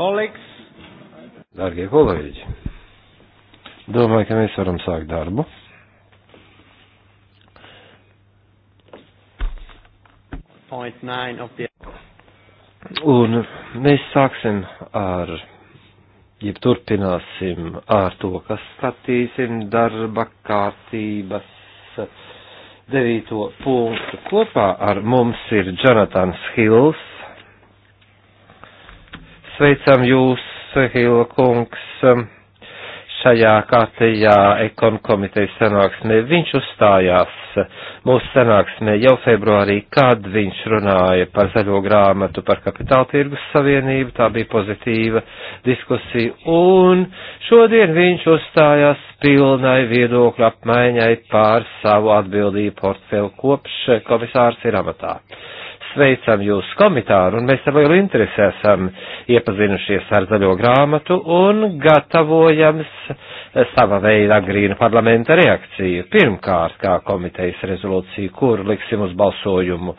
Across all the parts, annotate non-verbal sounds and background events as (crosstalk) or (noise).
Kolēģis. Dārgie kolēģi, domāju, ka mēs varam sākt darbu. The... Un mēs sāksim ar, ja turpināsim ar to, kas skatīsim darba kārtības devīto punktu. Kopā ar mums ir Jonatans Hills, Apsveicam jūs, Hila kungs, um, šajā kārtējā ekon komitejas sanāksmē. Viņš uzstājās mūsu sanāksmē jau februārī, kad viņš runāja par zaļo grāmatu par kapitāla tirgus savienību. Tā bija pozitīva diskusija. Un šodien viņš uzstājās pilnai viedokļu apmaiņai pār savu atbildību portfeli kopš komisārs ir amatā sveicam jūsu komitāru, un mēs ar lielu interesi esam iepazinušies ar zaļo grāmatu un gatavojams sava veida agrīna parlamenta reakciju. Pirmkārt, kā komitejas rezolūcija, kur liksim uz balsojumu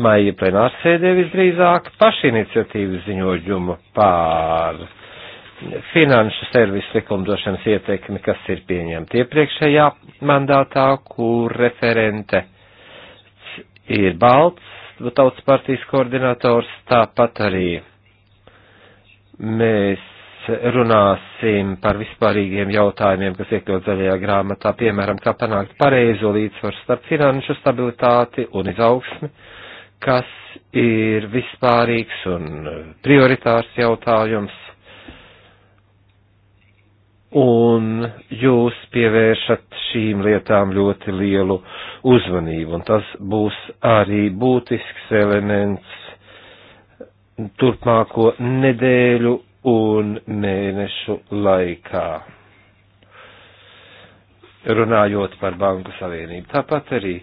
maija plenārsēdē visdrīzāk pašiniciatīvas ziņojumu pār finanšu servisu likumdošanas ieteikumi, kas ir pieņemti iepriekšējā mandātā, kur referente ir balts, tautas partijas koordinators, tāpat arī mēs runāsim par vispārīgiem jautājumiem, kas iekļaut zaļajā grāmatā, piemēram, kā panākt pareizo līdzsvaru starp finanšu stabilitāti un izaugsmi, kas ir vispārīgs un prioritārs jautājums un jūs pievēršat šīm lietām ļoti lielu uzmanību, un tas būs arī būtisks elements turpmāko nedēļu un mēnešu laikā. Runājot par Banku Savienību, tāpat arī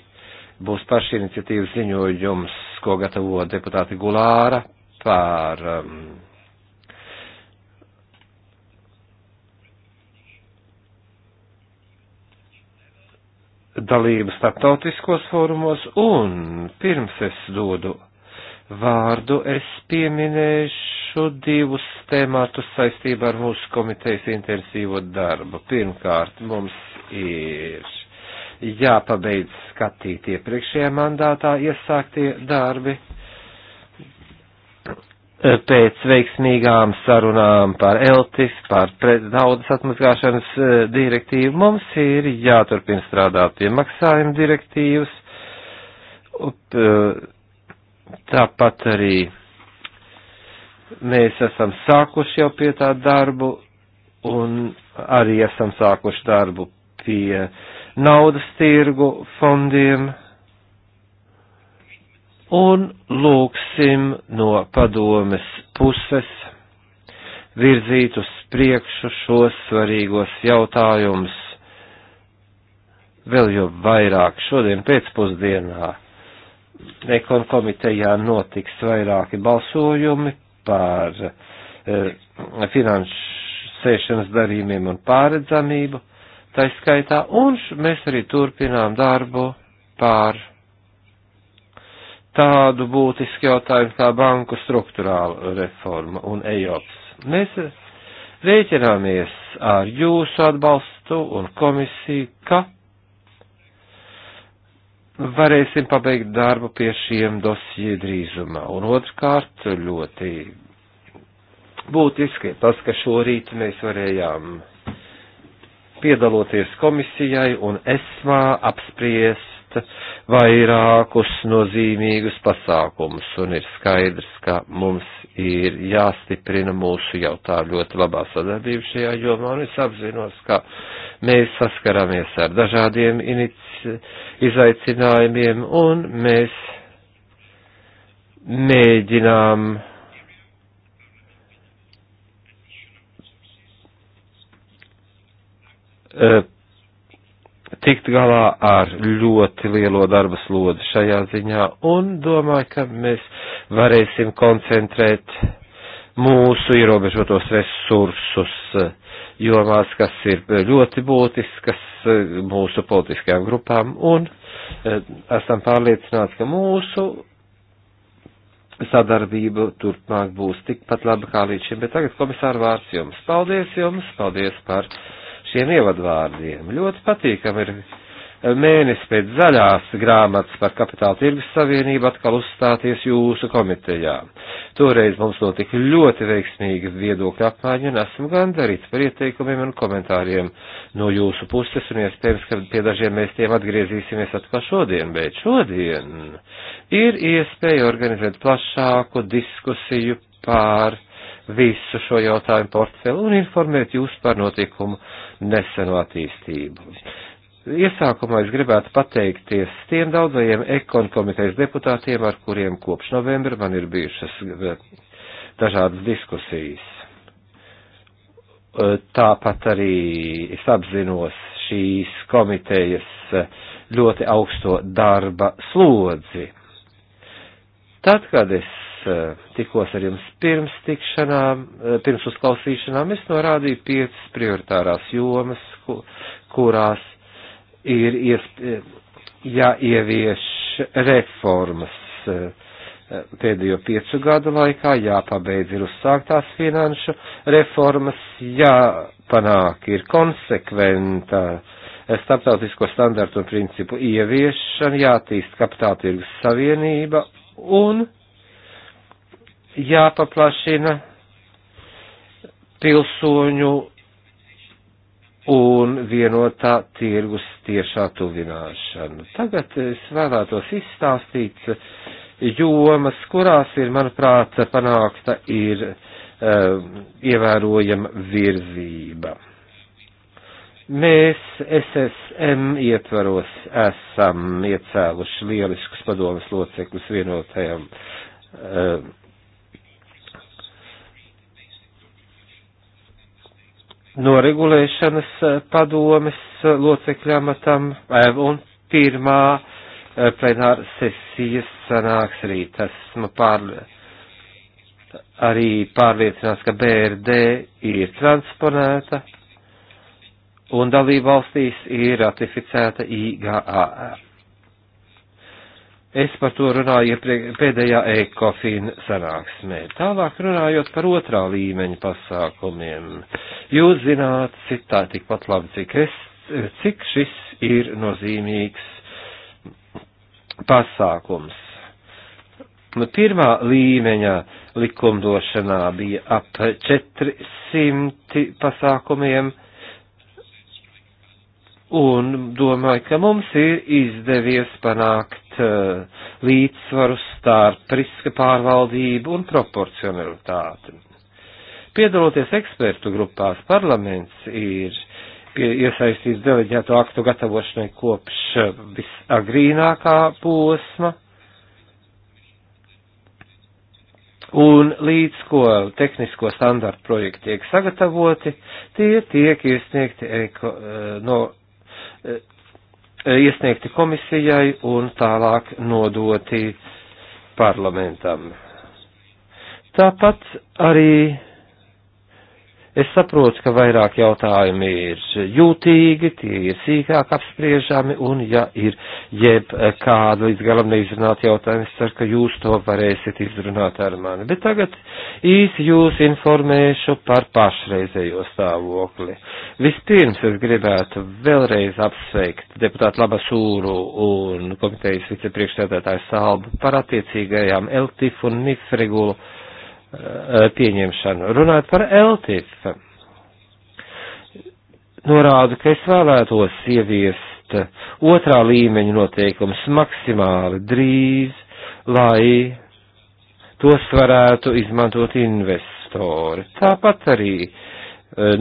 būs paši iniciatīvas ziņojums, ko gatavo deputāti Gulāra par um, dalību starptautiskos fórumos, un pirms es dodu vārdu, es pieminēšu divus tēmatus saistībā ar mūsu komitejas intensīvo darbu. Pirmkārt, mums ir jāpabeidz skatīt iepriekšējā mandātā iesāktie darbi, Eh, pēc veiksmīgām sarunām par Eltis, par naudas atmazgāšanas eh, direktīvu, mums ir jāturpina strādāt pie maksājuma direktīvas, eh, tāpat arī mēs esam sākuši jau pie tā darbu un arī esam sākuši darbu pie naudas tirgu fondiem un lūksim no padomes puses virzīt uz priekšu šos svarīgos jautājumus vēl jau vairāk šodien pēcpusdienā. Ekon komitejā notiks vairāki balsojumi par e, finansēšanas darījumiem un pāredzamību, taiskaitā, un mēs arī turpinām darbu pār tādu būtisku jautājumu kā banku struktūrāla reforma un EJOPS. Mēs eh, rēķināmies ar jūsu atbalstu un komisiju, ka varēsim pabeigt darbu pie šiem dosiju drīzumā. Un otrkārt, ļoti būtiski tas, ka šorīt mēs varējām piedaloties komisijai un esmā apspriest veikt vairākus nozīmīgus pasākumus, un ir skaidrs, ka mums ir jāstiprina mūsu jau tā ļoti labā sadarbība šajā jomā, un es apzinos, ka mēs saskaramies ar dažādiem izaicinājumiem, un mēs mēģinām uh, tikt galā ar ļoti lielo darba slodzi šajā ziņā un domāju, ka mēs varēsim koncentrēt mūsu ierobežotos resursus eh, jomās, kas ir ļoti būtiskas eh, mūsu politiskajām grupām un eh, esam pārliecināti, ka mūsu sadarbība turpmāk būs tikpat laba kā līdz šim. Bet tagad komisāra vārds jums. Paldies jums, paldies par šiem ievadvārdiem. Ļoti patīkami ir eh, mēnesi pēc zaļās grāmatas par kapitāla tirgus savienību atkal uzstāties jūsu komitejā. Toreiz mums notika ļoti veiksmīga viedokļa apmaiņa un esmu gandarīts par ieteikumiem un komentāriem no jūsu puses un iespējams, ka pie dažiem mēs tiem atgriezīsimies atkal šodien, bet šodien ir iespēja organizēt plašāku diskusiju pār visu šo jautājumu portfeli un informēt jūs par notikumu neseno attīstību. Iesākumā es gribētu pateikties tiem daudzajiem ekon komitejas deputātiem, ar kuriem kopš novembra man ir bijušas eh, dažādas diskusijas. Eh, tāpat arī es apzinos šīs komitejas eh, ļoti augsto darba slodzi. Tad, kad es Eh, tikos ar jums pirms tikšanām, eh, pirms uzklausīšanām, es norādīju piecas prioritārās jomas, kurās ir eh, jāievieš reformas pēdējo piecu gadu laikā, jāpabeidz ir uzsāktās finanšu reformas, jāpanāk ir konsekventa starptautisko standartu un principu ieviešana, jātīst kapitāla tirgus savienība un jāpaplašina pilsoņu un vienotā tirgus tiešā tuvināšana. Tagad es vēlētos izstāstīt jomas, kurās ir, manuprāt, panākta ir um, ievērojama virzība. Mēs SSM ietvaros esam iecēluši lieliskus padomas locekļus vienotajam um, no regulēšanas eh, padomes eh, locekļamatam eh, un pirmā plenāra sesijas sanāks rīt. Esmu pār, arī pārliecināts, ka BRD ir transponēta un dalībvalstīs ir ratificēta IGAF. Es par to runāju pēdējā ekofīna sanāksmē. Tālāk runājot par otrā līmeņa pasākumiem. Jūs zināt, citā tikpat labi, cik es, cik šis ir nozīmīgs pasākums. Pirmā līmeņa likumdošanā bija ap 400 pasākumiem un domāju, ka mums ir izdevies panākt uh, līdzsvaru starp riska pārvaldību un proporcionalitāti. Piedaloties ekspertu grupās, parlaments ir pie, iesaistīts deleģēto aktu gatavošanai kopš eh, visagrīnākā posma. Un līdz ko tehnisko standartu projekti tiek sagatavoti, tie tiek iesniegti eko, eh, no E, iesniegti komisijai un tālāk nodoti parlamentam. Tāpat arī Es saprotu, ka vairāk jautājumi ir jūtīgi, tie ir sīkāk apspriežami, un ja ir jeb kāda līdz galam neizrunāta jautājuma, es ceru, ka jūs to varēsiet izrunāt ar mani. Bet tagad īsi jūs informēšu par pašreizējo stāvokli. Vispirms es gribētu vēlreiz apsveikt deputātu Labasūru un komitejas vicepriekšsēdētāju Salbu par attiecīgajām LTIF un NIF regulu Eh, pieņemšanu. Runāt par LTIF. Norādu, ka es vēlētos ieviest otrā līmeņa noteikums maksimāli drīz, lai tos varētu izmantot investori. Tāpat arī eh,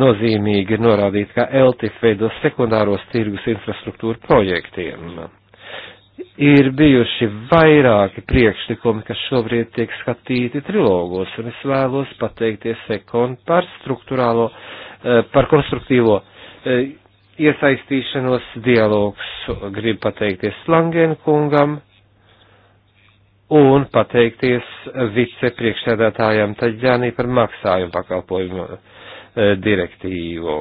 nozīmīgi ir norādīt, ka LTIF veido sekundāros tirgus infrastruktūru projektiem ir bijuši vairāki priekšlikumi, kas šobrīd tiek skatīti trilogos, un es vēlos pateikties Ekon par struktūrālo, eh, par konstruktīvo eh, iesaistīšanos dialogs. Gribu pateikties Langēnu kungam un pateikties vicepriekšsēdētājam Taģānī par maksājumu pakalpojumu eh, direktīvu.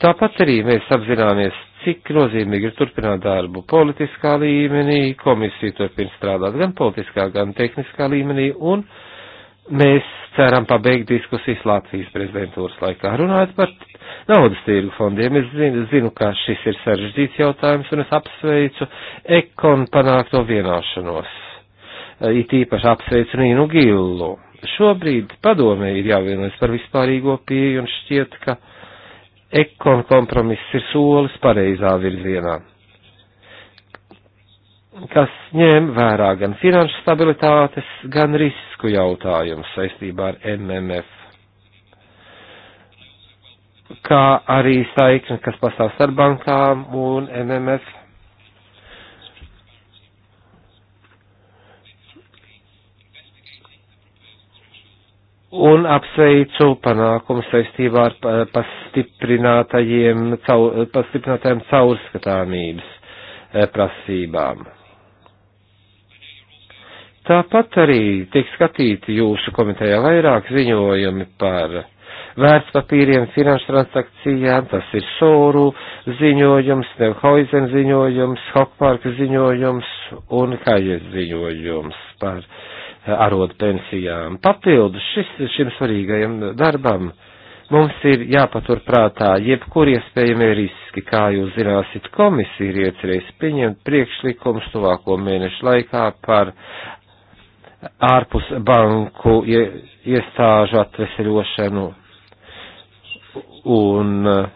Tāpat arī mēs apzināmies cik nozīmīgi ir turpināt darbu politiskā līmenī, komisija turpina strādāt gan politiskā, gan tehniskā līmenī, un mēs ceram pabeigt diskusijas Latvijas prezidentūras laikā. Runājot par naudas tirgu fondiem, es zinu, zinu, ka šis ir sarežģīts jautājums, un es apsveicu ekon panākto vienošanos. It īpaši apsveicu Nīnu Gillu. Šobrīd padomē ir jāvienojas par vispārīgo pieeju un šķiet, ka ekon kompromiss ir solis pareizā virzienā, kas ņem vērā gan finanšu stabilitātes, gan risku jautājumu saistībā ar MMF kā arī saikne, kas pastāv starp bankām un MMF un apsveicu panākumu saistībā ar pastiprinātajiem, caur, pastiprinātajiem caurskatāmības eh, prasībām. Tāpat arī tiek skatīti jūsu komitejā vairāk ziņojumi par vērtspapīriem, finanšu transakcijām, tas ir Soru ziņojums, Nevhoizen ziņojums, Hokparka ziņojums un Kajas ziņojums par uh, arodu pensijām. Papildus šis, šim svarīgajam darbam mums ir jāpatur prātā jebkur iespējamie riski, kā jūs zināsit, komisija ir iecerējusi pieņemt priekšlikumus tuvāko mēnešu laikā par ārpus banku iestāžu atveseļošanu un uh,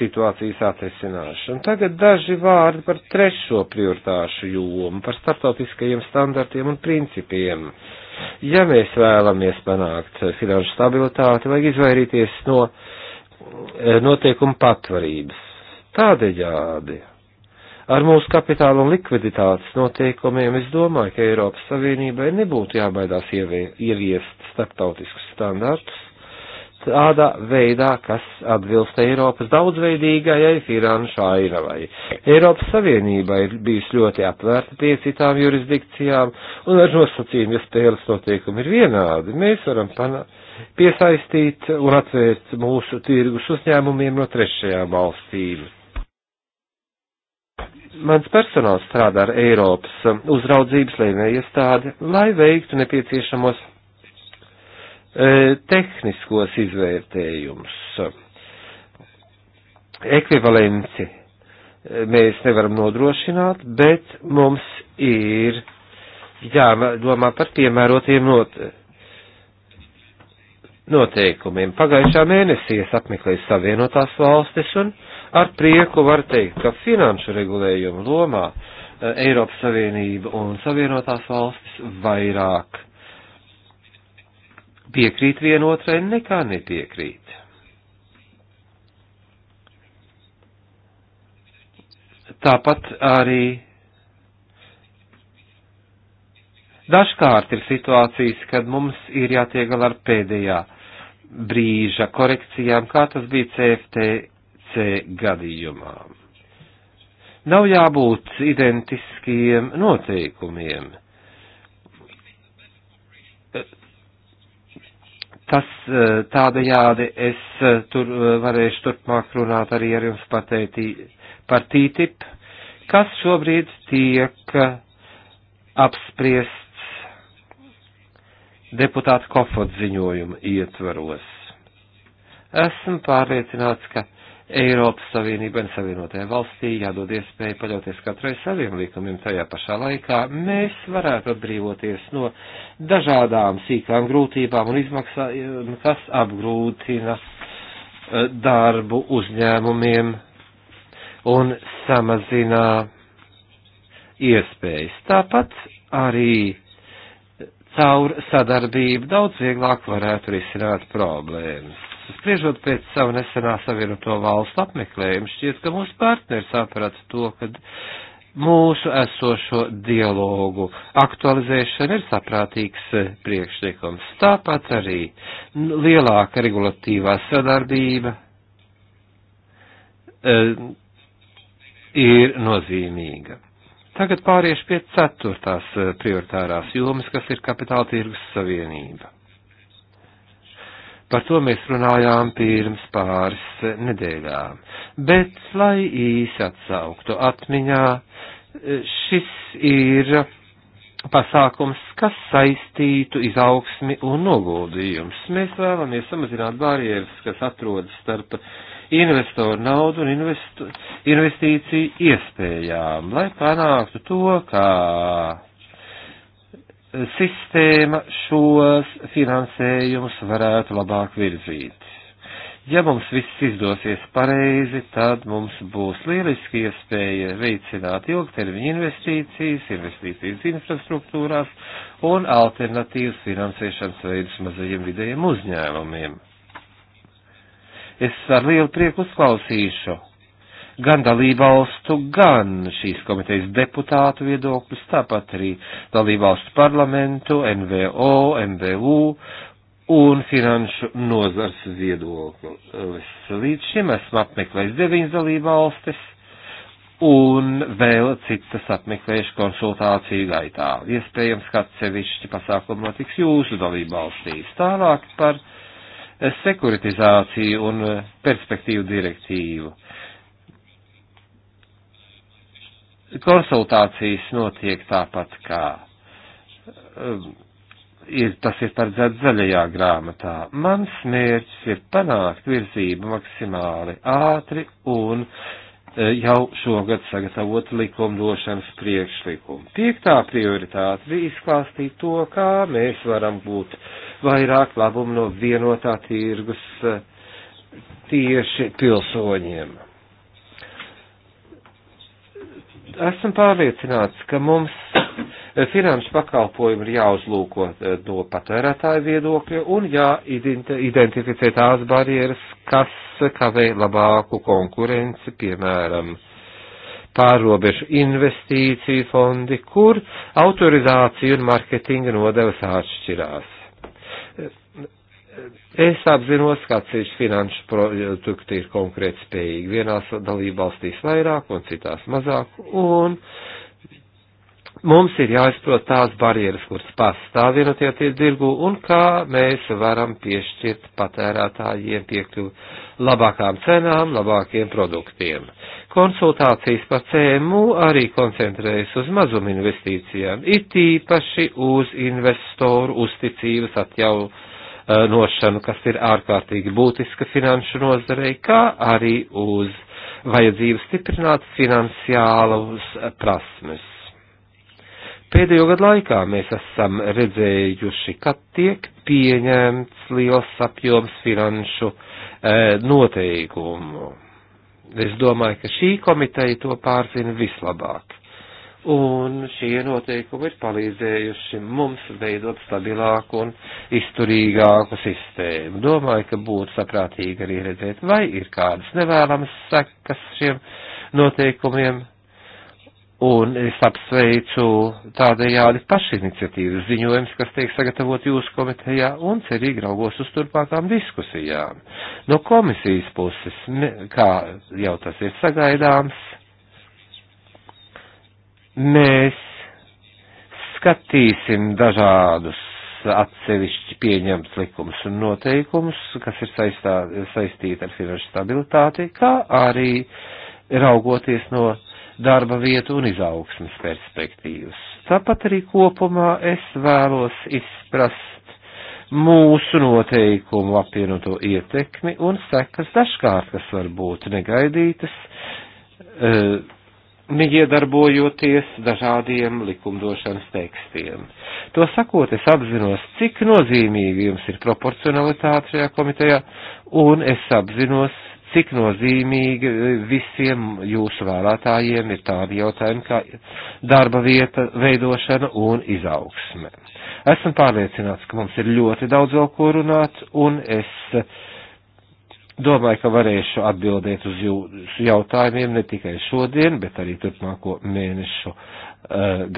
situācijas atrisināšanu. Tagad daži vārdi par trešo prioritāšu jomu, par starptautiskajiem standartiem un principiem. Ja mēs vēlamies panākt finanšu stabilitāti, vajag izvairīties no eh, notiekuma patvarības. Tādējādi ar mūsu kapitāla un likviditātes noteikumiem es domāju, ka Eiropas Savienībai nebūtu jābaidās ieviest starptautiskus standartus, tādā veidā, kas atbilst Eiropas daudzveidīgajai finanšu ainavai. Eiropas Savienība ir bijusi ļoti atvērta pie citām jurisdikcijām, un ar nosacījumu, ja spēles noteikumi ir vienādi, mēs varam panākt piesaistīt un atvērt mūsu tirgus uzņēmumiem no trešajām valstīm. Mans personāls strādā ar Eiropas uzraudzības lēmējiestādi, lai veiktu nepieciešamos E, tehniskos izvērtējumus. Ekvivalenci e, mēs nevaram nodrošināt, bet mums ir jādomā par piemērotiem not noteikumiem. Pagājušā mēnesī es apmeklēju Savienotās valstis un ar prieku var teikt, ka finanšu regulējumu lomā e, Eiropas Savienība un Savienotās valstis vairāk piekrīt vienotrai nekā nepiekrīt. Tāpat arī dažkārt ir situācijas, kad mums ir jātiek galā ar pēdējā brīža korekcijām, kā tas bija CFTC gadījumā. Nav jābūt identiskiem noteikumiem Tas eh, tādajādi es eh, tur eh, varēšu turpmāk runāt arī ar jums pateitī par TTIP, kas šobrīd tiek apspriests deputāta Kofot ziņojuma ietvaros. Esmu pārliecināts, ka Eiropas Savienībai un Savienotajai valstī jādod iespēja paļauties katrai saviem likumiem tajā pašā laikā, mēs varētu atbrīvoties no dažādām sīkām grūtībām un izmaksām, kas apgrūtina eh, darbu uzņēmumiem un samazina iespējas. Tāpat arī caur sadarbību daudz vieglāk varētu risināt problēmas Spriežot pēc savu nesenā savienoto valstu apmeklējumu, šķiet, ka mūsu partneri saprata to, ka mūsu esošo dialogu aktualizēšana ir saprātīgs eh, priekšlikums. Tāpat arī lielāka regulatīvā sadarbība e, ir nozīmīga. Tagad pāriešu pie ceturtās eh, prioritārās jomas, kas ir kapitāla tirgus savienība. Par to mēs runājām pirms pāris nedēļām. Bet, lai īsi atsauktu atmiņā, šis ir pasākums, kas saistītu izaugsmi un noguldījums. Mēs vēlamies samazināt barjeras, kas atrodas starp investoru naudu un investu, investīciju iespējām, lai panāktu to, kā sistēma šos finansējumus varētu labāk virzīt. Ja mums viss izdosies pareizi, tad mums būs lieliski iespēja veicināt ilgtermiņa investīcijas, investīcijas infrastruktūrās un alternatīvas finansēšanas veidus mazajiem vidējiem uzņēmumiem. Es ar lielu prieku uzklausīšu gan dalībvalstu, gan šīs komitejas deputātu viedokļus, tāpat arī dalībvalstu parlamentu, NVO, MVU un finanšu nozars viedokļus. Līdz šim esmu apmeklējis deviņas dalībvalstis un vēl citas apmeklējuši konsultāciju gaitā. Iespējams, ka atsevišķi pasākumi notiks jūsu dalību valstīs. Tālāk par sekuritizāciju un perspektīvu direktīvu konsultācijas notiek tāpat kā um, ir, tas ir paredzēts zaļajā grāmatā. Mans mērķis ir panākt virzību maksimāli ātri un e, jau šogad sagatavot likumdošanas priekšlikumu. Piektā prioritāte bija izklāstīt to, kā mēs varam būt vairāk labumu no vienotā tirgus e, tieši pilsoņiem. Esmu pārliecināts, ka mums eh, finanšu pakalpojumi ir jāuzlūko eh, no patērētāja viedokļa un jāidentificē tās barjeras, kas kavē labāku konkurenci, piemēram, pārobežu investīciju fondi, kur autorizācija un marketinga nodevas atšķirās. Es apzinos, ka atsevišķi finanšu produkti ir konkrēti spējīgi. Vienās dalībvalstīs vairāk un citās mazāk, un mums ir jāizprot tās barjeras, kuras pastāv vienotie tirgu, un kā mēs varam piešķirt patērētājiem piekļuvi labākām cenām, labākiem produktiem. Konsultācijas par CMU arī koncentrējas uz mazuminvestīcijām, it īpaši uz investoru uzticības atjaunošanu nošanu, kas ir ārkārtīgi būtiska finanšu nozarei, kā arī uz vajadzību stiprināt finansiālus prasmes. Pēdējo gadu laikā mēs esam redzējuši, ka tiek pieņemts liels apjoms finanšu e, noteikumu. Es domāju, ka šī komiteja to pārzina vislabāk un šie noteikumi ir palīdzējuši mums veidot stabilāku un izturīgāku sistēmu. Domāju, ka būtu saprātīgi arī redzēt, vai ir kādas nevēlamas sekas šiem noteikumiem, un es apsveicu tādējādi pašiniciatīvas ziņojums, kas tiek sagatavot jūsu komitejā, un cerīgi raugos uz turpākām diskusijām. No komisijas puses, kā jau tas ir sagaidāms, Mēs skatīsim dažādus atsevišķi pieņemts likums un noteikums, kas ir saistā, saistīti ar finanšu stabilitāti, kā arī raugoties no darba vietu un izaugsmas perspektīvas. Tāpat arī kopumā es vēlos izprast mūsu noteikumu apvienoto ietekmi un sekas dažkārt, kas var būt negaidītas. Uh, iedarbojoties dažādiem likumdošanas tekstiem. To sakot, es apzinos, cik nozīmīgi jums ir proporcionalitāte šajā komitejā, un es apzinos, cik nozīmīgi visiem jūsu vēlētājiem ir tādi jautājumi kā darba vieta veidošana un izaugsme. Esmu pārliecināts, ka mums ir ļoti daudz vēl ko runāt, un es uh, Domāju, ka varēšu atbildēt uz jūsu jautājumiem ne tikai šodien, bet arī turpmāko mēnešu uh,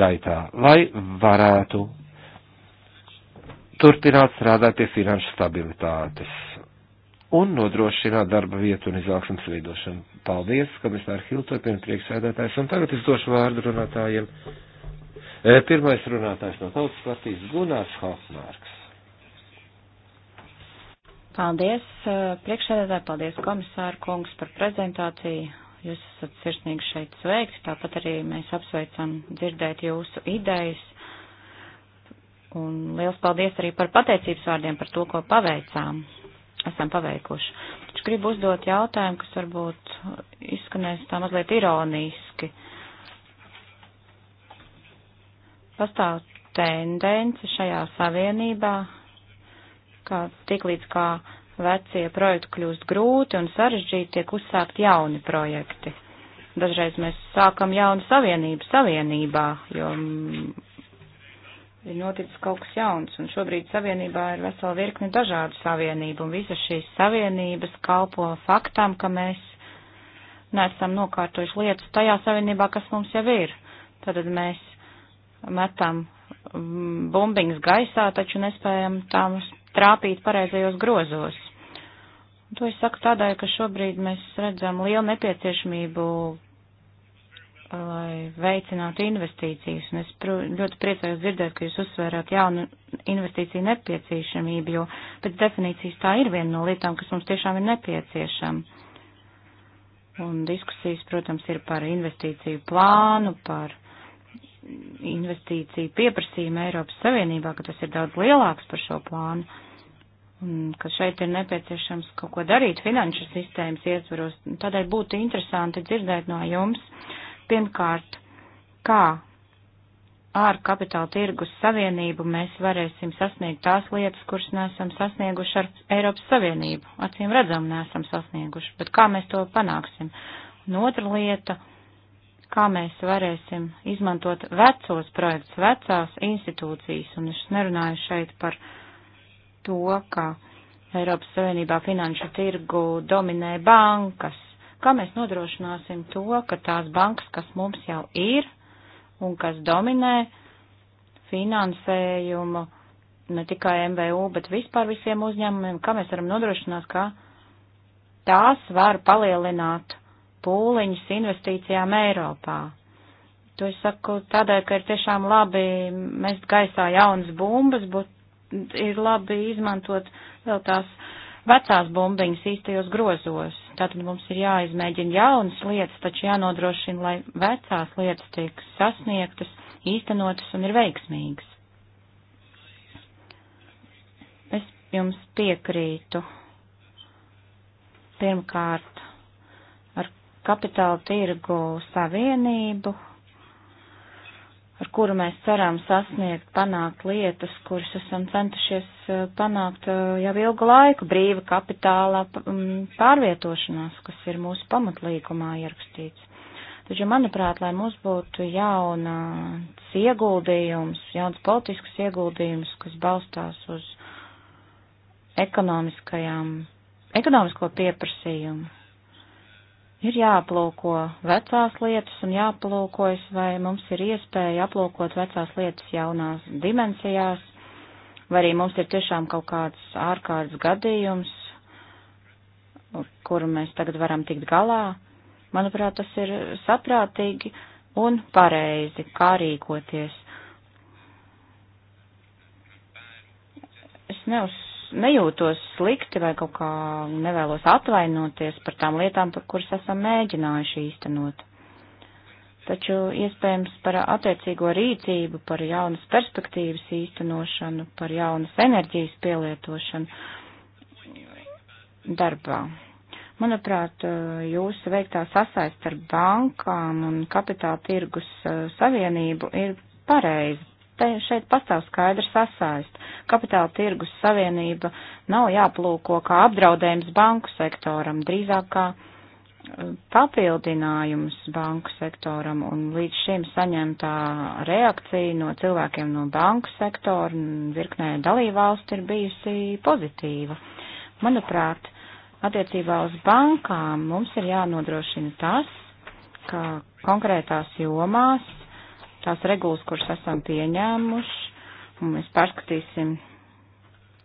gaitā, lai varētu turpināt strādāt pie finanšu stabilitātes un nodrošināt darba vietu un izaugsmas veidošanu. Paldies, komisāri Hiltopiem, priekšsēdētājs, un tagad es došu vārdu runātājiem. Eh, pirmais runātājs no tautas partijas Gunārs Hofmārks. Paldies, eh, priekšsēdētāji, paldies komisāru kungs par prezentāciju. Jūs esat sirsnīgi šeit sveikti, tāpat arī mēs apsveicam dzirdēt jūsu idejas. Un liels paldies arī par pateicības vārdiem par to, ko paveicām. Esam paveikuši. Taču gribu uzdot jautājumu, kas varbūt izskanēs tā mazliet ironiski. Pastāv tendence šajā savienībā ka tiklīdz kā vecie projekti kļūst grūti un sarežģīti, tiek uzsākt jauni projekti. Dažreiz mēs sākam jaunu savienību savienībā, jo mm, ir noticis kaut kas jauns, un šobrīd savienībā ir vesela virkne dažādu savienību, un visas šīs savienības kalpo faktam, ka mēs neesam nokārtojuši lietas tajā savienībā, kas mums jau ir. Tad mēs metam mm, bumbiņas gaisā, taču nespējam tām trāpīt pareizajos grozos. Un to es saku tādēļ, ka šobrīd mēs redzam lielu nepieciešamību, lai veicinātu investīcijas. Un es pr ļoti priecājos dzirdēt, ka jūs uzsvērāt jaunu investīciju nepieciešamību, jo pēc definīcijas tā ir viena no lietām, kas mums tiešām ir nepieciešama. Un diskusijas, protams, ir par investīciju plānu, par investīciju pieprasījumu Eiropas Savienībā, ka tas ir daudz lielāks par šo plānu, un ka šeit ir nepieciešams kaut ko darīt finanšu sistēmas ietvaros. Tādēļ būtu interesanti dzirdēt no jums, pirmkārt, kā ar kapitāla tirgus savienību mēs varēsim sasniegt tās lietas, kuras nesam sasnieguši ar Eiropas Savienību. Acīm redzam, nesam sasnieguši, bet kā mēs to panāksim? Un otra lieta kā mēs varēsim izmantot vecos projektus, vecās institūcijas, un es nerunāju šeit par to, ka Eiropas Savienībā finanšu tirgu dominē bankas. Kā mēs nodrošināsim to, ka tās bankas, kas mums jau ir un kas dominē finansējumu ne tikai MVU, bet vispār visiem uzņēmumiem, kā mēs varam nodrošināt, ka tās var palielināt pūliņus investīcijām Eiropā. To es saku tādēļ, ka ir tiešām labi mest gaisā jaunas bumbas, bet ir labi izmantot vēl tās vecās bumbiņas īstajos grozos. Tātad mums ir jāizmēģina jaunas lietas, taču jānodrošina, lai vecās lietas tiek sasniegtas, īstenotas un ir veiksmīgas. Es jums piekrītu. Pirmkārt, kapitāla tirgu savienību, ar kuru mēs ceram sasniegt, panākt lietas, kuras esam centušies eh, panākt eh, jau ilgu laiku - brīva kapitāla mm, pārvietošanās, kas ir mūsu pamatlīgumā ierakstīts. Taču, manuprāt, lai mums būtu jauns ieguldījums, jauns politisks ieguldījums, kas balstās uz ekonomiskajām, ekonomisko pieprasījumu, ir jāaplūko vecās lietas un jāaplūkojas, vai mums ir iespēja aplūkot vecās lietas jaunās dimensijās, vai arī mums ir tiešām kaut kāds ārkārtas gadījums, kuru mēs tagad varam tikt galā. Manuprāt, tas ir saprātīgi un pareizi, kā rīkoties. Es neuz, nejūtos slikti vai kaut kā nevēlos atvainoties par tām lietām, par kuras esam mēģinājuši īstenot. Taču iespējams par attiecīgo rīcību, par jaunas perspektīvas īstenošanu, par jaunas enerģijas pielietošanu darbā. Manuprāt, jūsu veiktā sasaist ar bankām un kapitāla tirgus eh, savienību ir pareiza te, šeit pastāv skaidrs sasaist. Kapitāla tirgus savienība nav jāplūko kā apdraudējums banku sektoram, drīzāk kā eh, papildinājums banku sektoram un līdz šim saņemtā reakcija no cilvēkiem no banku sektora un virknē dalībvalstu ir bijusi pozitīva. Manuprāt, attiecībā uz bankām mums ir jānodrošina tas, ka konkrētās jomās tās regulas, kuras esam pieņēmuši, un mēs pārskatīsim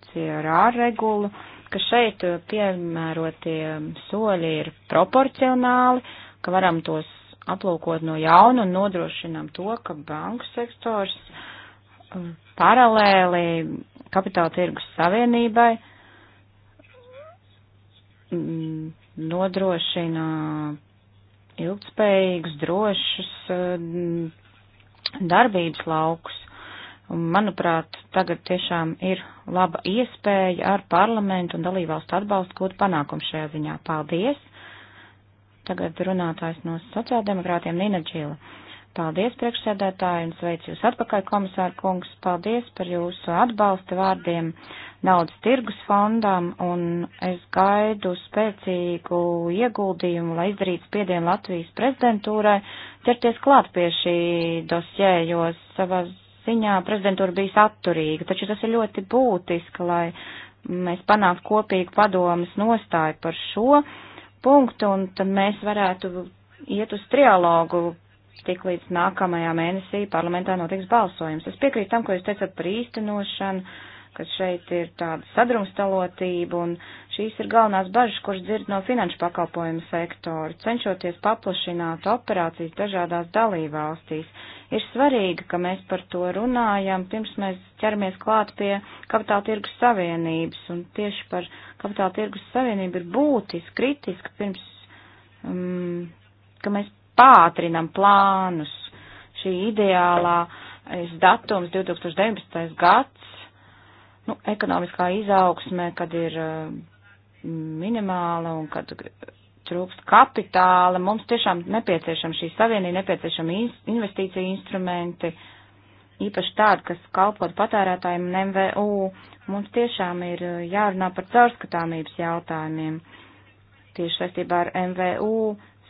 CRA regulu, ka šeit eh, piemērotie soļi ir proporcionāli, ka varam tos aplūkot no jauna un nodrošinām to, ka banku sektors eh, paralēli kapitāla tirgus savienībai mm, nodrošina ilgspējīgus, drošus eh, darbības laukus. Un, manuprāt, tagad tiešām ir laba iespēja ar parlamentu un dalībvalstu atbalstu gūt panākumu šajā ziņā. Paldies! Tagad runātājs no sociāldemokrātiem Nina Čīla. Paldies, priekšsēdētāji, un sveicu jūs atpakaļ, komisāra kungs. Paldies par jūsu atbalsta vārdiem naudas tirgus fondam, un es gaidu spēcīgu ieguldījumu, lai izdarītu spiedienu Latvijas prezidentūrai ķerties klāt pie šī dosjē, jo savā ziņā prezidentūra bija atturīga, taču tas ir ļoti būtiski, lai mēs panāktu kopīgu padomas nostāju par šo punktu, un tad mēs varētu iet uz trialogu tik līdz nākamajā mēnesī parlamentā notiks balsojums. Es piekrītu tam, ko jūs teicat par īstenošanu, ka šeit ir tāda sadrumstalotība, un šīs ir galvenās bažas, kuras dzird no finanšu pakalpojumu sektora, cenšoties paplašināt operācijas dažādās dalībvalstīs. Ir svarīgi, ka mēs par to runājam, pirms mēs ķeramies klāt pie kapitāla tirgus savienības, un tieši par kapitāla tirgus savienību ir būtiski, kritiski, pirms, um, ka mēs pātrinam plānus. Šī ideālā datums 2019. gads, nu, ekonomiskā izaugsme, kad ir eh, minimāla un kad trūkst kapitāla, mums tiešām nepieciešama šī savienība, nepieciešama investīcija instrumenti, īpaši tādi, kas kalpot patērētājiem un MVU. Mums tiešām ir eh, jārunā par caurskatāmības jautājumiem. Tieši saistībā ar MVU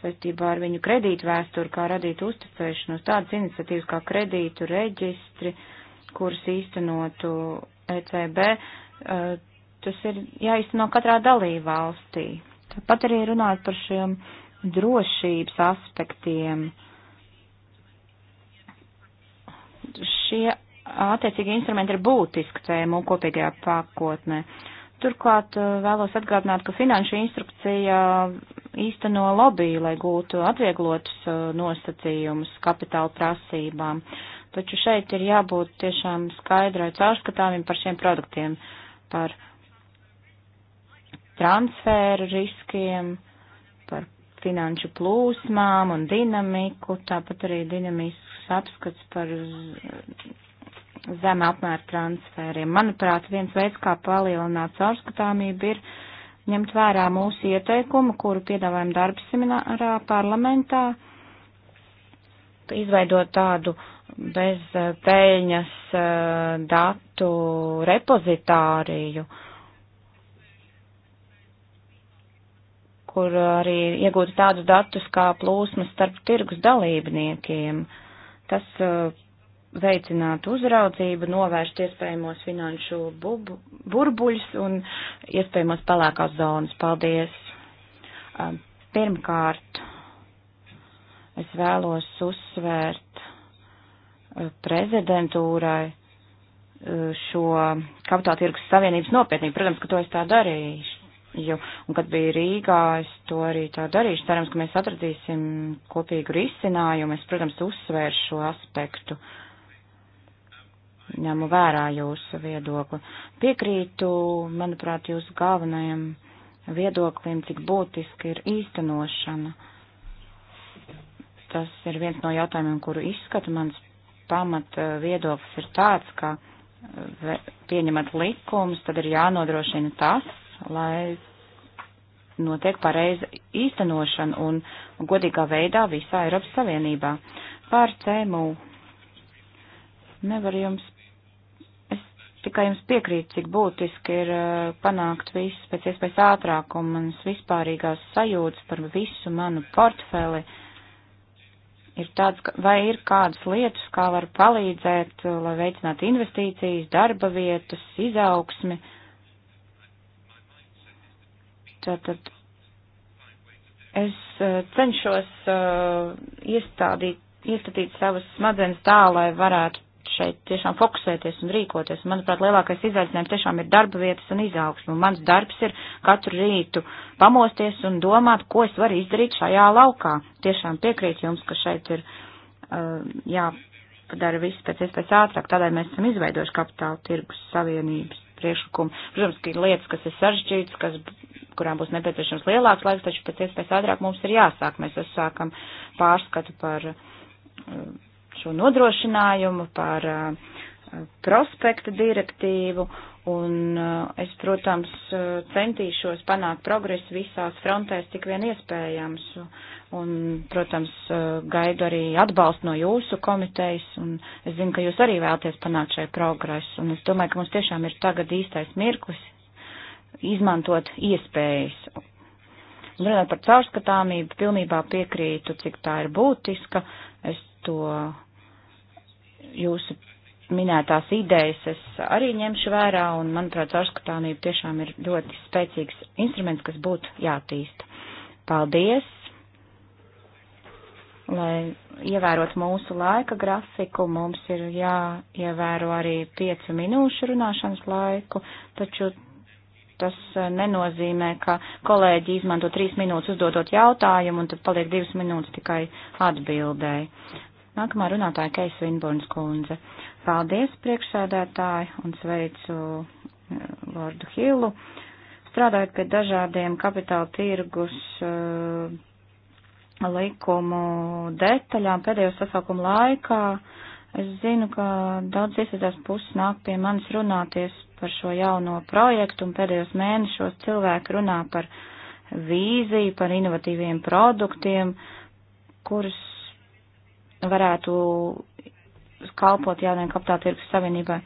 saistībā ar viņu kredītu vēsturi, kā radīt uzticēšanos, tādas iniciatīvas kā kredītu reģistri, kuras īstenotu ECB, eh, tas ir jāizteno katrā dalībvalstī. Tāpat arī runāt par šiem drošības aspektiem. Šie attiecīgi instrumenti ir būtiski CMU kopīgajā pakotnē. Uh, Turklāt eh, vēlos atgādināt, ka finanšu instrukcija eh, īsteno lobby, lai gūtu atvieglotus eh, nosacījumus kapitāla prasībām. Taču šeit ir jābūt tiešām skaidrai caurskatāmiem par šiem produktiem, par transfēru riskiem, par finanšu plūsmām un dinamiku, tāpat arī dinamisks apskats par zem apmēra transferiem. Manuprāt, viens veids, kā palielināt caurskatāmību, ir ņemt vērā mūsu ieteikumu, kuru piedāvājam darba seminārā parlamentā, izveidot tādu bez eh, peļņas eh, datu repozitāriju, kur arī iegūtu tādus datus kā plūsmas starp tirgus dalībniekiem. Tas uh, veicināt uzraudzību, novērst iespējamos finanšu bubu, burbuļus un iespējamos pelēkās zonas. Paldies! Um, pirmkārt, es vēlos uzsvērt uh, prezidentūrai uh, šo kapitāla tirgus savienības nopietnību. Protams, ka to es tā darīšu. Jo, un kad biju Rīgā, es to arī tā darīšu. Cerams, ka mēs atradīsim kopīgu risinājumu. Es, protams, uzsvēršu šo aspektu. Uh, ņemu vērā jūsu viedokli. Piekrītu, manuprāt, jūsu galvenajam viedoklim, cik būtiski ir īstenošana. Tas ir viens no jautājumiem, kuru izskatu mans pamat eh, viedoklis ir tāds, ka eh, pieņemat likumus, tad ir jānodrošina tas, lai notiek pareiza īstenošana un godīgā veidā visā Eiropas Savienībā. Pār CMU nevar jums tikai jums piekrīt, cik būtiski ir eh, panākt visu pēc iespējas ātrāk un manas vispārīgās sajūtas par visu manu portfeli. Ir tāds, vai ir kādas lietas, kā var palīdzēt, eh, lai veicinātu investīcijas, darba vietas, izaugsmi. Tātad es eh, cenšos uh, iestādīt, iestatīt savas smadzenes tā, lai varētu šeit tiešām fokusēties un rīkoties. Un, manuprāt, lielākais izaicinājums tiešām ir darba vietas un izaugsme. Un mans darbs ir katru rītu pamosties un domāt, ko es varu izdarīt šajā laukā. Tiešām piekrīt jums, ka šeit ir uh, jāpadara viss pēc iespējas ātrāk. Tādēļ mēs esam izveidojuši kapitāla tirgus savienības priekšlikumu. Protams, ka ir lietas, kas ir sarežģītas, kas, kurām būs nepieciešams lielāks laiks, taču pēc iespējas ātrāk mums ir jāsāk. Mēs uzsākam pārskatu par. Uh, šo nodrošinājumu, par uh, prospekta direktīvu, un uh, es, protams, uh, centīšos panākt progresu visās frontēs tik vien iespējams, un, protams, gaidu arī atbalstu no jūsu komitejas, un es zinu, ka jūs arī vēlaties panākt šai progresu, un es domāju, ka mums tiešām ir tagad īstais mirklis izmantot iespējas. Runājot par caurskatāmību, pilnībā piekrītu, cik tā ir būtiska. Es to jūsu minētās idejas es arī ņemšu vērā, un, manuprāt, caurskatāmība tiešām ir ļoti spēcīgs instruments, kas būtu jātīsta. Paldies! Lai ievērot mūsu laika grafiku, mums ir jāievēro arī piecu minūšu runāšanas laiku, taču tas eh, nenozīmē, ka kolēģi izmanto trīs minūtes uzdodot jautājumu, un tad paliek divas minūtes tikai atbildēji. Nākamā runātāja Keisa Vinbornas kundze. Paldies priekšsēdētāji un sveicu eh, Lordu Hillu. Strādājot pie dažādiem kapitāla tirgus eh, likumu detaļām pēdējo sasaukumu laikā, es zinu, ka daudz iesaistās puses nāk pie manis runāties par šo jauno projektu un pēdējos mēnešos cilvēki runā par vīziju, par inovatīviem produktiem, kurus varētu kalpot jaunajai kapitāla tirgus savienībai.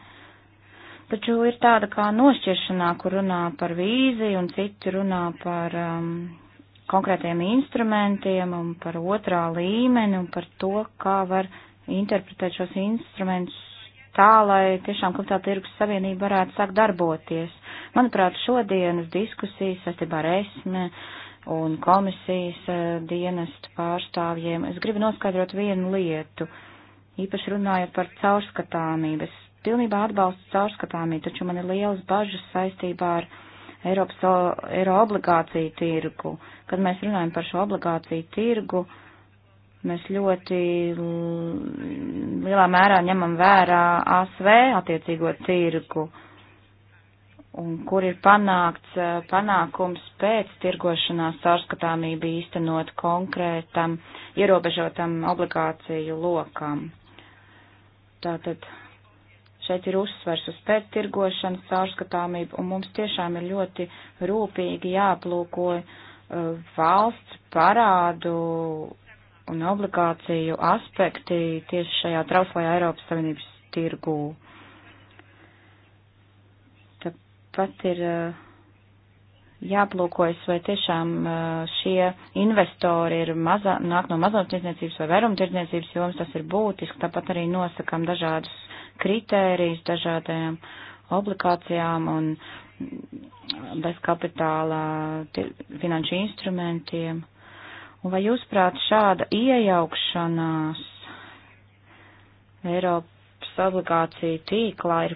Taču ir tāda kā nošķiršanā, kur runā par vīziju un citi runā par um, konkrētiem instrumentiem un par otrā līmeni un par to, kā var interpretēt šos instrumentus tā, lai tiešām kapitāla tirgus savienība varētu sākt darboties. Manuprāt, šodienas diskusijas saistībā ar esmu un komisijas eh, dienestu pārstāvjiem. Es gribu noskaidrot vienu lietu, īpaši runājot par caurskatāmību. Es pilnībā atbalstu caurskatāmību, taču man ir lielas bažas saistībā ar Eiropas eiro obligāciju tirgu. Kad mēs runājam par šo obligāciju tirgu, mēs ļoti lielā mērā ņemam vērā ASV attiecīgo tirgu. Uh, un kur ir panākts eh, panākums pēc tirgošanās caurskatāmība īstenot konkrētam ierobežotam obligāciju lokam. Tātad šeit ir uzsvers uz pēctirgošanas caurskatāmību, un mums tiešām ir ļoti rūpīgi jāplūko eh, valsts parādu un obligāciju aspekti tieši šajā trauslajā Eiropas Savienības tirgū. pat ir jāplūkojas, vai tiešām šie investori ir maza, nāk no mazumtirdzniecības vai vairumtirdzniecības jomas, tas ir būtiski. Tāpat arī nosakam dažādus kritērijus dažādajām obligācijām un bezkapitāla finanšu instrumentiem. Un vai jūs prāt šāda iejaukšanās Eiropas obligācija tīklā ir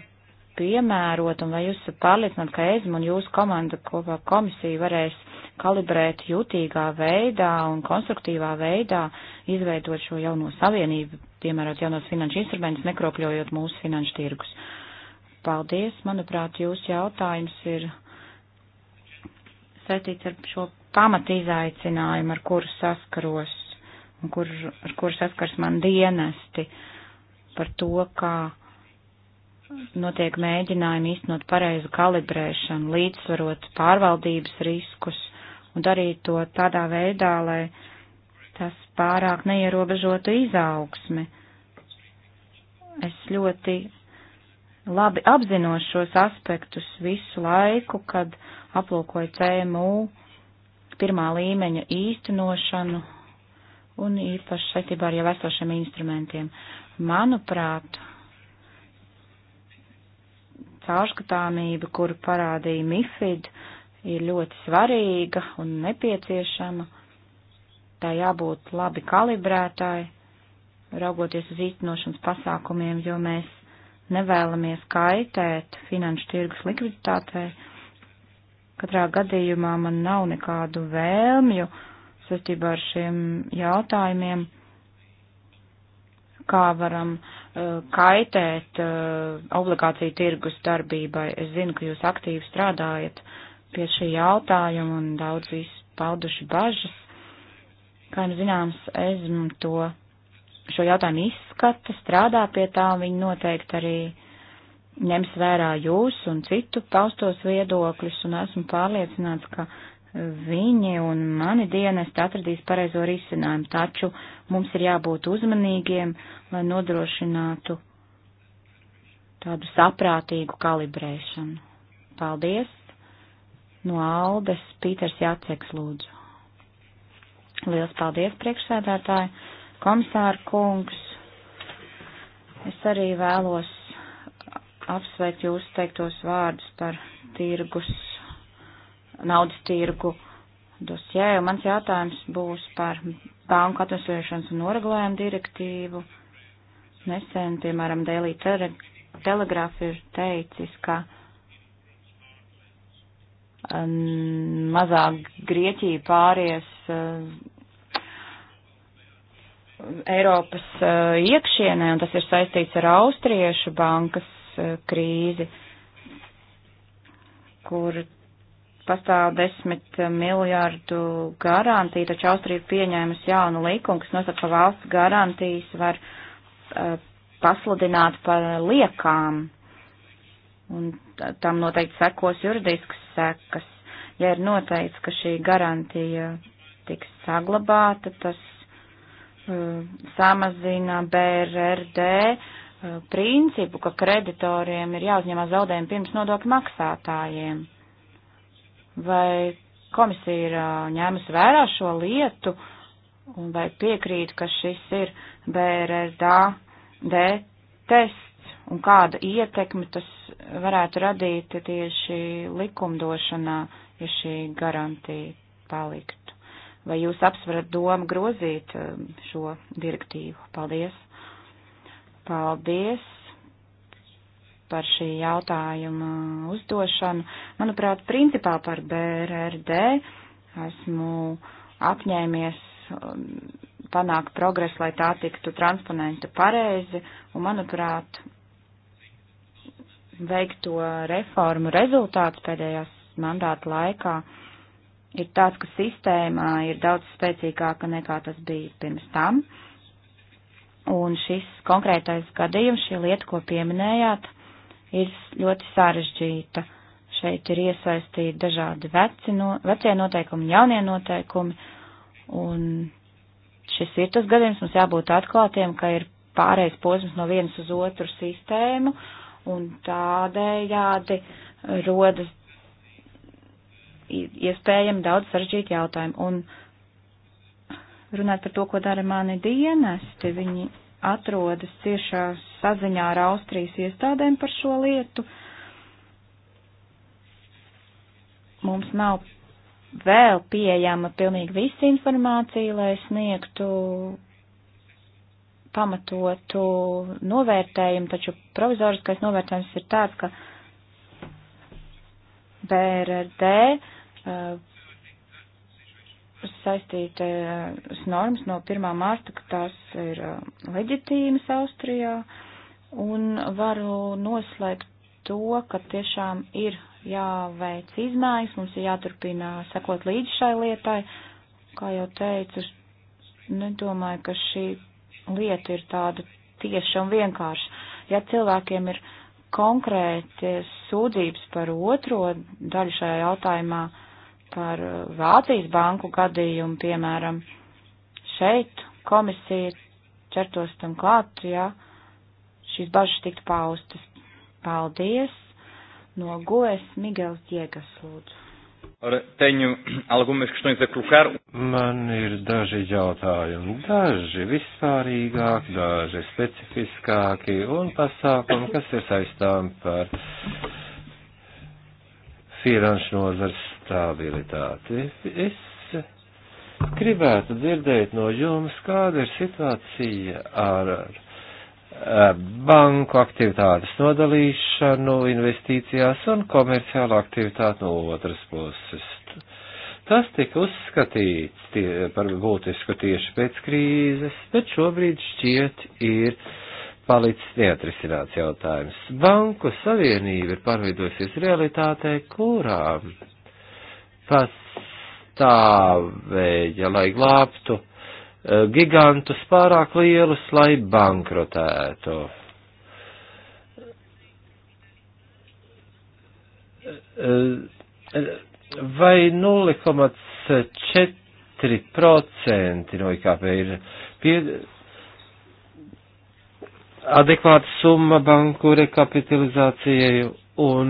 piemērot un vai jūs esat pārliecināti, ka EZM un jūsu komanda kopā komisija varēs kalibrēt jutīgā veidā un konstruktīvā veidā izveidot šo jauno savienību, piemērot jaunos finanšu instrumentus, nekropļojot mūsu finanšu tirgus. Paldies, manuprāt, jūsu jautājums ir saistīts ar šo pamatu izaicinājumu, ar kuru saskaros un kur, ar kuru saskars man dienesti par to, kā notiek mēģinājumi īstenot pareizu kalibrēšanu, līdzsvarot pārvaldības riskus un darīt to tādā veidā, lai tas pārāk neierobežotu izaugsmi. Es ļoti labi apzinos šos aspektus visu laiku, kad aplūkoju CMU pirmā līmeņa īstenošanu un īpaši saistībā ar jau esošiem instrumentiem. Manuprāt, caurskatāmība, kuru parādīja MIFID, ir ļoti svarīga un nepieciešama. Tā jābūt labi kalibrētāji, raugoties uz īstenošanas pasākumiem, jo mēs nevēlamies kaitēt finanšu tirgus likviditātei. Katrā gadījumā man nav nekādu vēlmju saistībā ar šiem jautājumiem kā varam uh, kaitēt uh, obligāciju tirgus darbībai. Es zinu, ka jūs aktīvi strādājat pie šī jautājuma un daudz izpauduši bažas. Kā jums zināms, esmu to šo jautājumu izskata, strādā pie tā, un viņi noteikti arī ņems vērā jūs un citu paustos viedokļus, un esmu pārliecināts, ka viņi un mani dienesti atradīs pareizo risinājumu, taču mums ir jābūt uzmanīgiem, lai nodrošinātu tādu saprātīgu kalibrēšanu. Paldies! No Aldes Pīters Jāceks lūdzu. Liels paldies, priekšsēdētāji, komisāra kungs. Es arī vēlos apsveikt jūs teiktos vārdus par tirgus naudas tirgu dosjē. Un mans jautājums būs par banku atmesvēršanas un noregulējumu direktīvu. Nesen, piemēram, Dēlī telegrāf ir teicis, ka um, mazāk Grieķija pāries um, Eiropas uh, iekšienē, un tas ir saistīts ar Austriešu bankas uh, krīzi, kur pastāv desmit miljārdu garantija, taču Austrija ir pieņēmusi jaunu likumu, kas nosaka, ka valsts garantijas var uh, pasludināt par liekām. Un tam noteikti sekos juridiskas sekas. Ja ir noteikts, ka šī garantija tiks saglabāta, tas uh, samazina BRRD uh, eh, principu, ka kreditoriem ir jāuzņemās zaudējumi pirms nodokļu maksātājiem. Vai komisija ir ņēmusi vērā šo lietu un vai piekrīt, ka šis ir BRSD tests un kāda ietekme tas varētu radīt tieši likumdošanā, ja šī garantija paliktu? Vai jūs apsverat domu grozīt šo direktīvu? Paldies! Paldies! par šī jautājuma uzdošanu. Manuprāt, principā par BRRD esmu apņēmies um, panākt progresu, lai tā tiktu transponenta pareizi, un, manuprāt, veikto reformu rezultāts pēdējās mandāta laikā ir tāds, ka sistēmā ir daudz spēcīgāka nekā tas bija pirms tam. Un šis konkrētais gadījums, šī lieta, ko pieminējāt, uh, ir ļoti sarežģīta. Šeit ir iesaistīti dažādi veci no, vecie noteikumi, jaunie noteikumi, un šis ir tas gadījums, mums jābūt atklātiem, ka ir pārējais posms no vienas uz otru sistēmu, un tādējādi rodas iespējami daudz sarežģīti jautājumi. Un runāt par to, ko dara mani dienesti, viņi atrodas ciešās saziņā ar Austrijas iestādēm par šo lietu. Mums nav vēl pieejama pilnīgi visa informācija, lai sniegtu pamatotu novērtējumu, taču provizoriskais novērtējums ir tāds, ka BRD uh, saistītas normas no pirmā māsta, ka tās ir uh, leģitīmas Austrijā. Uh, Un varu noslēgt to, ka tiešām ir jāveic izmaiņas, mums ir jāturpina sekot līdz šai lietai. Kā jau teicu, nedomāju, ka šī lieta ir tāda tieša un vienkārša. Ja cilvēkiem ir konkrēti sūdzības par otro daļu šajā jautājumā, par Vācijas banku gadījumu, piemēram, šeit komisija ķertos tam klāt, ja šīs bažas tiktu paustas. Paldies! No Goes Miguels Diegas lūdzu. Ora, tenho algumas questões a colocar. Man ir daži jautājumi, daži vispārīgāki, daži specifiskāki un pasākumi, kas ir saistām par finanšu nozars stabilitāti. Es gribētu dzirdēt no jums, kāda ir situācija ar Eh, banku aktivitātes nodalīšanu investīcijās un komerciālu aktivitāti no otras puses. Tas tika uzskatīts tie, par būtisku tieši pēc krīzes, bet šobrīd šķiet ir palicis neatrisināts jautājums. Banku savienība ir pārveidojusies realitātē, kurā pastāvēja, lai glābtu Eh, gigantus pārāk lielus, lai bankrotētu. Eh, eh, vai 0,4% no IKP ir pie, adekvāta summa banku rekapitalizācijai un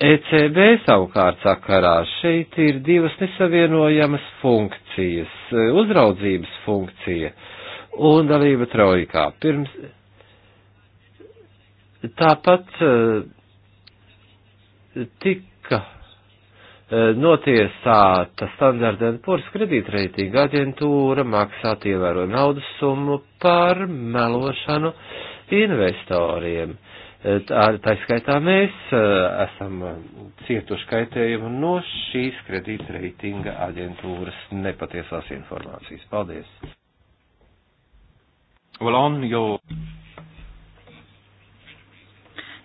ECB savukārt sakarā šeit ir divas nesavienojamas funkcijas e, - uzraudzības funkcija un dalība trojkā. Pirms tāpat e, tika e, notiesāta standarta poras kredītreitinga aģentūra maksāt ievēro naudas summu par melošanu investoriem. Uh, Tā skaitā mēs esam cietuši kaitējumu no šīs kredītreitinga aģentūras nepatiesās informācijas. Paldies! Well, on your...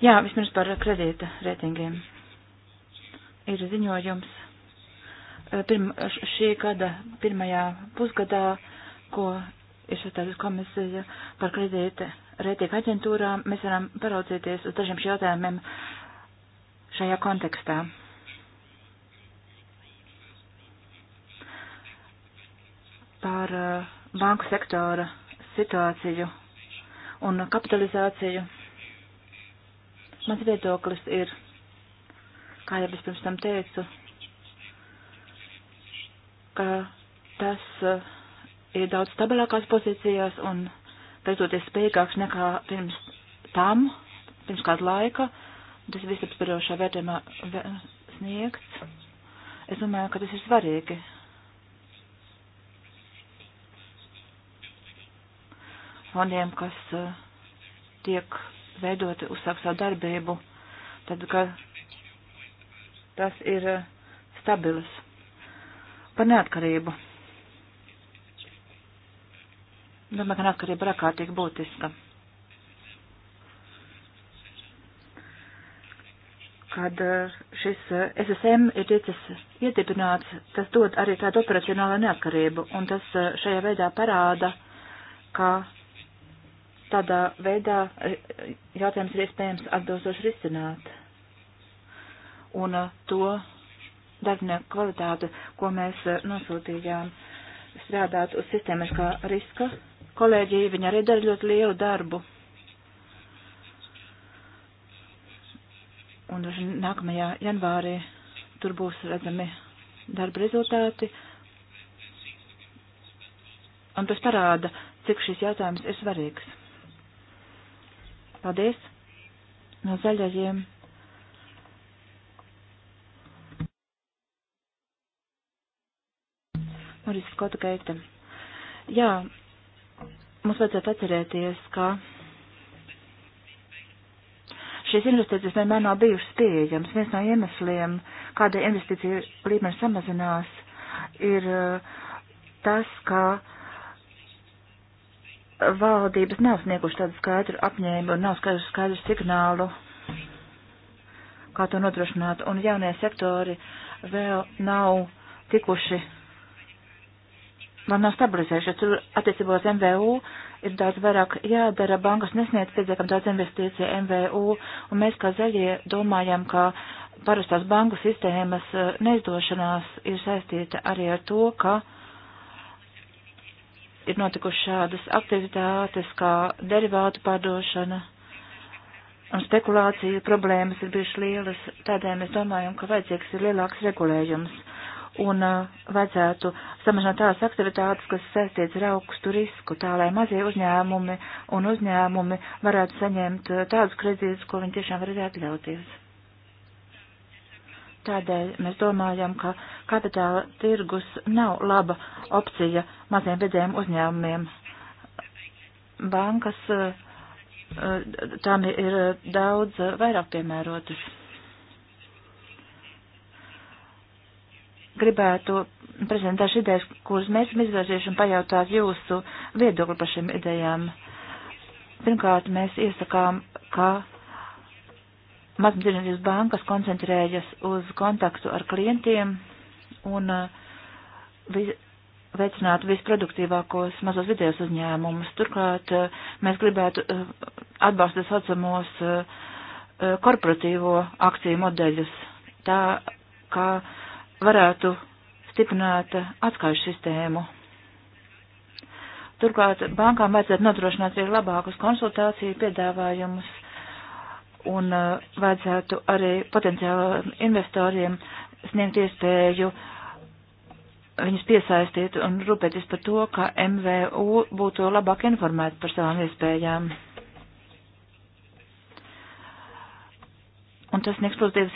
Jā, vismaz par kredīta reitingiem. Ir ziņojums pirma, šī gada pirmajā pusgadā, ko izvērtējusi komisija par kredīti reitinga aģentūrām, mēs varam paraudzīties uz dažiem šiem jautājumiem šajā kontekstā. Par uh, banku sektora situāciju un kapitalizāciju. Mans viedoklis ir, kā jau es pirms tam teicu, ka tas uh, ir daudz stabilākās pozīcijās un veidoties spējīgāks nekā pirms tam, pirms kāda laika. Tas visapspirošā vērtējumā sniegts. Es domāju, ka tas ir svarīgi. Fondiem, kas eh, tiek veidoti uzsāk savu darbību, tad, ka tas ir eh, stabils par neatkarību. Domāju, ka neatkarība ir ārkārtīgi būtiska. Kad eh, šis eh, SSM ir ticis ietiprināts, tas dod arī tādu operacionālu neatkarību, un tas eh, šajā veidā parāda, ka tādā veidā jautājums ir iespējams atbilstoši risināt. Un to darbinieku kvalitāti, ko mēs nosūtījām strādāt uz sistēmiskā riska kolēģi, viņi arī dara ļoti lielu darbu. Un nākamajā janvārī tur būs redzami darba rezultāti. Un tas parāda, cik šis jautājums ir svarīgs. Paldies no zaļajiem. Maris Skota Keita. Jā, mums vajadzētu atcerēties, ka šīs investīcijas vienmēr nav bijušas pieejamas. Viens no iemesliem, kādēļ investīcija līmenis samazinās, ir uh, tas, ka valdības nav snieguši tādu skaidru apņēmu un nav skaidru, skaidru signālu, kā to nodrošināt, un jaunie sektori vēl nav tikuši vēl nav stabilizējušies. Tur attiecībos MVU ir daudz vairāk jādara, bankas nesniedz pietiekam daudz investīciju MVU, un mēs kā zaļie domājam, ka parastās banku sistēmas eh, neizdošanās ir saistīta arī ar to, ka ir notikušas šādas aktivitātes kā derivātu pārdošana un spekulācija problēmas ir bijušas lielas, tādēļ mēs domājam, ka vajadzīgs ir lielāks regulējums un vajadzētu samazināt tās aktivitātes, kas saistīts ar augstu risku, tā lai mazie uzņēmumi un uzņēmumi varētu saņemt tādus kredītus, ko viņi tiešām varētu atļauties. Tādēļ mēs domājam, ka kapitāla tirgus nav laba opcija maziem vidējiem uzņēmumiem. Bankas tām ir daudz vairāk piemērotas. gribētu prezentēt šīs idejas, kuras mēs esam izvēlējušies un pajautāt jūsu viedokli par šīm idejām. Pirmkārt, mēs iesakām, ka mazumtirdzniecības bankas koncentrējas uz kontaktu ar klientiem un uh, vi veicināt visproduktīvākos mazos vidējos uzņēmumus. Turklāt uh, mēs gribētu uh, atbalstīt saucamos korporatīvo akciju modeļus, tā kā varētu stiprināt atskaišu sistēmu. Turklāt bankām vajadzētu nodrošināt arī labākus konsultāciju piedāvājumus un uh, vajadzētu arī potenciāliem investoriem sniegt iespēju viņus piesaistīt un rūpēties par to, ka MVU būtu labāk informēti par savām iespējām. un tas sniegs pozitīvus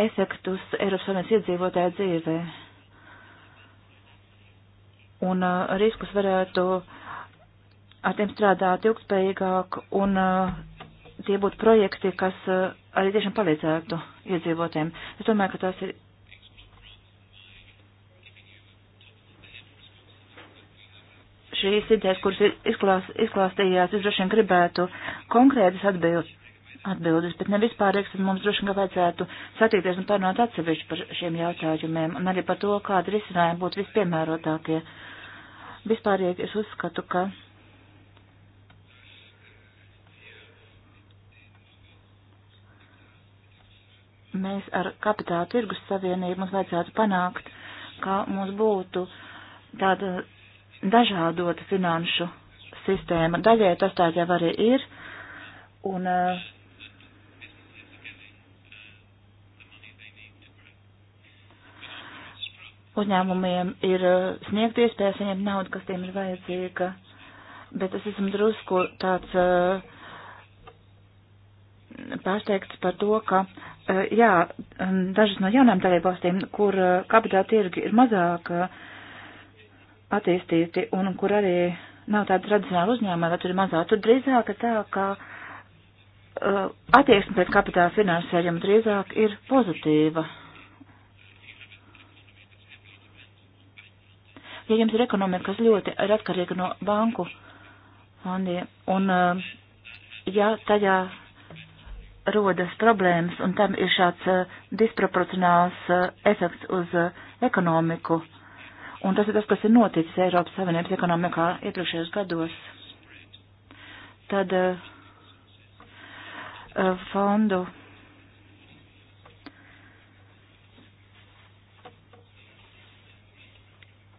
efektus Eiropas Savienības iedzīvotāju dzīvē. Un uh, riskus varētu ar tiem strādāt ilgspējīgāk, un uh, tie būtu projekti, kas uh, arī tiešām palīdzētu iedzīvotēm. Es domāju, ka tas ir. Šīs idejas, kuras izklās, izklāstījās, es droši vien gribētu konkrētas atbildes atbildes, bet ne vispārīgs, tad mums droši vien vajadzētu satikties un parunāt atsevišķi par šiem jautājumiem un arī par to, kāda risinājuma būtu vispiemērotākie. Vispārīgi es uzskatu, ka. Mēs ar kapitāla tirgus savienību mums vajadzētu panākt, ka mums būtu tāda dažādota finanšu sistēma. Daļai tas tā jau arī ir, un uh, uzņēmumiem ir eh, sniegt iespēju saņemt naudu, kas tiem ir vajadzīga, bet es esmu drusku tāds eh, pārsteigts par to, ka, eh, jā, dažas no jaunām dalībvalstīm, kur kapitāla tirgi ir mazāk attīstīti un kur arī nav tāda tradicionāla uzņēmuma, vai tur ir mazāk, tur drīzāk tā, ka attieksme pret kapitāla finansējumu drīzāk ir pozitīva Ja jums ir ekonomika, kas ļoti ir atkarīga no banku fondiem, un eh, ja tajā rodas problēmas, un tam ir šāds uh, disproporcionāls uh, efekts uz uh, ekonomiku, un tas ir tas, kas ir noticis Eiropas Savienības ekonomikā iepriekšējos gados, tad uh, fondu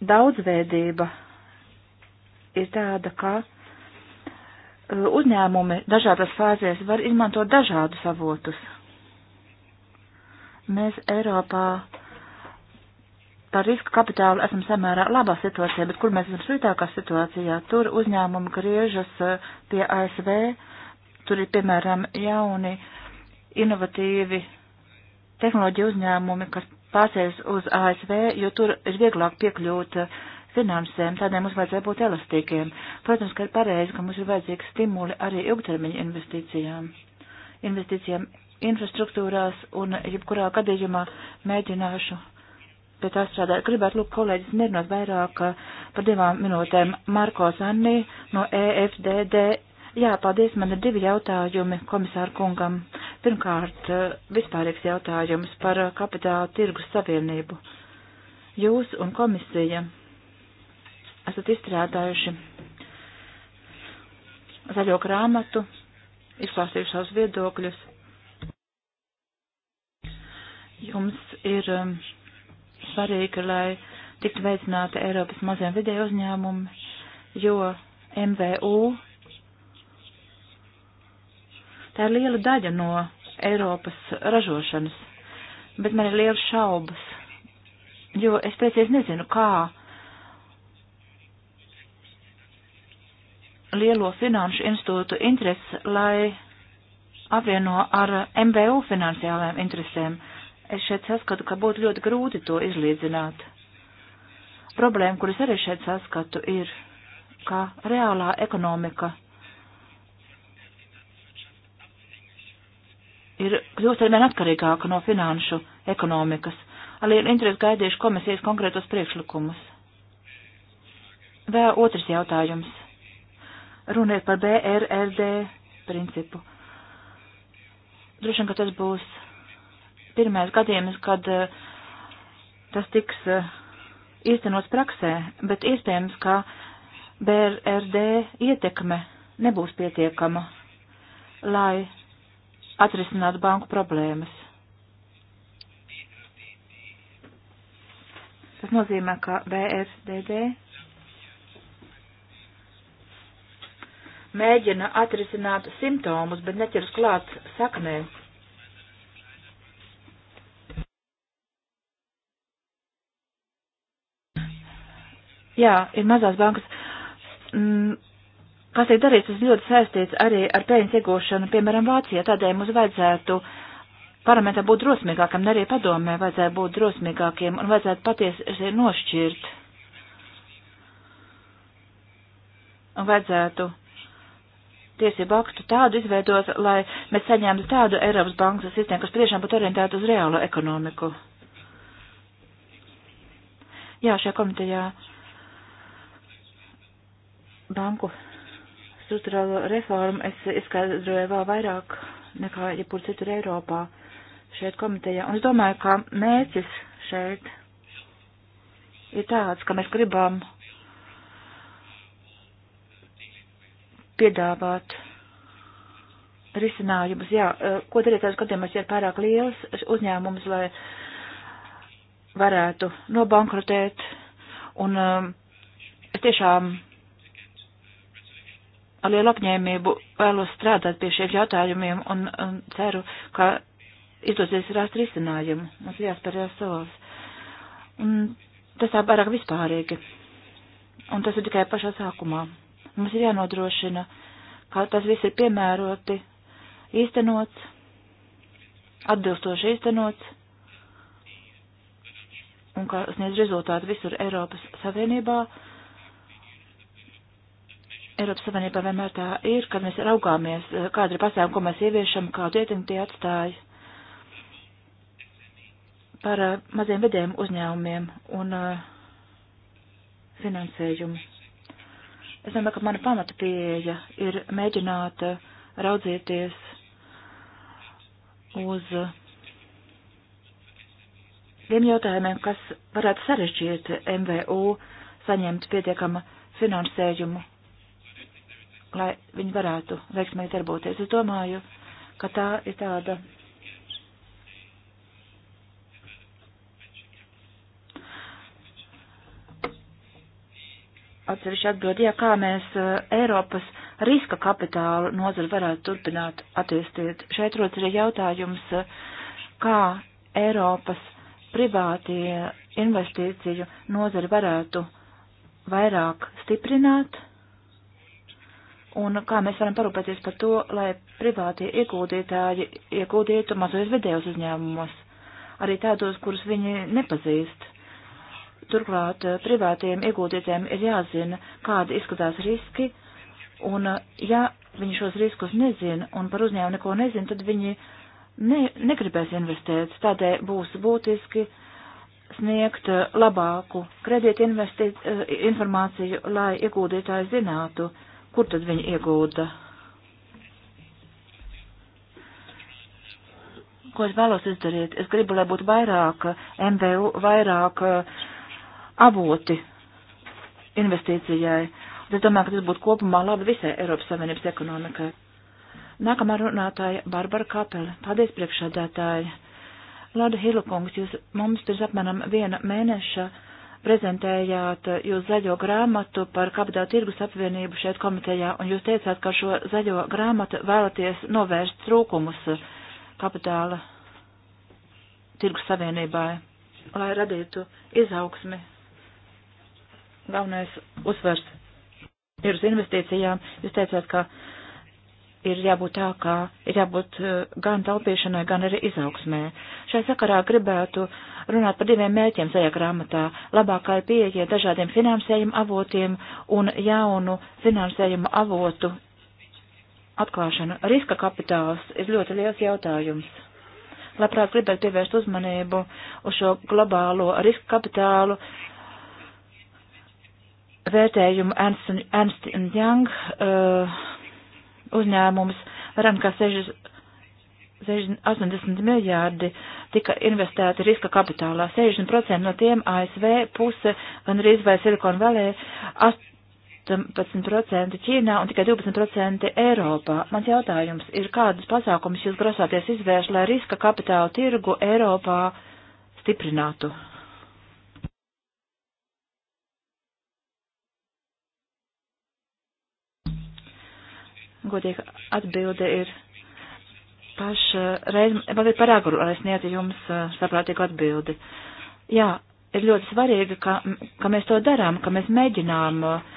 Daudzveidība ir tāda, ka e, uzņēmumi dažādās fāzēs var izmantot dažādus avotus. Mēs Eiropā par riska kapitālu esam samērā labā situācijā, bet kur mēs esam sliktākā situācijā, tur uzņēmumi griežas e, pie ASV, tur ir piemēram jauni, inovatīvi tehnoloģiju uzņēmumi, kas pārsēs uz ASV, jo tur ir vieglāk piekļūt eh, finansēm, tādēļ mums vajadzēja būt elastīgiem. Protams, ka ir pareizi, ka mums ir vajadzīgi stimuli arī ilgtermiņa investīcijām. Investīcijām infrastruktūrās un jebkurā gadījumā mēģināšu pie tā strādāt. Gribētu lūgt kolēģis nerunāt vairāk eh, par divām minūtēm. Marko Zanni no EFDD Jā, paldies. Man ir divi jautājumi komisāru kungam. Pirmkārt, eh, vispārīgs jautājums par eh, kapitāla tirgus savienību. Jūs un komisija esat izstrādājuši zaļo grāmatu, izklāstījuši savus viedokļus. Jums ir eh, svarīgi, lai tiktu veicināta Eiropas maziem vidēju uzņēmumi, jo MVU Tā ir liela daļa no Eiropas ražošanas, bet man ir liels šaubas, jo es pēcies nezinu, kā lielo finanšu institūtu intereses, lai apvieno ar MBU finansiālajām interesēm. Es šeit saskatu, ka būtu ļoti grūti to izlīdzināt. Problēma, kuras arī šeit saskatu, ir, ka reālā ekonomika ir kļūst arvien atkarīgāka no finanšu ekonomikas. Arī interesi gaidījuši komisijas konkrētos priekšlikumus. Vēl otrs jautājums. Runiet par BRRD principu. Droši vien, ka tas būs pirmais gadījums, kad eh, tas tiks eh, īstenots praksē, bet iespējams, ka BRRD ietekme nebūs pietiekama, lai atrisināt banku problēmas. Tas nozīmē, ka BFDD mēģina atrisināt simptomus, bet neķers klāt saknē. Jā, ir mazās bankas. Mm, kas tiek darīts, tas ļoti saistīts arī ar peļņas iegūšanu, piemēram, Vācijā. Tādēļ mums vajadzētu parlamentā būt drosmīgākam, ne arī padomē vajadzētu būt drosmīgākiem un vajadzētu patiesi nošķirt. Un vajadzētu tiesību aktu tādu izveidot, lai mēs saņemtu tādu Eiropas bankas sistēmu, kas tiešām būtu orientēta uz reālo ekonomiku. Jā, šajā komitejā banku struktūrālo reformu es izskaidroju vēl vairāk nekā jebkur citur Eiropā šeit komitejā. Un es domāju, ka mērķis šeit ir tāds, ka mēs gribam piedāvāt risinājumus. Jā, e, ko darīt tādus gadījumos, ja ir pārāk liels uzņēmums, lai varētu nobankrotēt. Un um, es tiešām ar lielu apņēmību vēlos strādāt pie šiem jautājumiem un, un ceru, ka izdosies rast risinājumu. Mums jāspērjās savās. Un tas tā pārāk vispārīgi. Un tas ir tikai pašā sākumā. Mums ir jānodrošina, ka tas viss ir piemēroti, īstenots, atbilstoši īstenots un ka sniedz rezultātu visur Eiropas Savienībā Eiropas Savienībā vienmēr tā ir, kad mēs raugāmies, eh, kāda ir pasākuma, ko mēs ieviešam, kādu ietekmi tie atstāja par eh, maziem vidējiem uzņēmumiem un eh, finansējumu. Es domāju, ka mana pamata pieeja ir mēģināt raudzīties uz tiem jautājumiem, kas varētu sarežģīt MVU saņemt pietiekama finansējumu lai viņi varētu veiksmīgi darboties. Es domāju, ka tā ir tāda atsevišķi atbild, ja kā mēs eh, Eiropas riska kapitālu nozari varētu turpināt attīstīt. Šeit rodas arī jautājums, eh, kā Eiropas privātie investīciju nozari varētu vairāk stiprināt un kā mēs varam parūpēties par to, lai privātie iegūdītāji iegūdītu mazos vidējos uzņēmumos, arī tādos, kurus viņi nepazīst. Turklāt eh, privātiem iegūdītājiem ir jāzina, kādi izskatās riski, un eh, ja viņi šos riskus nezina un par uzņēmumu neko nezina, tad viņi ne, negribēs investēt. Tādēļ būs būtiski sniegt eh, labāku kredītu informāciju, lai iegūdītāji zinātu, uh, Kur tad viņi iegūda? Ko es vēlos izdarīt? Es gribu, lai būtu vairāk eh, MVU, vairāk eh, avoti investīcijai. Es domāju, ka tas būtu kopumā labi visai Eiropas Savienības ekonomikai. Nākamā runātāja Barbara Kapele. Paldies priekšādātāji. Lada Hilakungs, jūs mums pirms apmēram viena mēneša prezentējāt jūs zaļo grāmatu par kapitāla tirgus apvienību šeit komitejā, un jūs teicāt, ka šo zaļo grāmatu vēlaties novērst trūkumus kapitāla tirgus savienībai, lai radītu izaugsmi. Galvenais uzsvers ir uz investīcijām. Jūs teicāt, ka ir jābūt tā, kā ir jābūt eh, gan taupīšanai, gan arī izaugsmē. Šai sakarā gribētu runāt par diviem mērķiem zaļā grāmatā - labākai pieeja dažādiem finansējuma avotiem un jaunu finansējuma avotu atklāšanu. Riska kapitāls ir ļoti liels jautājums. Labprāt gribētu pievērst uzmanību uz šo globālo riska kapitālu vērtējumu Ernst Young. Uh, uzņēmums, varam kā 6, 80 miljārdi tika investēti riska kapitālā. 60% no tiem ASV puse, gan arī vai Silikon Valē, 18% Ķīnā un tikai 12% Eiropā. Mans jautājums ir, kādus pasākumus jūs grasāties izvērst, lai riska kapitāla tirgu Eiropā stiprinātu? godīga atbilde ir paša reiz, man ir par agru, lai sniedzu jums uh, saprātīgu atbildi. Jā, ir ļoti svarīgi, ka, ka mēs to darām, ka mēs mēģinām uh,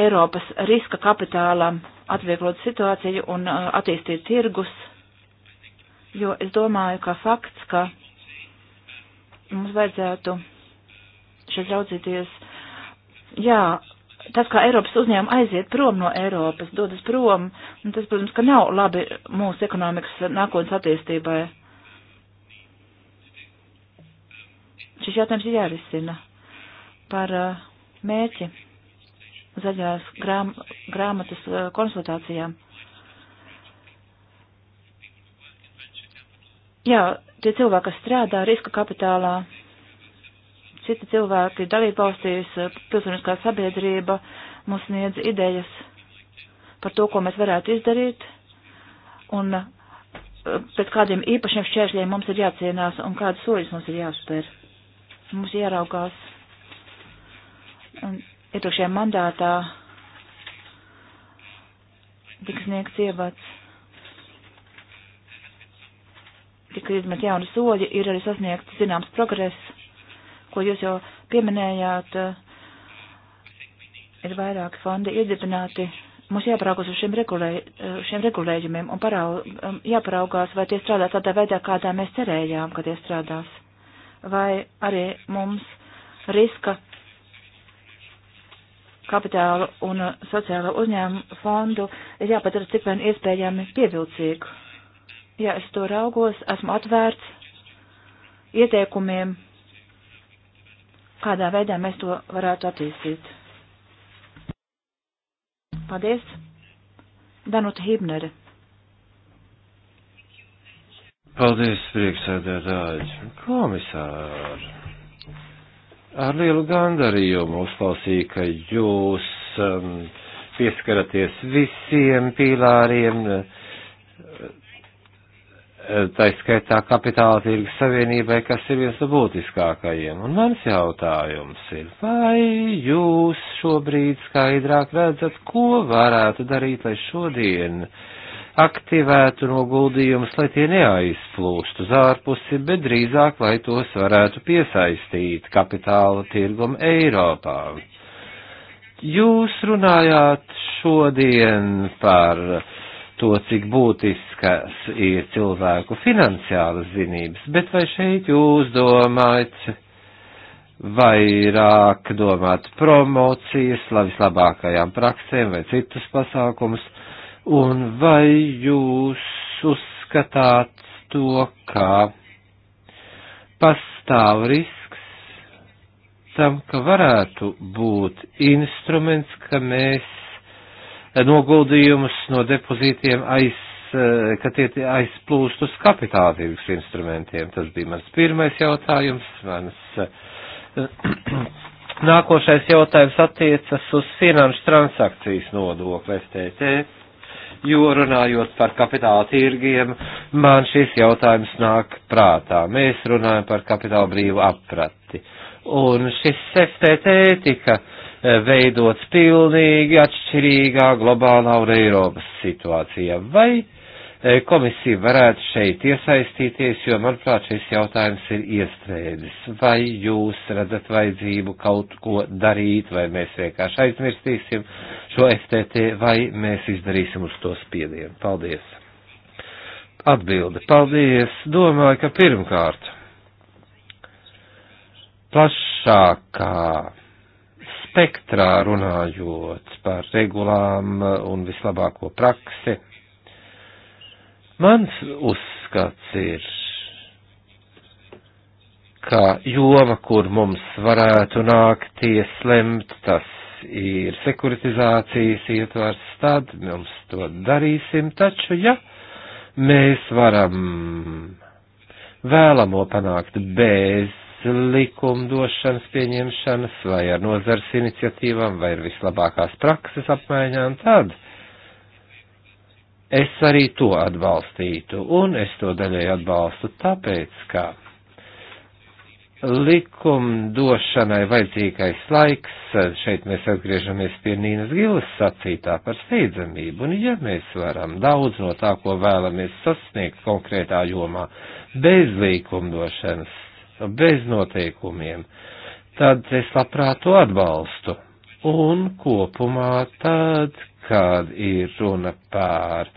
Eiropas riska kapitālam atvieglot situāciju un uh, attīstīt tirgus, jo es domāju, ka fakts, ka mums vajadzētu šeit raudzīties, jā, tas, kā Eiropas uzņēmumi aiziet prom no Eiropas, dodas prom, un tas, protams, ka nav labi mūsu ekonomikas nākotnes attīstībai. Šis jautājums ir jārisina par uh, mērķi zaļās grām, grāmatas uh, konsultācijām. Jā, tie cilvēki, kas strādā riska kapitālā, citi cilvēki dalībvalstīs, eh, pilsoniskā sabiedrība mums sniedz idejas par to, ko mēs varētu izdarīt un eh, pēc kādiem īpašiem šķēršļiem mums ir jācienās un kādas soļas mums ir jāspēr. Mums jāraugās. Un iepriekšējā mandātā tika sniegts ievads tika izmet jauni soļi, ir arī sasniegts zināms progress ko jūs jau pieminējāt, eh, ir vairāki fondi iedibināti. Mums jāparaugās uz šiem, regulē, eh, šiem regulējumiem un paraug, um, jāparaugās, vai tie strādā tādā veidā, kādā mēs cerējām, ka tie strādās. Vai arī mums riska kapitāla un sociāla uzņēmuma fondu ir jāpadara cik vien iespējami pievilcīgu. Ja es to raugos, esmu atvērts ieteikumiem kādā veidā mēs to varētu attīstīt. Paldies! Danuta Hibnere. Paldies, priekšsēdētāji. Komisāri! Ar lielu gandarījumu uzklausīju, ka jūs um, pieskaraties visiem pīlāriem. Uh, taiskaitā kapitāla tirgus savienībai, kas ir viens no būtiskākajiem. Un mans jautājums ir, vai jūs šobrīd skaidrāk redzat, ko varētu darīt, lai šodien aktivētu noguldījumus, lai tie neaizplūst uz ārpusi, bet drīzāk, lai tos varētu piesaistīt kapitāla tirgumu Eiropā? Jūs runājāt šodien par uh, to, cik būtiskas ir cilvēku finansiālas zinības, bet vai šeit jūs domājat vairāk domāt promocijas, vislabākajām praksēm vai citus pasākumus, un vai jūs uzskatāt to, kā pastāv risks tam, ka varētu būt instruments, ka mēs noguldījumus no depozītiem aiz, eh, ka tie aizplūst uz kapitālīgus instrumentiem. Tas bija mans pirmais jautājums. Mans eh, (clears throat) nākošais jautājums attiecas uz finanšu transakcijas nodokli FTT, jo runājot par kapitāla tirgiem, man šis jautājums nāk prātā. Mēs runājam par kapitāla brīvu aprati. Un šis FTT tika uh, Eh, veidots pilnīgi atšķirīgā globālā un Eiropas situācijā. Vai eh, komisija varētu šeit iesaistīties, jo, manuprāt, šis jautājums ir iestrēdzis. Vai jūs redzat vajadzību kaut ko darīt, vai mēs vienkārši aizmirstīsim šo FTT, vai mēs izdarīsim uz to spiedienu? Paldies! Atbilde. Paldies! Domāju, ka pirmkārt plašākā spektrā runājot par regulām un vislabāko praksi. Mans uzskats ir, ka joma, kur mums varētu nākties lemt, tas ir sekuritizācijas ietvars, tad mums to darīsim, taču, ja mēs varam vēlamo panākt bez likumdošanas pieņemšanas, vai ar nozars iniciatīvām, vai ar vislabākās prakses apmaiņām, tad es arī to atbalstītu, un es to daļai atbalstu tāpēc, ka likumdošanai vajadzīgais laiks, šeit mēs atgriežamies pie Nīnas Gilas sacītā par steidzamību, un ja mēs varam daudz no tā, ko vēlamies sasniegt konkrētā jomā, bez likumdošanas bez noteikumiem, tad es labprāt to atbalstu. Un kopumā tad, kad ir runa pār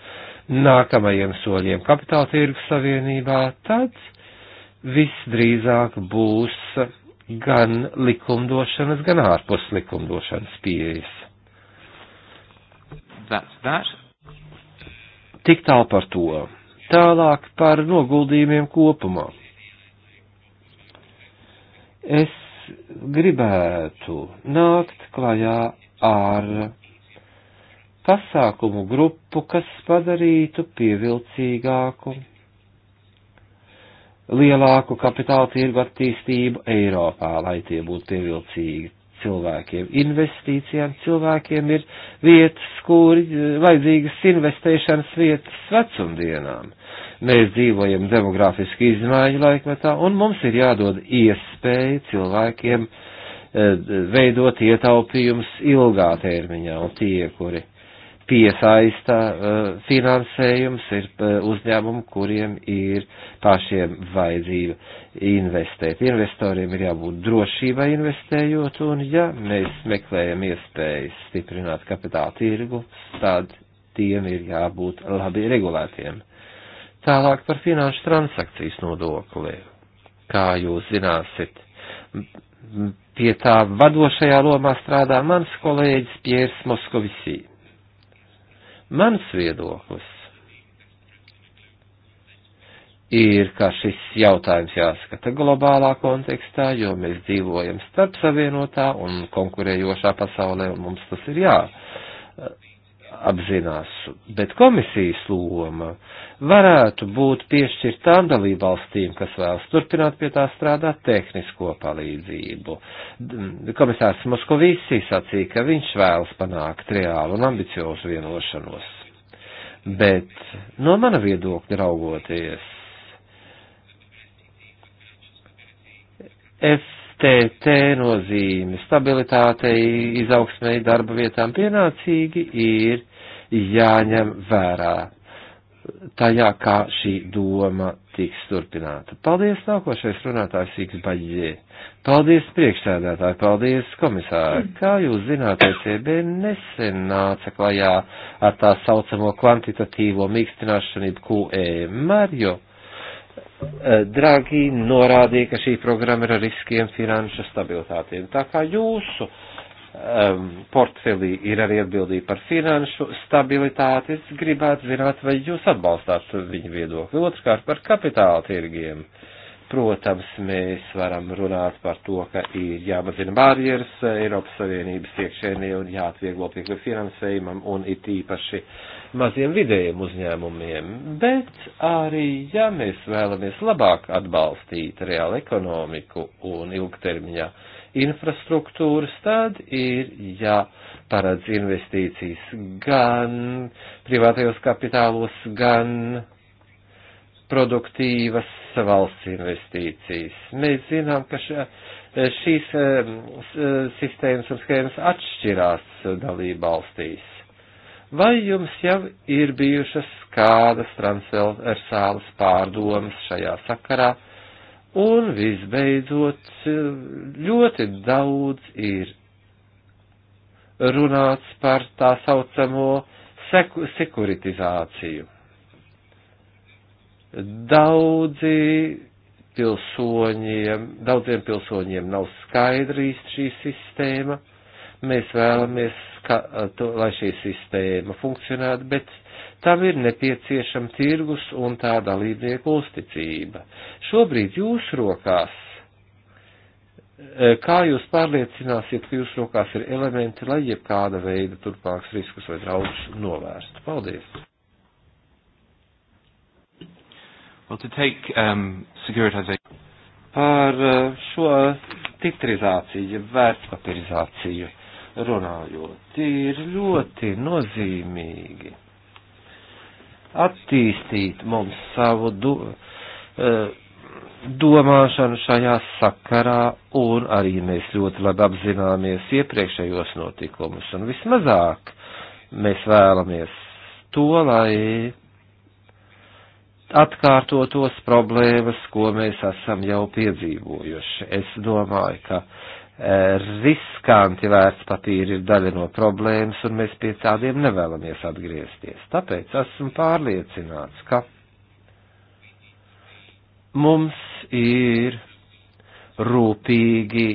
nākamajiem soļiem kapitāla tirgus savienībā, tad visdrīzāk būs gan likumdošanas, gan ārpus likumdošanas pieejas. That's that. Tik tālu par to. Tālāk par noguldījumiem kopumā. Es gribētu nākt klajā ar pasākumu grupu, kas padarītu pievilcīgāku, lielāku kapitāla tirgu attīstību Eiropā, lai tie būtu pievilcīgi cilvēkiem. Investīcijām cilvēkiem ir vietas, kur eh, vajadzīgas investēšanas vietas vecumdienām. Mēs dzīvojam demografiski izmaiņu laikmetā, un mums ir jādod iespēja cilvēkiem eh, veidot ietaupījums ilgā termiņā, un tie, kuri piesaista eh, finansējums, ir eh, uzņēmumi, kuriem ir pašiem vajadzība investēt. Investoriem ir jābūt drošībai investējot, un ja mēs meklējam iespējas stiprināt kapitāla tirgu, tad tiem ir jābūt labi regulētiem. Tālāk par finanšu transakcijas nodokli. Kā jūs zināsit, pie tā vadošajā lomā strādā mans kolēģis Piers Moskovisī. Mans viedoklis ir, ka šis jautājums jāskata globālā kontekstā, jo mēs dzīvojam starp savienotā un konkurējošā pasaulē, un mums tas ir jā apzinās, bet komisijas loma varētu būt piešķirt tām dalībvalstīm, kas vēlas turpināt pie tā strādāt tehnisko palīdzību. Komisārs Moskovīsī sacīja, ka viņš vēlas panākt reālu un ambiciozu vienošanos. Bet no mana viedokļa raugoties, es TT nozīme stabilitātei, izaugsmēji, darba vietām pienācīgi ir jāņem vērā tajā, kā šī doma tiks turpināta. Paldies, nākošais runātājs Sīks Baļģie. Paldies, priekšsēdētāji, paldies, komisāri. Kā jūs zināt, ECB nesen nāca klajā ar tā saucamo kvantitatīvo mīkstināšanu QE Marjo Eh, dragi norādīja, ka šī programma ir ar riskiem finanšu stabilitātiem. Tā kā jūsu um, portfelī ir arī atbildība par finanšu stabilitāti, es gribētu zināt, vai jūs atbalstāt viņu viedokli. Otrkārt, par kapitāla tirgiem. Protams, mēs varam runāt par to, ka ir jāmazina barjeras Eiropas Savienības iekšēnē un jāatvieglo piekļuvi finansējumam un it īpaši uh, maziem vidējiem uzņēmumiem, bet arī, ja mēs vēlamies labāk atbalstīt reālu ekonomiku un ilgtermiņā infrastruktūras, tad ir jāparedz ja investīcijas gan privātajos kapitālos, gan produktīvas valsts investīcijas. Mēs zinām, ka šā, šīs eh, eh, sistēmas un schēmas atšķirās dalība valstīs. Vai jums jau ir bijušas kādas transversālas pārdomas šajā sakarā? Un visbeidzot, ļoti daudz ir runāts par tā saucamo seku, sekuritizāciju. Daudzi pilsoņiem, daudziem pilsoņiem nav skaidrīst šī sistēma. Mēs vēlamies ka, to, lai šī sistēma funkcionētu, bet tam ir nepieciešama tirgus un tā dalībnieku uzticība. Šobrīd jūsu rokās, e, kā jūs pārliecināsiet, ka jūsu rokās ir elementi, lai jebkāda veida turpāks riskus vai draudus novērstu? Paldies! Well, to take, um, securitization. Par uh, šo titrizāciju, vērtpapirizāciju. Uh, runājot. Ir ļoti nozīmīgi attīstīt mums savu do, e, domāšanu šajā sakarā, un arī mēs ļoti labi apzināmies iepriekšējos notikumus, un vismazāk mēs vēlamies to, lai atkārtotos problēmas, ko mēs esam jau piedzīvojuši. Es domāju, ka Eh, riskanti vērtspapīri ir daļa no problēmas, un mēs pie tādiem nevēlamies atgriezties. Tāpēc esmu pārliecināts, ka mums ir rūpīgi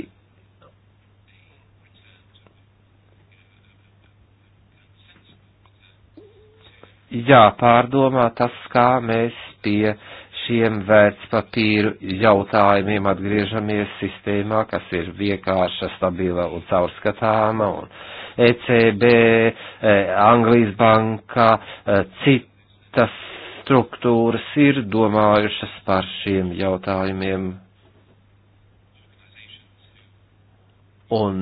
jāpārdomā tas, kā mēs pie uh, šiem vērtspapīru jautājumiem atgriežamies sistēmā, kas ir vienkārša, stabila un caurskatāma, un ECB, e, Anglijas banka, e, citas struktūras ir domājušas par šiem jautājumiem. Un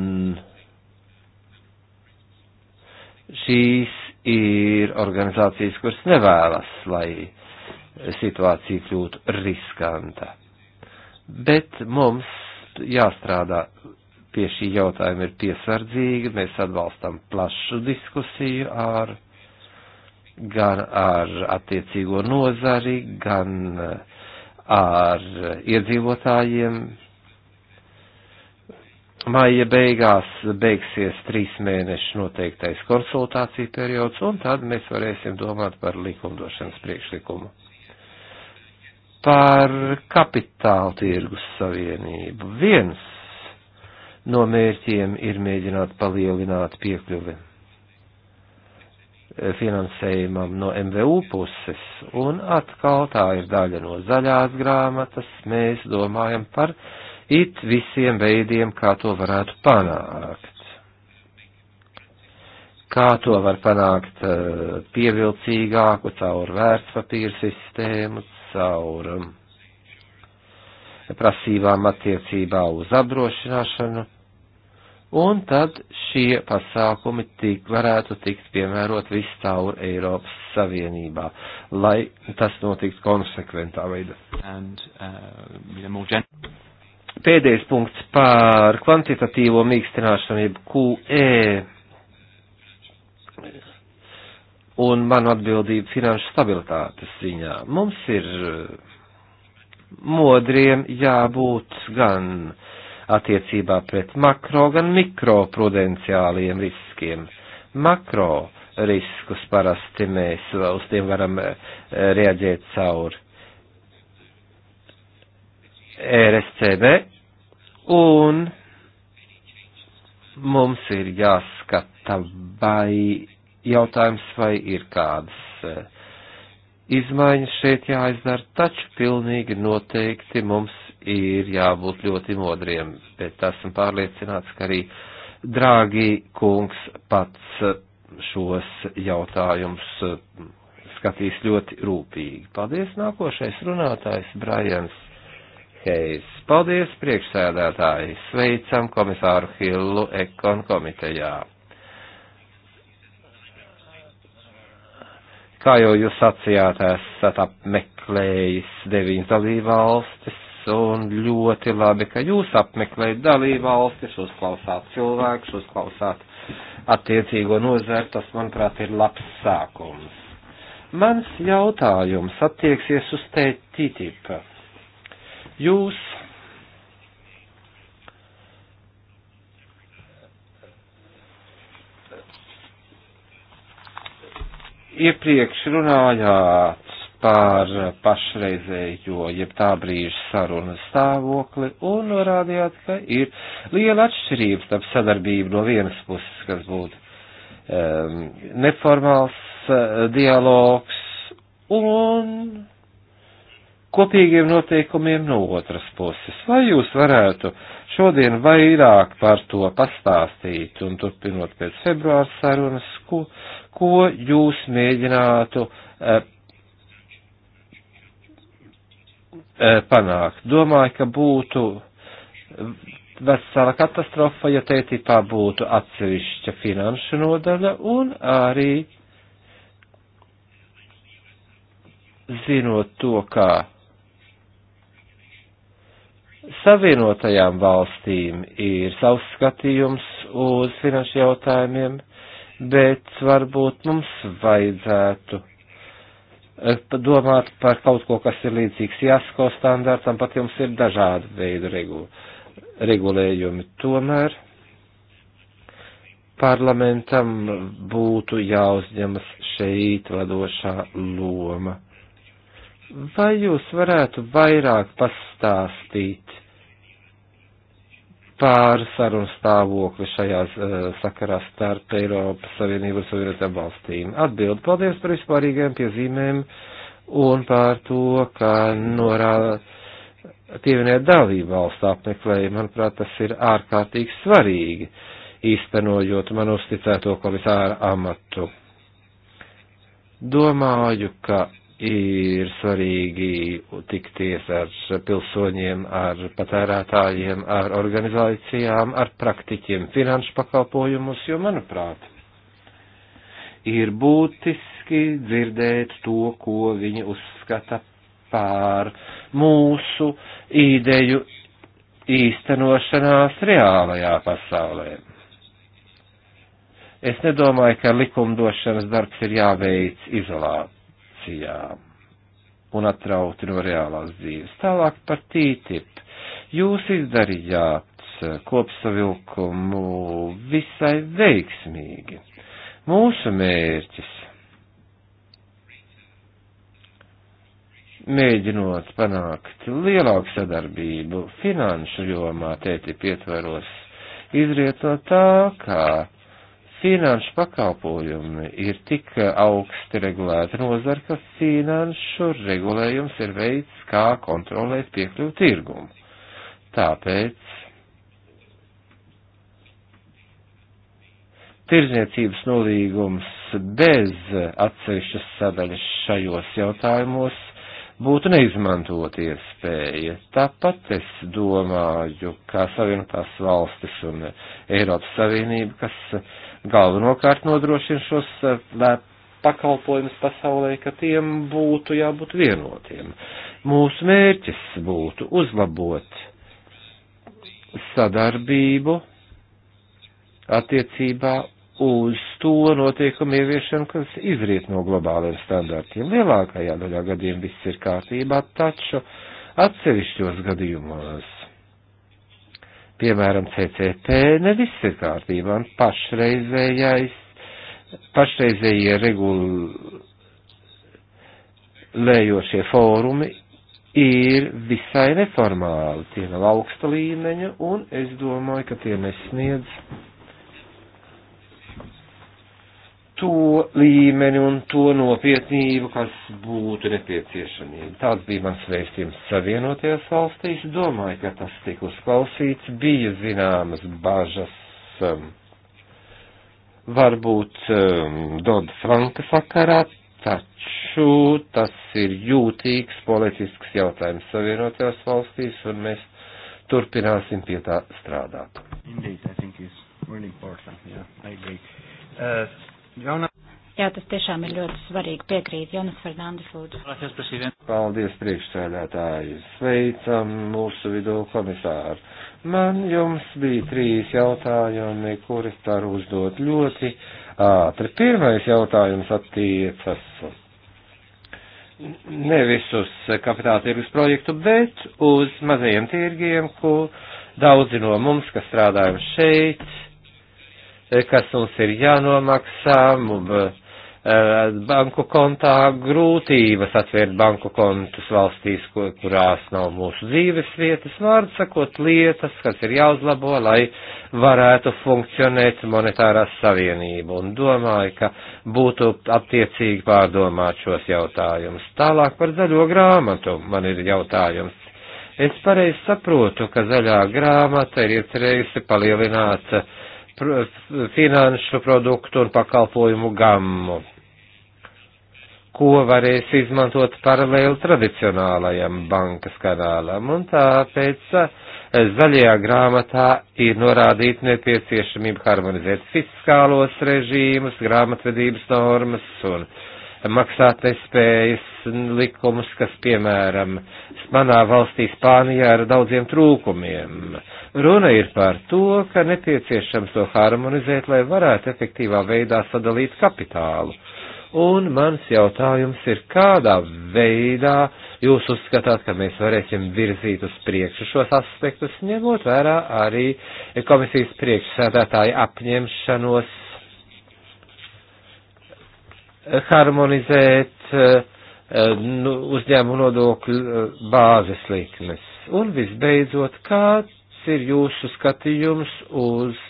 šīs ir organizācijas, kuras nevēlas, lai situācija kļūtu riskanta. Bet mums jāstrādā pie šī jautājuma ir piesardzīgi, mēs atbalstam plašu diskusiju ar, gan ar attiecīgo nozari, gan ar iedzīvotājiem. Māja beigās beigsies trīs mēnešu noteiktais konsultāciju periods, un tad mēs varēsim domāt par likumdošanas priekšlikumu par kapitāla tirgus savienību. Viens no mērķiem ir mēģināt palielināt piekļuvi finansējumam no MVU puses, un atkal tā ir daļa no zaļās grāmatas, mēs domājam par it visiem veidiem, kā to varētu panākt. Kā to var panākt eh, pievilcīgāku caur vērtspapīru sistēmu, caur um, prasībām attiecībā uz apdrošināšanu, un tad šie pasākumi tik, varētu tikt piemērot visu caur Eiropas Savienībā, lai tas notiks konsekventā veidā. And, uh, Pēdējais punkts par kvantitatīvo mīkstināšanu, jeb QE un manu atbildību finanšu stabilitātes ziņā. Mums ir eh, modriem jābūt gan attiecībā pret makro, gan mikro prudenciāliem riskiem. Makro riskus parasti mēs uz tiem varam eh, reaģēt caur e RSCB un mums ir jāskata, vai jautājums, vai ir kādas e, izmaiņas šeit jāizdara, taču pilnīgi noteikti mums ir jābūt ļoti modriem, bet esmu pārliecināts, ka arī Drāgi kungs pats e, šos jautājumus e, skatīs ļoti rūpīgi. Paldies, nākošais runātājs Brajans Heis. Paldies, priekšsēdētāji. Sveicam komisāru Hillu Ekon komitejā. Kā jau jūs sacījāt, esat apmeklējis deviņas dalībvalstis un ļoti labi, ka jūs apmeklējat dalībvalstis, uzklausāt cilvēkus, uzklausāt attiecīgo nozēru. Tas, manuprāt, ir labs sākums. Mans jautājums attieksies uz tētītipu. Jūs iepriekš runājāt par pašreizējo, jeb tā brīža sarunas stāvokli un norādījāt, ka ir liela atšķirība starp sadarbību no vienas puses, kas būtu um, neformāls uh, dialogs un kopīgiem noteikumiem no otras puses. Vai jūs varētu šodien vairāk par to pastāstīt un turpinot pēc februāra sarunas, ko, ko jūs mēģinātu e, e, panākt. Domāju, ka būtu vesela katastrofa, ja tētipā būtu atsevišķa finanšu nodaļa un arī zinot to, kā savienotajām valstīm ir savs skatījums uz finanšu jautājumiem, bet varbūt mums vajadzētu eh, domāt par kaut ko, kas ir līdzīgs jāsko standartam, pat jums ir dažādi veidi regul regulējumi. Tomēr parlamentam būtu jāuzņemas šeit vadošā loma. Vai jūs varētu vairāk pastāstīt pār sarunu stāvokli šajā uh, sakarā starp Eiropas Savienību un Savienotām valstīm. Atbildi paldies par vispārīgiem piezīmēm un par to, ka norāda pieminēt dalību valstu apmeklējumu. Manuprāt, tas ir ārkārtīgi svarīgi, īstenojot man uzticēto komisāra amatu. Domāju, ka ir svarīgi tikties ar pilsoņiem, ar patērētājiem, ar organizācijām, ar praktiķiem finanšu pakalpojumus, jo, manuprāt, ir būtiski dzirdēt to, ko viņi uzskata pār mūsu ideju īstenošanās reālajā pasaulē. Es nedomāju, ka likumdošanas darbs ir jāveic izolēt Turcijā un atrauti no reālās dzīves. Tālāk par TTIP. Jūs izdarījāt kopsavilkumu visai veiksmīgi. Mūsu mērķis, mēģinot panākt lielāku sadarbību finanšu jomā, tēti pietveros, izriet no tā, kā Finanšu pakalpojumi ir tik augsti regulēta nozara, ka finanšu regulējums ir veids, kā kontrolēt piekļuvu tirgumu. Tāpēc tirzniecības nolīgums bez atsevišķas sadaļas šajos jautājumos būtu neizmantot iespēja. Tāpat es domāju, kā Savienotās valstis un Eiropas Savienība, kas galvenokārt nodrošina šos eh, pakalpojumus pasaulē, ka tiem būtu jābūt vienotiem. Mūsu mērķis būtu uzlabot sadarbību attiecībā uz to notiekumu ieviešanu, kas izriet no globāliem standartiem. Lielākajā daļā gadiem viss ir kārtībā, taču atsevišķos gadījumos piemēram, CCP, ne viss ir kārtībā, un pašreizējais, pašreizējie regulējošie fórumi ir visai neformāli, tie nav augsta līmeņa, un es domāju, ka tie nesniedz to līmeni un to nopietnību, kas būtu nepieciešamība. Tāds bija mans vēstījums Savienotajās valstīs. Domāju, ka tas tika uzklausīts, bija zināmas bažas. Um, varbūt um, Dodas Vanka sakarā, taču tas ir jūtīgs politisks jautājums Savienotajās valstīs, un mēs turpināsim pie tā strādāt. Indeed, I think it's really important, yeah, I agree. Uh, Jaunā. Jā, tas tiešām ir ļoti svarīgi. Piekrīt Jonas Fernandes lūdzu. Paldies, priekšsēdētāji. Sveicam mūsu vidū komisāru. Man jums bija trīs jautājumi, kurus varu uzdot ļoti ātri. Pirmais jautājums attiecas nevis uz kapitāla tirgus projektu, bet uz mazajiem tirgiem, ko daudzi no mums, kas strādājam šeit, Eh, kas mums ir jānomaksā, mums, eh, banku kontā grūtības atvērt banku kontus valstīs, kurās nav mūsu dzīves vietas, vārdu sakot lietas, kas ir jāuzlabo, lai varētu funkcionēt monetārās savienība. Un domāju, ka būtu attiecīgi pārdomāt šos jautājumus. Tālāk par zaļo grāmatu man ir jautājums. Es pareizi saprotu, ka zaļā grāmata ir iecerējusi palielināt uh, finanšu produktu un pakalpojumu gammu, ko varēs izmantot paralēli tradicionālajam bankas kanālam, un tāpēc zaļajā grāmatā ir norādīta nepieciešamība harmonizēt fiskālos režīmus, grāmatvedības normas un maksātnespējas likumus, kas, piemēram, manā valstī Spānijā ar daudziem trūkumiem. Runa ir par to, ka nepieciešams to harmonizēt, lai varētu efektīvā veidā sadalīt kapitālu. Un mans jautājums ir, kādā veidā jūs uzskatāt, ka mēs varēsim virzīt uz priekšu šos aspektus, ņemot vērā arī komisijas priekšsēdētāja apņemšanos eh, harmonizēt eh, nu, uzņēmumu nodokļu eh, bāzes likmes. Un visbeidzot, kā ir jūsu skatījums uz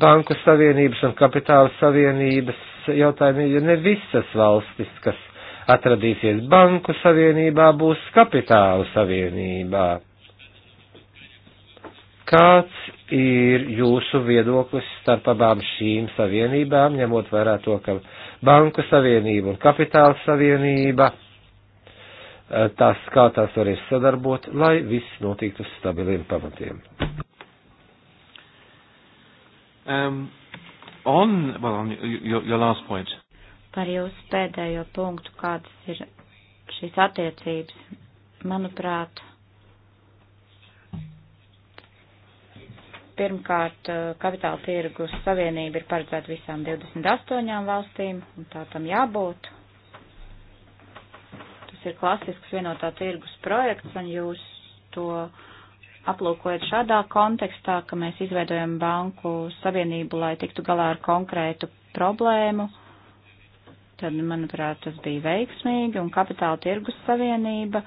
Banku Savienības un Kapitāla Savienības jautājumi, jo ne visas valstis, kas atradīsies Banku Savienībā, būs Kapitāla Savienībā. Kāds ir jūsu viedoklis starp abām šīm savienībām, ņemot vērā to, ka Banku Savienība un Kapitāla Savienība Eh, tas, kā tās varēs sadarbot, lai viss notiktu uz stabiliem pamatiem. Um, on, well, on your, your last point. Par jūsu pēdējo punktu, kādas ir šīs attiecības, manuprāt, pirmkārt, eh, kapitāla tirgus savienība ir paredzēta visām 28 valstīm, un tā tam jābūt ir klasisks vienotā tirgus projekts, un jūs to aplūkojat šādā kontekstā, ka mēs izveidojam banku savienību, lai tiktu galā ar konkrētu problēmu, tad, manuprāt, tas bija veiksmīgi, un kapitāla tirgus savienība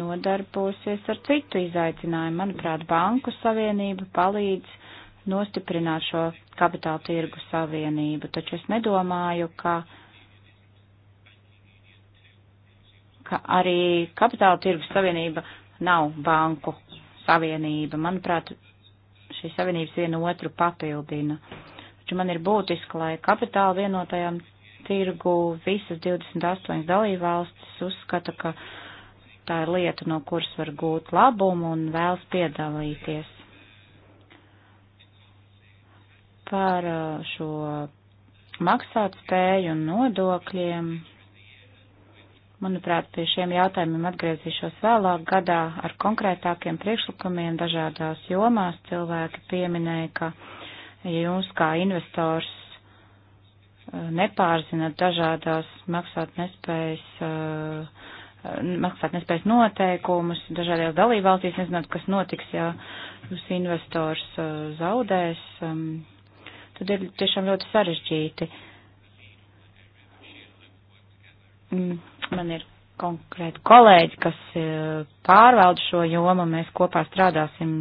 nodarbosies ar citu izaicinājumu. Manuprāt, banku savienība palīdz nostiprināt šo kapitāla tirgu savienību, taču es nedomāju, ka ka arī kapitāla tirgus savienība nav banku savienība. Manuprāt, šīs savienības viena otru papildina. Taču man ir būtiski, lai kapitāla vienotajam tirgu visas 28 dalībvalstis uzskata, ka tā ir lieta, no kuras var gūt labumu un vēlas piedalīties. Par uh, šo maksāt spēju un nodokļiem Manuprāt, pie šiem jautājumiem atgriezīšos vēlāk gadā ar konkrētākiem priekšlikumiem dažādās jomās. Cilvēki pieminēja, ka ja jūs kā investors eh, nepārzinat dažādās maksātnespējas uh, eh, maksātnespējas noteikumus, dažādās dalībvalstīs nezināt, kas notiks, ja jūs investors eh, zaudēs, ehm, tad ir tiešām ļoti sarežģīti. Mm. Man ir konkrēti kolēģi, kas e, pārvalda šo jomu, mēs kopā strādāsim,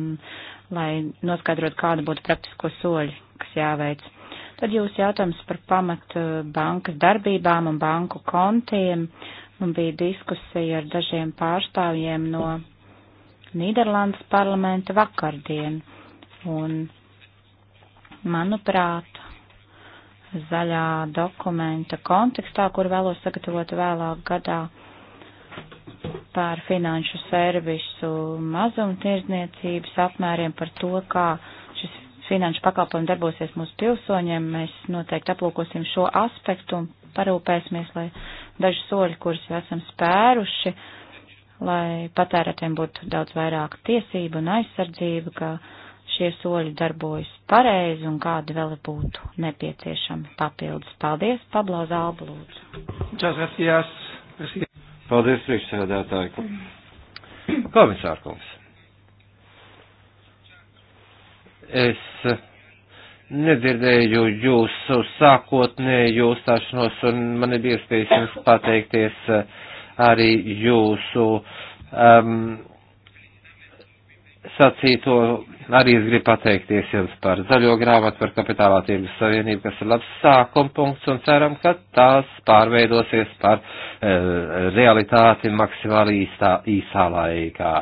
lai noskaidrotu, kāda būtu praktisko soļi, kas jāveic. Tad jūs jautājums par pamatu e, bankas darbībām un banku kontiem. Man bija diskusija ar dažiem pārstāvjiem no Nīderlandes parlamenta vakardien. Un, manuprāt, zaļā dokumenta kontekstā, kur vēlos sagatavot vēlāk gadā par finanšu servisu mazumtirdzniecības apmēriem, par to, kā šis finanšu pakalpojums darbosies mūsu pilsoņiem. Mēs noteikti aplūkosim šo aspektu un parūpēsimies, lai daži soļi, kurus jau esam spēruši, lai patērētiem būtu daudz vairāk tiesību un aizsardzību, ka šie soļi darbojas pareizi un kādi vēl būtu nepieciešami papildus. Paldies, Pablo Zalba, lūdzu. Paldies, priekšsēdētāji. Komisārkungs. Es nedzirdēju jūsu sākotnēju uzstāšanos un man ir iespējas jums pateikties eh, arī jūsu um, sacīto arī es gribu pateikties jums par zaļo grāmatu par kapitālā tirgus savienību, kas ir labs sākuma punkts un ceram, ka tās pārveidosies par e, realitāti maksimāli īstā, īsā laikā.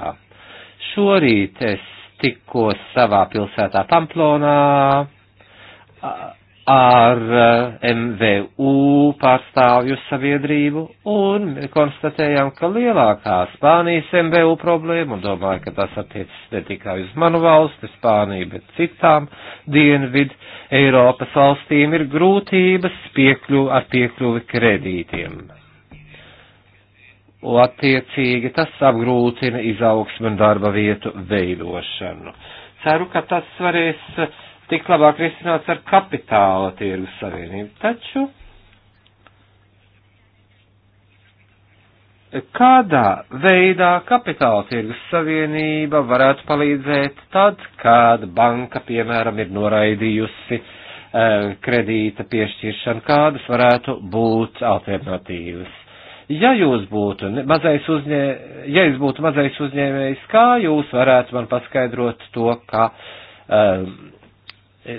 Šorīt es tikko savā pilsētā Pamplonā ar eh, MVU pārstāvju sabiedrību un konstatējām, ka lielākā Spānijas MVU problēma, un domāju, ka tas attiecas ne tikai uz manu valsti, Spāniju, bet citām dienvidu Eiropas valstīm ir grūtības piekļu, ar piekļuvi kredītiem. Un attiecīgi tas apgrūtina izaugsmu un darba vietu veidošanu. Ceru, ka tas varēs uh, tiks labāk risināts ar kapitāla tirgus savienību. Taču kādā veidā kapitāla tirgus savienība varētu palīdzēt tad, kad banka, piemēram, ir noraidījusi eh, kredīta piešķiršanu, kādas varētu būt alternatīvas. Ja jūs būtu mazais, uzņē, ja jūs būtu mazais uzņēmējs, kā jūs varētu man paskaidrot to, ka um, eh,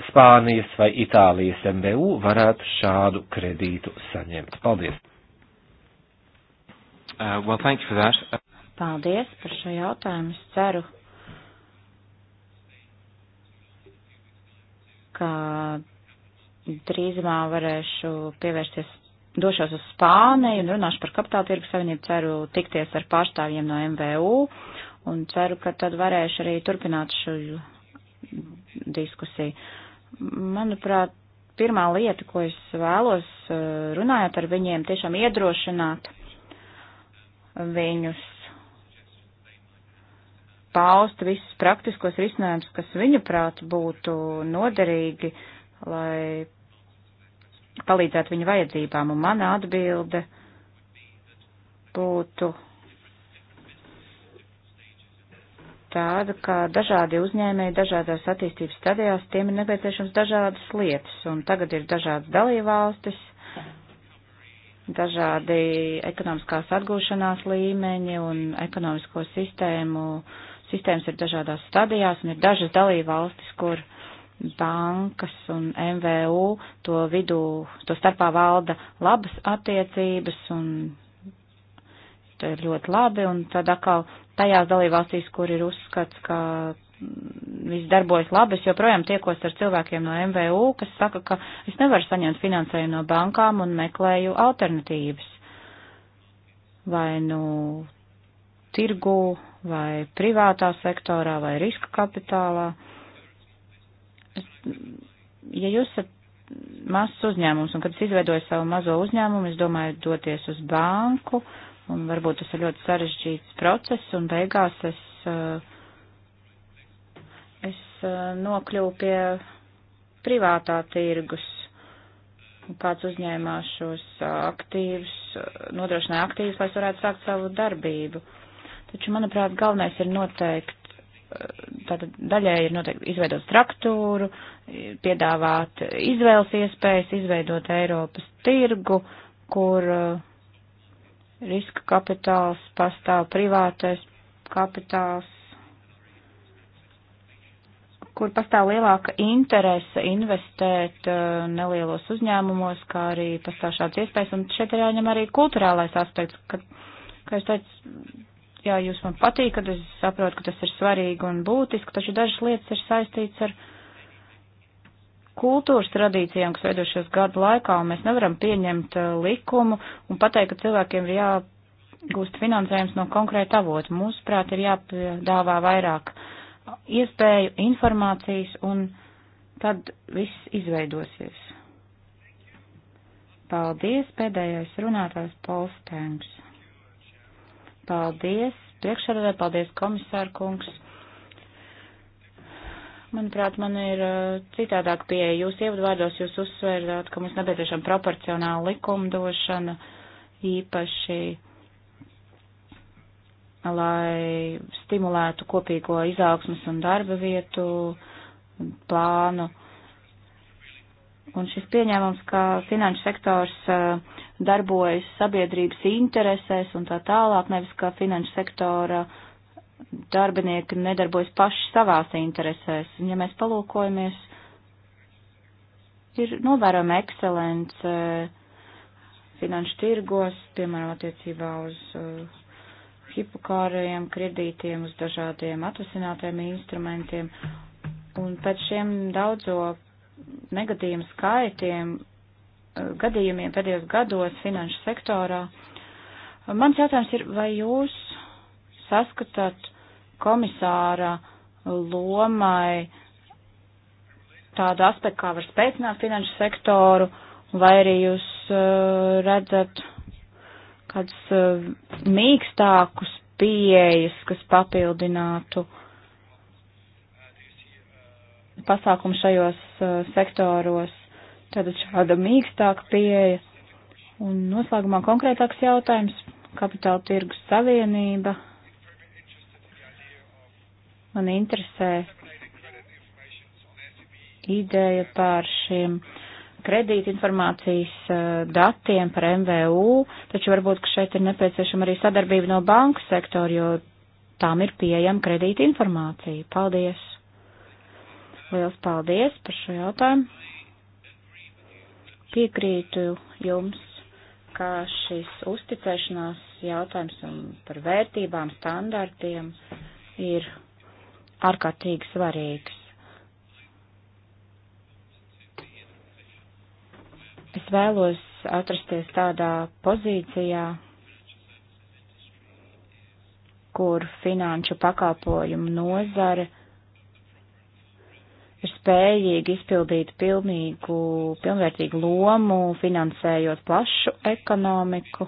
Spānijas vai Itālijas MBU varētu šādu kredītu saņemt. Paldies! Uh, well, thank you for that. Paldies par šo jautājumu. Es ceru, ka drīzumā varēšu pievērsties, došos uz Spāniju un runāšu par kapitāla tirgu savienību. Ceru tikties ar pārstāvjiem no MVU un ceru, ka tad varēšu arī turpināt šo diskusiju. Manuprāt, pirmā lieta, ko es vēlos eh, runājot ar viņiem, tiešām iedrošināt viņus paust visus praktiskos risinājumus, kas viņuprāt būtu noderīgi, lai palīdzētu viņu vajadzībām. Un mana atbilde būtu tāda, ka dažādi uzņēmēji dažādās attīstības stadijās tiem ir nepieciešams dažādas lietas, un tagad ir dažādas dalībvalstis, dažādi ekonomiskās atgūšanās līmeņi un ekonomisko sistēmu. Sistēmas ir dažādās stadijās, un ir dažas dalībvalstis, kur bankas un MVU to vidū, to starpā valda labas attiecības, un tā ir ļoti labi, un tad atkal tajās dalībvalstīs, kur ir uzskats, ka viss darbojas labi, es joprojām tiekos ar cilvēkiem no MVU, kas saka, ka es nevaru saņemt finansējumu no bankām un meklēju alternatīvas. Vai nu tirgu, vai privātā sektorā, vai riska kapitālā. Es, ja jūs esat mazs uzņēmums, un kad es izveidoju savu mazo uzņēmumu, es domāju doties uz banku, uh, un varbūt tas ir ļoti sarežģīts process, un beigās es, eh, es eh, nokļuvu pie privātā tirgus, kāds uzņēmās šos eh, aktīvus, nodrošināja aktīvus, lai es varētu sākt savu darbību. Taču, manuprāt, galvenais ir noteikt, tātad daļai ir noteikti izveidot struktūru, piedāvāt izvēles iespējas, izveidot Eiropas tirgu, kur uh, riska kapitāls, pastāv privātais kapitāls, kur pastāv lielāka interese investēt eh, nelielos uzņēmumos, kā arī pastāv šāds iespējas, un šeit ir jāņem arī kulturālais aspekts, ka, kā es teicu, jā, jūs man patīk, kad es saprotu, ka tas ir svarīgi un būtiski, taču dažas lietas ir saistīts ar kultūras tradīcijām, kas veidojušās gadu laikā, un mēs nevaram pieņemt eh, likumu un pateikt, ka cilvēkiem ir jāgūst finansējums no konkrēta avota. Mūsuprāt, ir jāpiedāvā vairāk iespēju, informācijas, un tad viss izveidosies. Paldies, pēdējais runātājs Pols Tengs. Paldies, priekšsēdētāji, paldies, komisāra kungs. Manuprāt, man ir uh, citādāk pieeja. Jūs ievadvārdos jūs uzsvērāt, ka mums nepieciešama proporcionāla likumdošana, īpaši, lai stimulētu kopīgo izaugsmas un darba vietu plānu. Un šis pieņēmums, ka finanšu sektors uh, darbojas sabiedrības interesēs un tā tālāk, nevis ka finanšu sektora uh, darbinieki nedarbojas paši savās interesēs. Un, ja mēs palūkojamies, ir novērojama ekscelence eh, finanšu tirgos, piemēram, attiecībā uz uh, hipokārajiem kredītiem, uz dažādiem atvasinātiem instrumentiem. Un pēc šiem daudzo negadījumu skaitiem, uh, gadījumiem pēdējos gados finanšu sektorā, mans jautājums ir, vai jūs saskatāt komisāra lomai tādu aspektu, kā var spēcināt finanšu sektoru, vai arī jūs uh, redzat kādus uh, mīkstākus pieejas, kas papildinātu pasākumu šajos uh, sektoros. Tātad šāda mīkstāka pieeja. Un noslēgumā konkrētāks jautājums - kapitāla tirgus savienība Man interesē ideja par šiem kredīta informācijas eh, datiem par MVU, taču varbūt, ka šeit ir nepieciešama arī sadarbība no banku sektora, jo tām ir pieejama kredīta informācija. Paldies! Liels paldies par šo jautājumu. Piekrītu jums, ka šis uzticēšanās jautājums un par vērtībām, standartiem ir ārkārtīgi svarīgs. Es vēlos atrasties tādā pozīcijā, kur finanšu pakalpojumu nozare ir spējīga izpildīt pilnīgu, pilnvērtīgu lomu, finansējot plašu ekonomiku,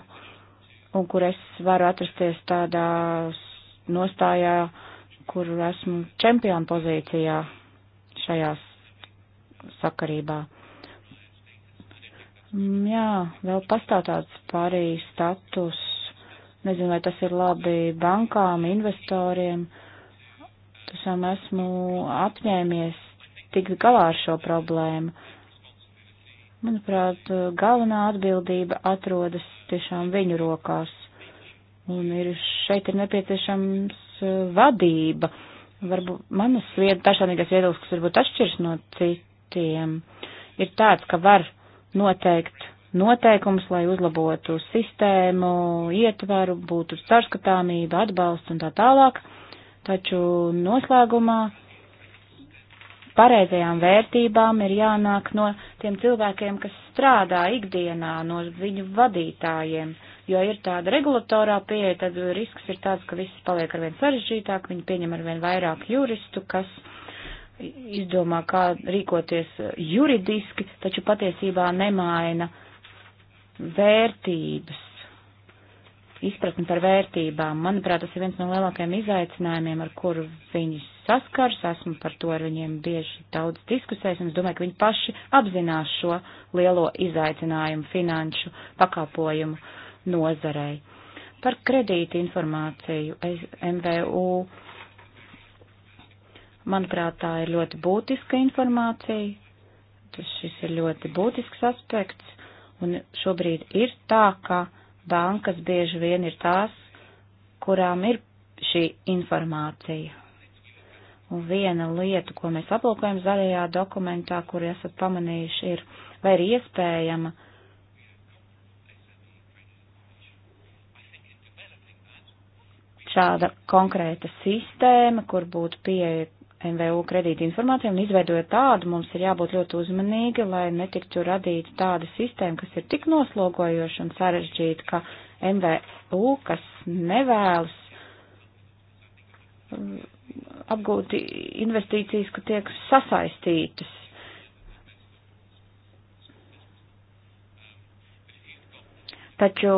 un kur es varu atrasties tādā nostājā, uh, kur esmu čempionu pozīcijā šajā sakarībā. Mm, jā, vēl pastāv tāds pārī status. Nezinu, vai tas ir labi bankām, investoriem. Tiešām esmu apņēmies tikt galā ar šo problēmu. Manuprāt, galvenā atbildība atrodas tiešām viņu rokās. Un ir, šeit ir nepieciešams vadība. Varbūt manas vied, personīgais viedoklis, kas varbūt atšķirs no citiem, ir tāds, ka var noteikt noteikums, lai uzlabotu sistēmu, ietvaru, būtu starskatāmība, atbalsts un tā tālāk, taču noslēgumā pareizajām vērtībām ir jānāk no tiem cilvēkiem, kas strādā ikdienā, no viņu vadītājiem. Uh, jo ir tāda regulatorā pieeja, tad risks ir tāds, ka viss paliek arvien sarežģītāk, viņi pieņem arvien vairāk juristu, kas izdomā, kā rīkoties juridiski, taču patiesībā nemaina vērtības, izpratni par vērtībām. Manuprāt, tas ir viens no lielākajiem izaicinājumiem, ar kuru viņi saskars, esmu par to ar viņiem bieži daudz diskusējis, un es domāju, ka viņi paši apzinās šo lielo izaicinājumu finanšu pakāpojumu uh, nozarei. Par kredīti informāciju MVU. Manuprāt, tā ir ļoti būtiska informācija. Šis ir ļoti būtisks aspekts. Un šobrīd ir tā, ka bankas bieži vien ir tās, kurām ir šī informācija. Un viena lieta, ko mēs aplūkojam zaļajā dokumentā, kur esat pamanījuši, ir, vai ir iespējama uh, šāda konkrēta sistēma, kur būtu pieeja MVU kredīta informācija un izveidojot tādu, mums ir jābūt ļoti uzmanīgi, lai netiktu radīta tāda sistēma, kas ir tik noslogojoša un sarežģīta, ka MVU, kas nevēlas uh, apgūt investīcijas, ka tiek sasaistītas. Taču,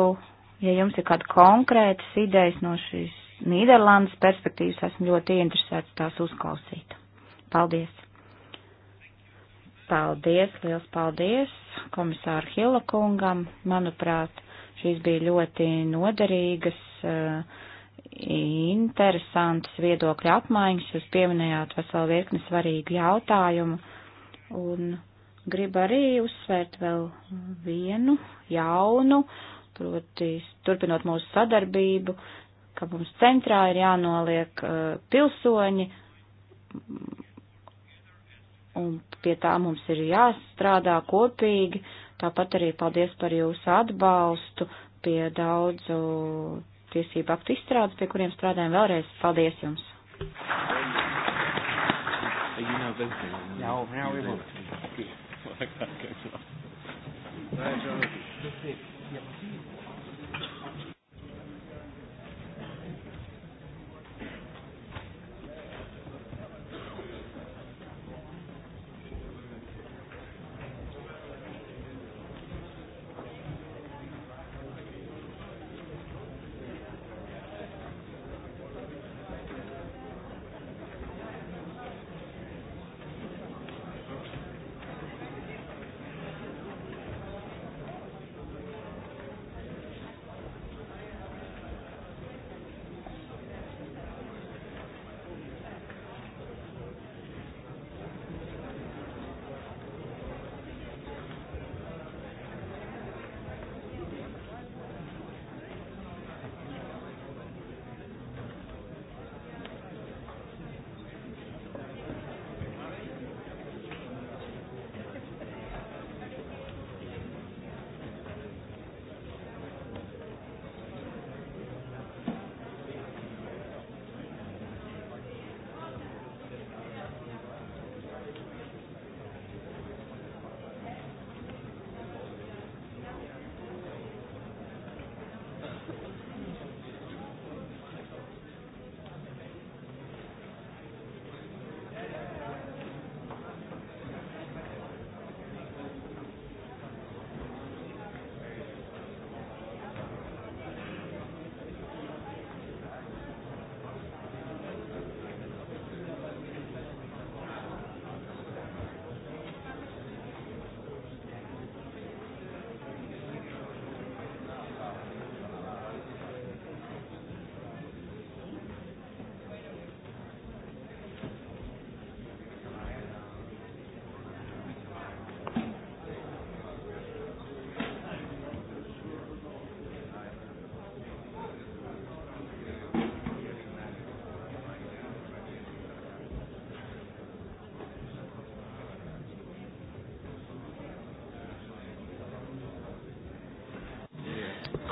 ja jums ir kāda konkrētas idejas no šīs Nīderlandes perspektīvas esmu ļoti interesēts tās uzklausīt. Paldies! Paldies, liels paldies komisāru Hila kungam. Manuprāt, šīs bija ļoti noderīgas, eh, interesantas viedokļa apmaiņas. Jūs pieminējāt veselu virkni svarīgu jautājumu. Un gribu arī uzsvērt vēl vienu jaunu, proti turpinot mūsu sadarbību, ka mums centrā ir jānoliek uh, pilsoņi, un pie tā mums ir jāstrādā kopīgi. Tāpat arī paldies par jūsu atbalstu pie daudzu tiesību aktu izstrādes, pie kuriem strādājam vēlreiz. Paldies jums! Are you now visiting? No, now we're voting. (laughs) Right, Jonathan. Yep.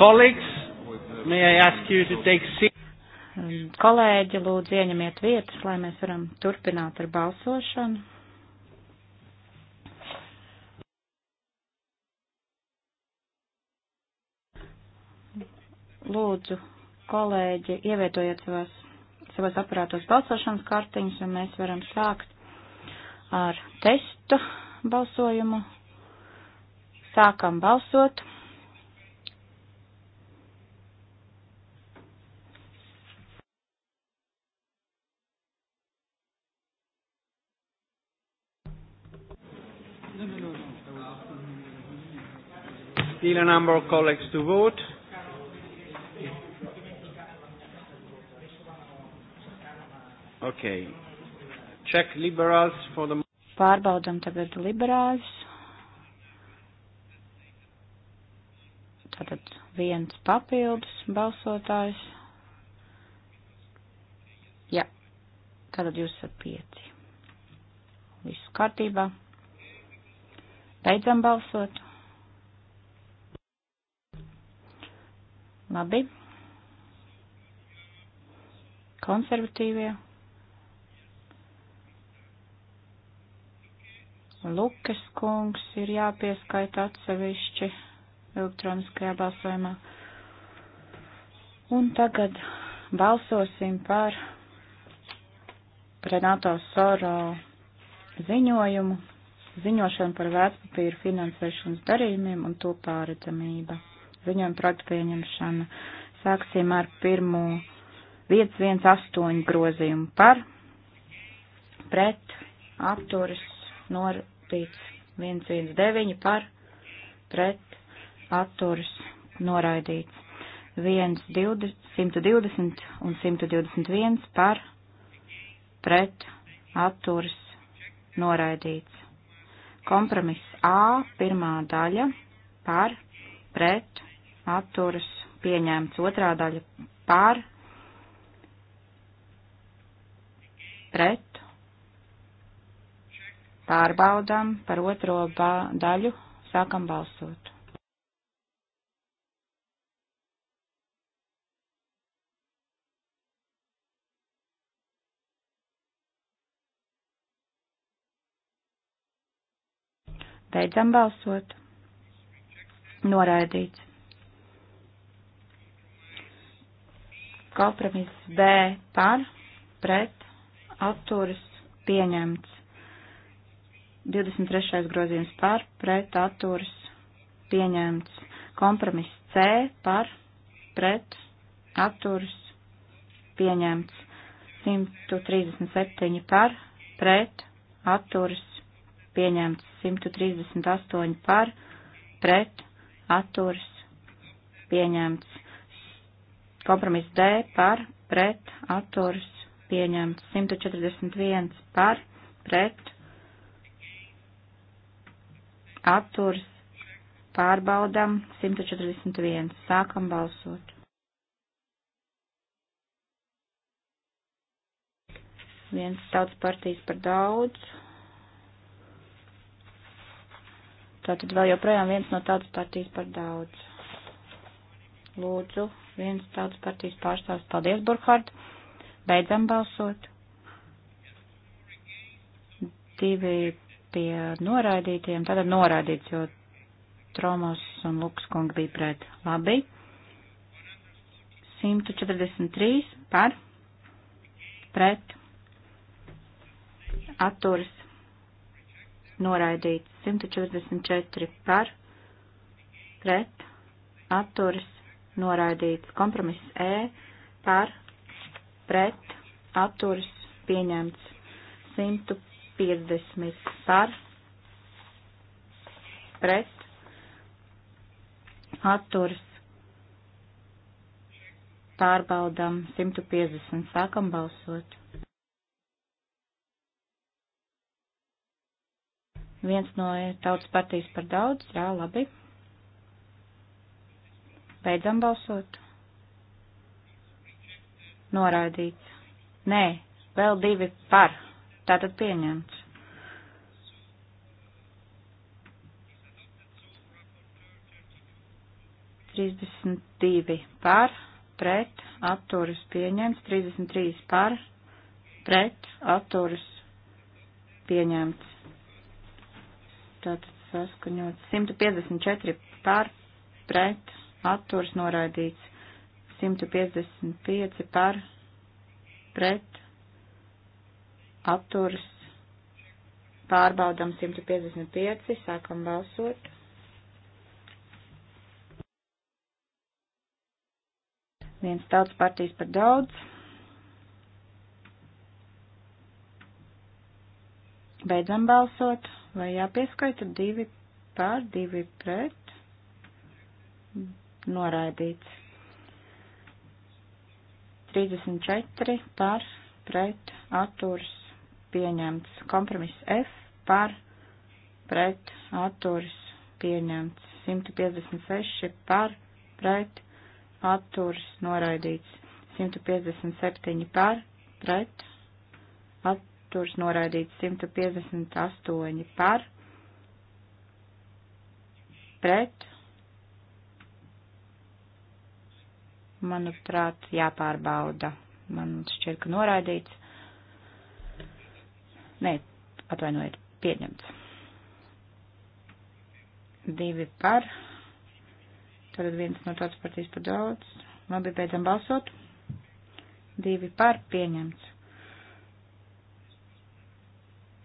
Colleagues, may I ask you to take seat? Kolēģi, lūdzu, ieņemiet vietas, lai mēs varam turpināt ar balsošanu. Lūdzu, kolēģi, ievietojiet savās, savās aparātos balsošanas kartiņas, un mēs varam sākt ar testu balsojumu. Sākam balsot. Still a number of colleagues to vote. Okay. Check liberals for the. Pārbaudam tagad liberāļus. Tātad viens papildus balsotājs. Jā, tātad jūs esat pieci. Viss kārtībā. Beidzam balsot. Labi. Konservatīvie. Lukas kungs ir jāpieskaita atsevišķi elektroniskajā balsojumā. Un tagad balsosim par Renato Soro ziņojumu, ziņošanu par vērtspapīru finansēšanas darījumiem un to pārredzamību ziņojuma projektu pieņemšanu. Sāksim ar pirmo 518 grozījumu par, pret, apturis, norīts, 119 par, pret, apturis, noraidīts, 120, 120 un 121 par, pret, apturis, noraidīts. Kompromiss A, pirmā daļa, par, pret, atturas pieņemts. Otrā daļa par, pret, pārbaudām par otro ba daļu, sākam balsot. Beidzam balsot. Noraidīts. Kompromiss B par, pret, atturas pieņemts. 23. grozījums par, pret, atturas pieņemts. Kompromiss C par, pret, atturas pieņemts. 137 par, pret, atturas pieņemts. 138 par, pret, atturas pieņemts. Kompromiss D par pret atturs pieņemts. 141 par pret atturs pārbaudam. 141. Sākam balsot. Viens tautas partijas par daudz. Tātad vēl joprojām viens no tautas partijas par daudz. Lūdzu, viens tautas partijas pārstāvs. Paldies, Burkhard. Beidzam balsot. Divi pie noraidītiem. Tātad noraidīts, jo Tromos un Lukas kungi bija pret. Labi. 143 par. Pret. Atturs. Noraidīts. 144 par. Pret. Atturs noraidīts. Kompromiss E par pret atturas pieņemts 150 par pret atturas pārbaudām 150 sākam balsot. Viens no tautas partijas par daudz, jā, labi. Beidzam balsot. Noraidīts. Nē, vēl divi par. Tātad pieņemts. Trīsdesmit divi par, pret, apturis pieņemts, trīsdesmit trīs par, pret, apturis pieņemts. Tātad saskaņot 154 par, pret, atturs noraidīts 155 par pret atturs pārbaudam 155, sākam balsot. Viens tautas partijas par daudz. Beidzam balsot, vai jāpieskaita divi pār, divi pret noraidīts. 34 par pret atturs pieņemts. Kompromiss F par pret atturs pieņemts. 156 par pret atturs noraidīts. 157 par pret atturs noraidīts. 158 par pret manuprāt, jāpārbauda. Man šķiet, ka noraidīts. Nē, atvainojiet, pieņemts. Divi par. Tad viens no tāds partijas par daudz. Labi, beidzam balsot. Divi par pieņemts.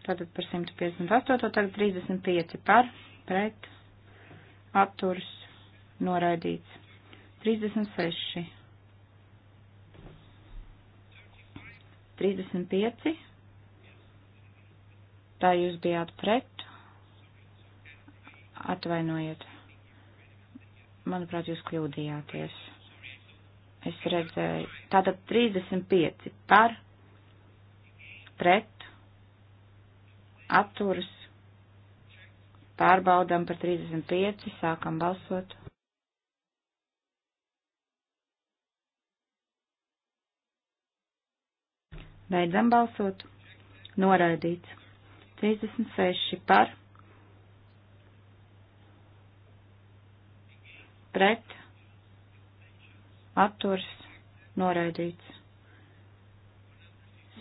Tātad par 158, tagad 35 par, pret, atturs, noraidīts. 36. 35. Tā jūs bijāt pret. Atvainojiet. Manuprāt, jūs kļūdījāties. Es redzēju. Tātad 35 par, pret, atturas. Pārbaudām par 35, sākam balsot. Beidzam balsot. Noraidīts. 36 par. Pret. Atturs. Noraidīts.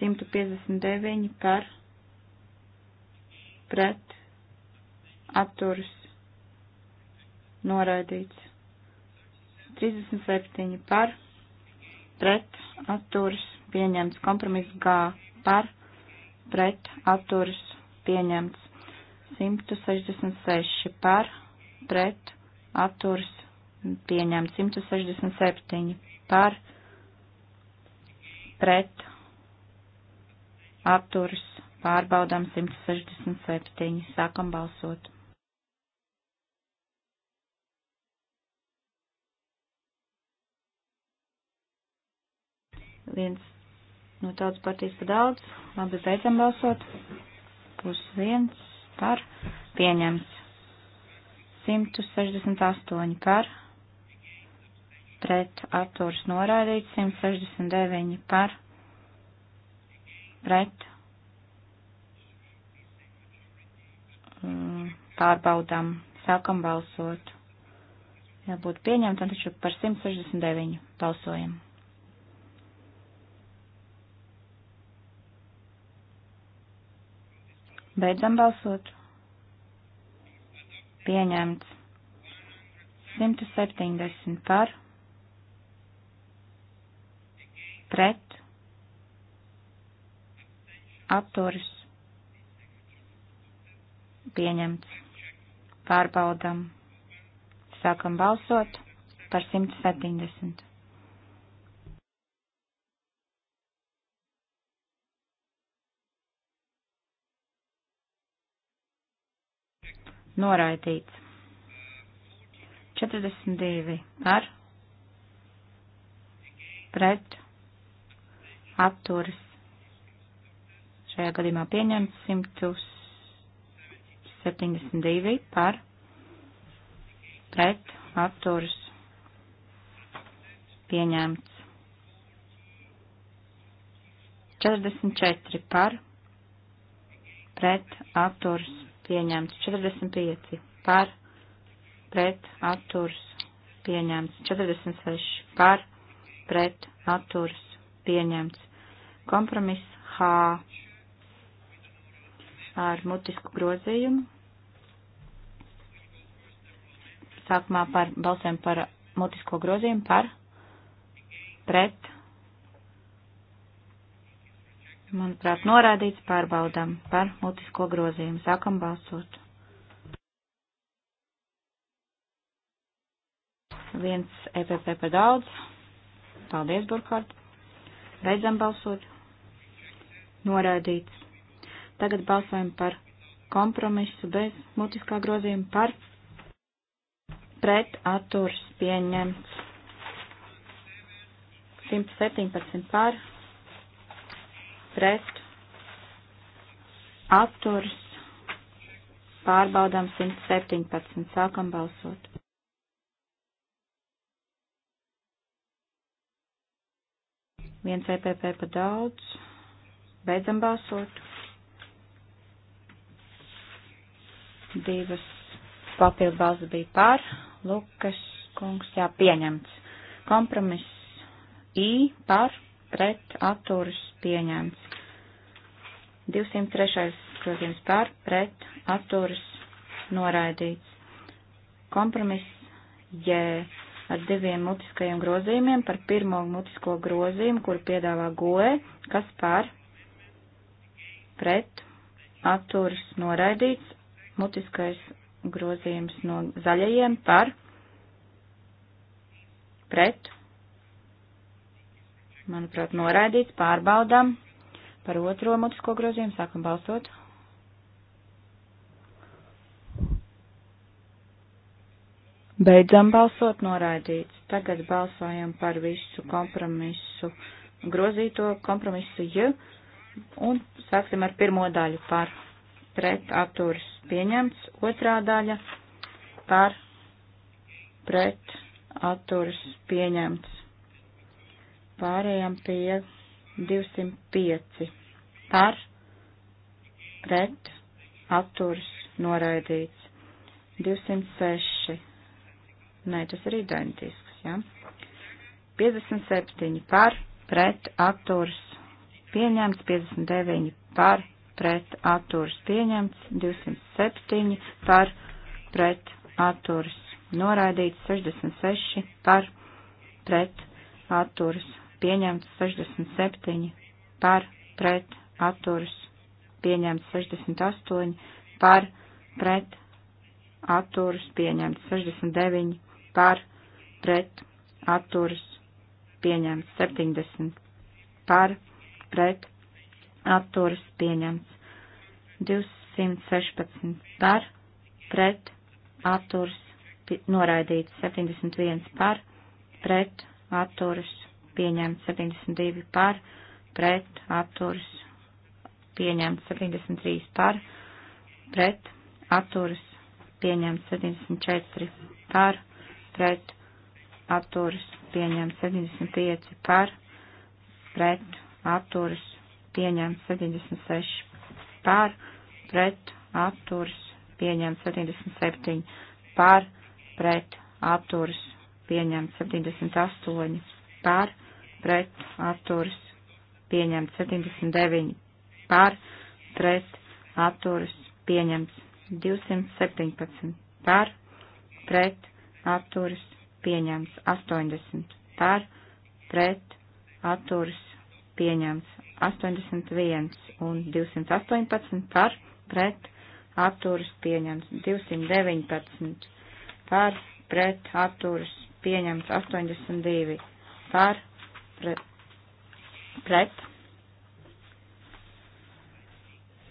159 par. Pret. Atturs. Noraidīts. 37 par. Pret. Atturs pieņemts. Kompromiss G par pret atturas pieņemts. 166 par pret atturas pieņemts. 167 par pret atturas pārbaudām 167. Sākam balsot. viens No nu, tautas partijas pa daudz. Labi, beidzam balsot. Plus viens par pieņemts. 168 par. Pret atturs norādīts. 169 par. Pret. Mm, pārbaudām. Sākam balsot. Jābūt pieņemtam, taču par 169 balsojam. Beidzam balsot. Pieņemts. 170 par. Pret. Apturis. Pieņemts. Pārbaudam. Sākam balsot par 170. noraidīts. 42 par, pret, atturas. Šajā gadījumā pieņemts 172 par, pret, atturas. Pieņemts 44 par, pret, atturas pieņemts 45 par, pret atturs pieņemts 46 par, pret atturs pieņemts. Kompromiss H ar mutisku grozījumu. Sākumā par balsēm par mutisko grozījumu par, pret Manuprāt, norādīts pārbaudām par mutisko grozījumu. Sākam balsot. Viens EPP par daudz. Paldies, Burkhard. Beidzam balsot. Norādīts. Tagad balsojam par kompromisu bez mutiskā grozījuma par pret atturs pieņemts. 117 par pret apturs pārbaudām 117. Sākam balsot. Viens EPP pa daudz. Beidzam balsot. Divas papildu balsas bija par. Lukas kungs, jā, pieņemts. Kompromiss I par pret atturas pieņemts. 203. grozījums par pret atturas noraidīts. Kompromiss J ar diviem mutiskajiem grozījumiem par pirmo mutisko grozījumu, kur piedāvā goe, kas par pret atturas noraidīts. Mutiskais grozījums no zaļajiem par pret manuprāt, noraidīts, pārbaudām par otro mutisko grozījumu, sākam balsot. Beidzam balsot, noraidīts. Tagad balsojam par visu kompromisu, grozīto kompromisu J, un sāksim ar pirmo daļu par pret apturis pieņemts, otrā daļa par pret apturis pieņemts. Pārējām pie 205. Par, pret, atturs, noraidīts. 206. Nē, tas ir identisks, jā. Ja? 57 par, pret, atturs, pieņemts. 59 par, pret, atturs, pieņemts. 207 par, pret, atturs, noraidīts. 66 par, pret, atturs, pieņemts 67 par pret atturas, pieņemts 68 par pret atturas, pieņemts 69 par pret atturas, pieņemts 70 par pret atturas, pieņemts 216 par pret atturas, noraidīts 71 par pret atturas, pieņemts 72 par, pret atturas pieņemts 73 par, pret atturas pieņemts 74 par, pret atturas pieņemts 75 par, pret atturas pieņemts 76 par, pret atturas pieņemts 77 par, pret atturas pieņemts 78 par, pret atturas pieņemts 79 par pret atturas pieņemts 217 par pret atturas pieņemts 80 par pret atturas pieņemts 81 un 218 par pret atturas pieņemts 219 par pret atturas pieņemts 82 par pre, pret.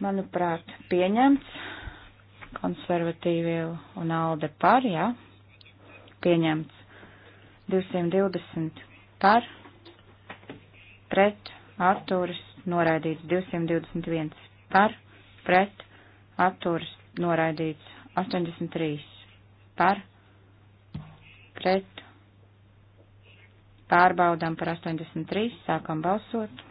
Manuprāt, pieņemts. Konservatīvie un alde par, jā. Pieņemts. 220 par, pret, atturis, noraidīts. 221 par, pret, atturis, noraidīts. 83 par, pret, Pārbaudām par 83, sākam balsot.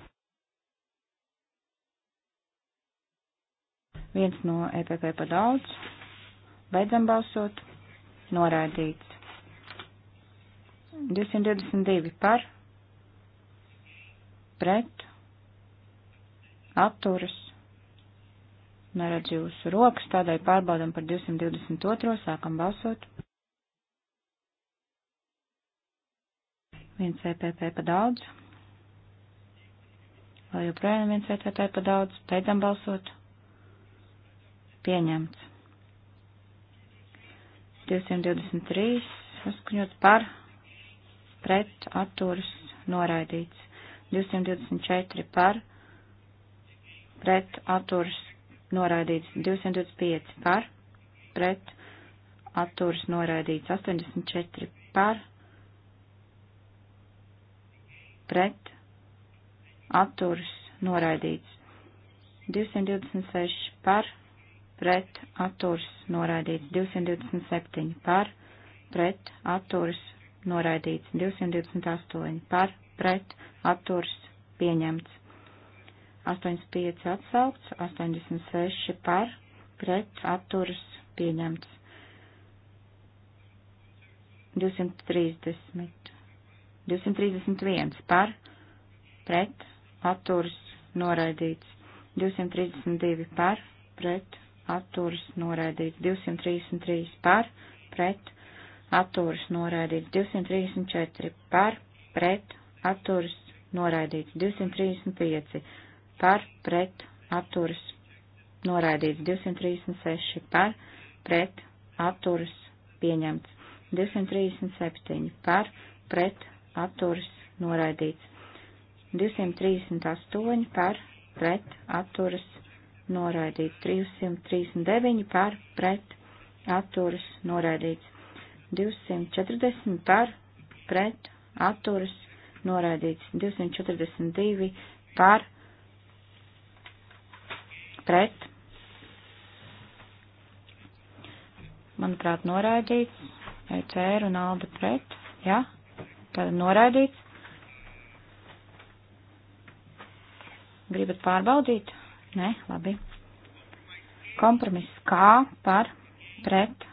Viens no EPP pa daudz. Beidzam balsot. Noraidīts. 222 par. Pret. Atturas. Neredz jūsu rokas, tādēļ pārbaudam par 222, sākam balsot. Viens EPP pa daudz. Vēl joprojām viens EPP pa daudz. Beidzam balsot. Pieņemts. 223 uzskaņots par pret atturas noraidīts. 224 par pret atturas noraidīts. 225 par pret atturas noraidīts. 84 par pret pret, atturas, noraidīts. 226 par, pret, atturas, noraidīts. 227 par, pret, atturas, noraidīts. 228 par, pret, atturas, pieņemts. 85 atsaukts, 86 par, pret, atturas, pieņemts. 230 231 par, pret, atturs, noraidīts. 232 par, pret, atturs, noraidīts. 233 par, pret, atturs, noraidīts. 234 par, pret, atturs, noraidīts. 235 par, pret, atturs, noraidīts. 236 par, pret, atturs, pieņemts. 237 par, pret, atturas noraidīts. 238 par pret atturas noraidīts. 339 par pret atturas noraidīts. 240 par pret atturas noraidīts. 242 par pret. Manuprāt, noraidīts. ECR un Alda pret. Jā, ja? Tad noraidīts. Gribat pārbaudīt? Nē, labi. Kompromiss K par pret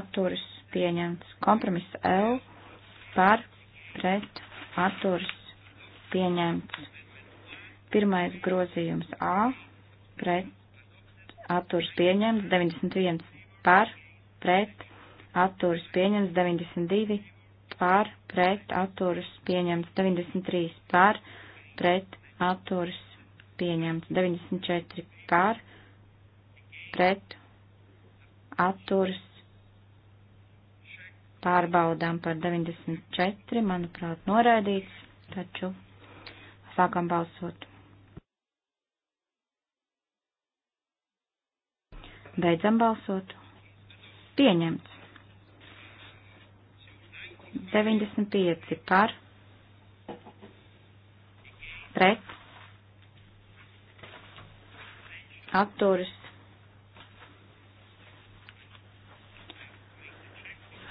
atturis pieņemts. Kompromiss L par pret atturis pieņemts. Pirmais grozījums A pret atturis pieņemts 91 par pret atturis pieņemts 92 pār, pret, atturas, pieņemts 93 pār, pret, atturas, pieņemts 94 pār, pret, atturas, pārbaudām par 94, manuprāt, noraidīts, taču sākam balsot. Beidzam balsot. Pieņemts. 95 par pret atturas.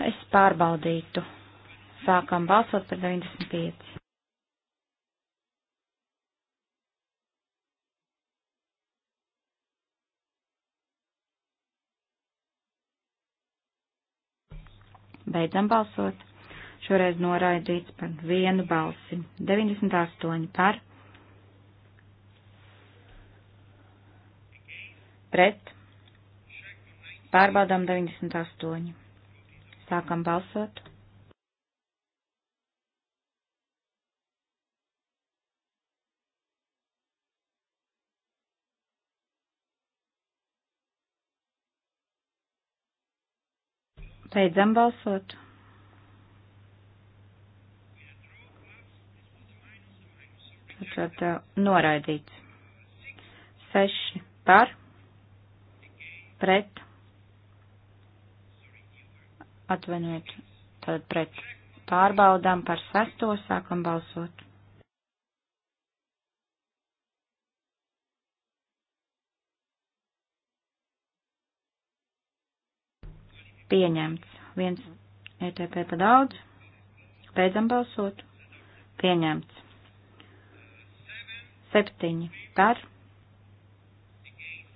Es pārbaudītu. Sākam balsot par 95. Beidzam balsot šoreiz noraidīts par vienu balsi. 98 par, pret, pārbaudām 98. Sākam balsot. Beidzam balsot. tad uh, noraidīts. 6 par, pret, atvainojiet, tad pret. Pārbaudām par sesto, sākam balsot. Pieņemts. Viens ETP pa daudz. Beidzam balsot. Pieņemts. Septiņi par,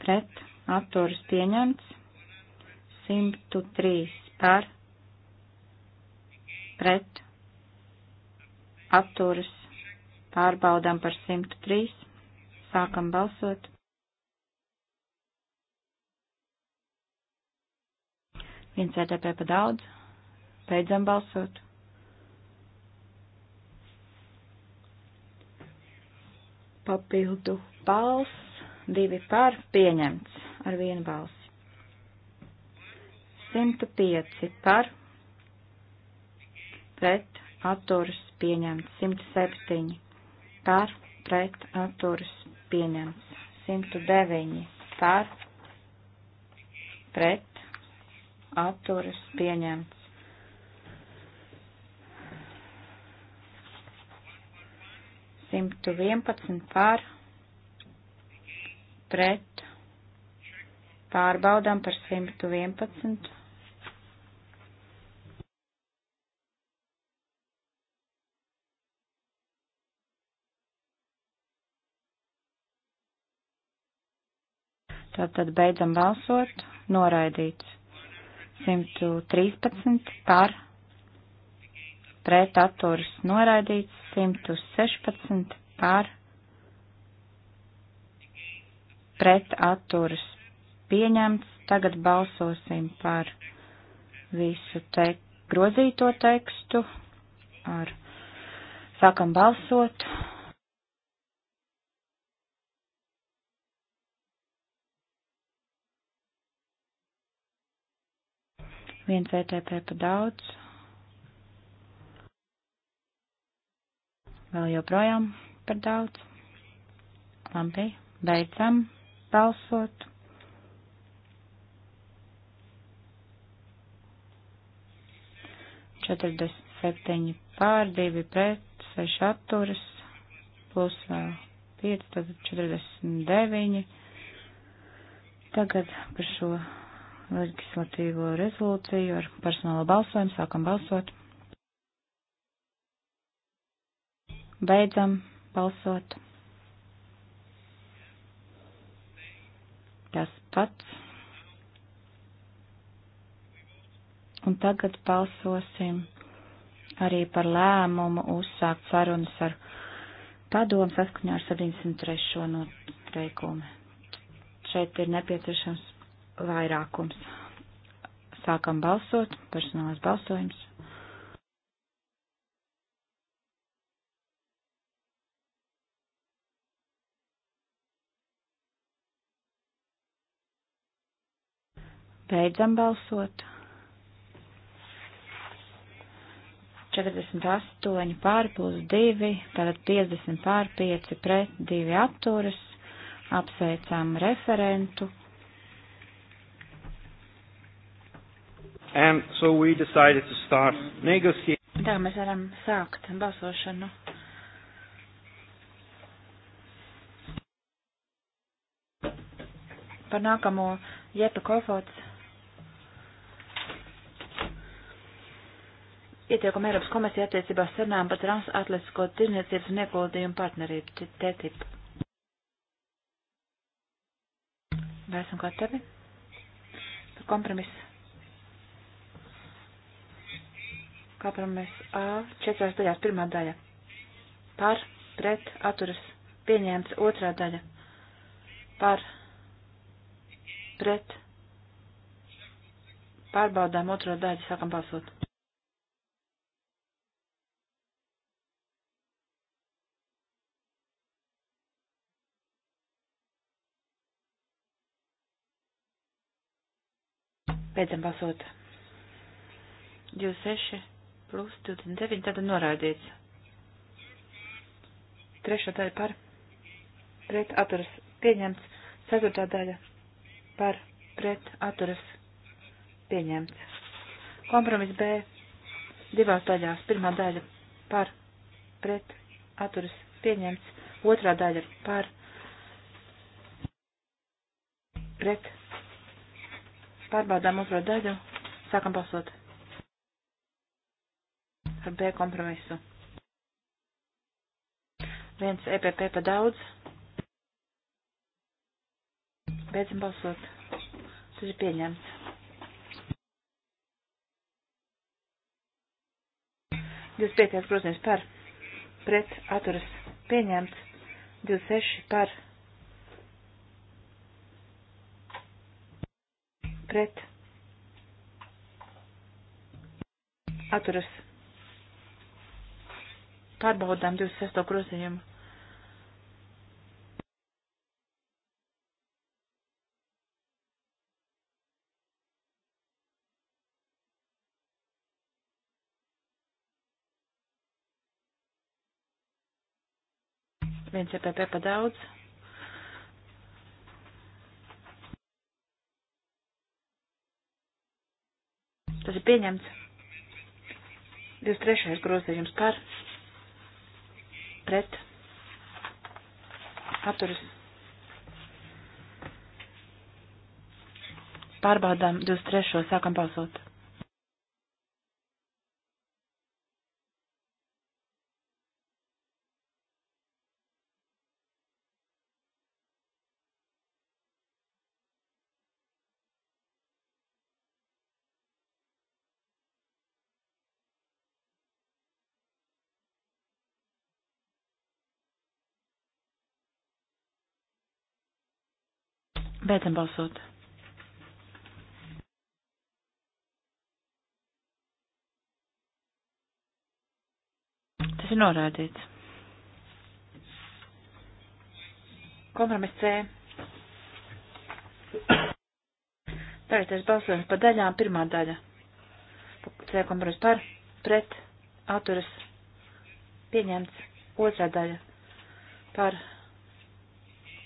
pret, atturas pieņemts. 103 par, pret, atturas pārbaudām par 103. Sākam balsot. Viens ETP pa daudz. Beidzam balsot. Papildu balss, divi par, pieņemts ar vienu balsi. 105 par, pret, atturas, pieņemts. 107 par, pret, atturas, pieņemts. 109 par, pret, atturas, pieņemts. 111 par pret pārbaudām par 111. Tātad beidzam balsot, noraidīts. 113 par pret atturas noraidīts 116 par pret atturas pieņemts. Tagad balsosim par visu te grozīto tekstu ar sākam balsot. Viens ETP pa daudz. Vēl joprojām par daudz. Labi, beidzam balsot. Četrdesmit septiņi pār, divi pret, seši atturas, plus vēl pieci, tad četrdesmit deviņi. Tagad par šo legislatīvo rezolūciju ar personālo balsojumu sākam balsot. Beidzam balsot. Tas pats. Un tagad balsosim arī par lēmumu uzsākt sarunas ar padomu saskaņā ar 73. noteikumu. Šeit ir nepieciešams vairākums. Sākam balsot, personālais balsojums. Beidzam balsot. 48 pār plus 2, tātad 50 pār 5 pret 2 atturas. Apsveicām referentu. And so we decided to start negotiating. Tā mēs varam sākt balsošanu. Par nākamo Jepa Kofots ieteikumu Eiropas komisija attiecībā sarunām par transatlantisko tirniecības un ieguldījumu partnerību TTIP. Vai esam gatavi? Par kompromisu. Kompromiss A četrās daļās pirmā daļa. Par, pret, atturas, pieņēmts otrā daļa. Par, pret, pārbaudām otro daļu, sākam balsot. Beidzam balsot. 26 plus 29, tad noraidīts. Trešā daļa par pret atturas pieņemts. Ceturtā daļa par pret atturas pieņemts. Kompromiss B divās daļās. Pirmā daļa par pret atturas pieņemts. Otrā daļa par pret Pārbaudām otro daļu. Sākam balsot. Ar B kompromisu. Viens EPP pa daudz. Beidzam balsot. Tas ir pieņemts. 25. grozījums par pret atturas pieņemts, 26 par pret atturas. Pārbaudām 26. grozījumu. Viens EPP pa daudz. Tas ir pieņemts. 23. grozījums par pret atturas. Pārbaudām 23. sākam balsot. Beidzam balsot. Tas ir norādīts. Kompromiss C. Tagad es balsoju par daļām. Pirmā daļa. C kompromiss par, pret, atturas, pieņemts. Otrā daļa par,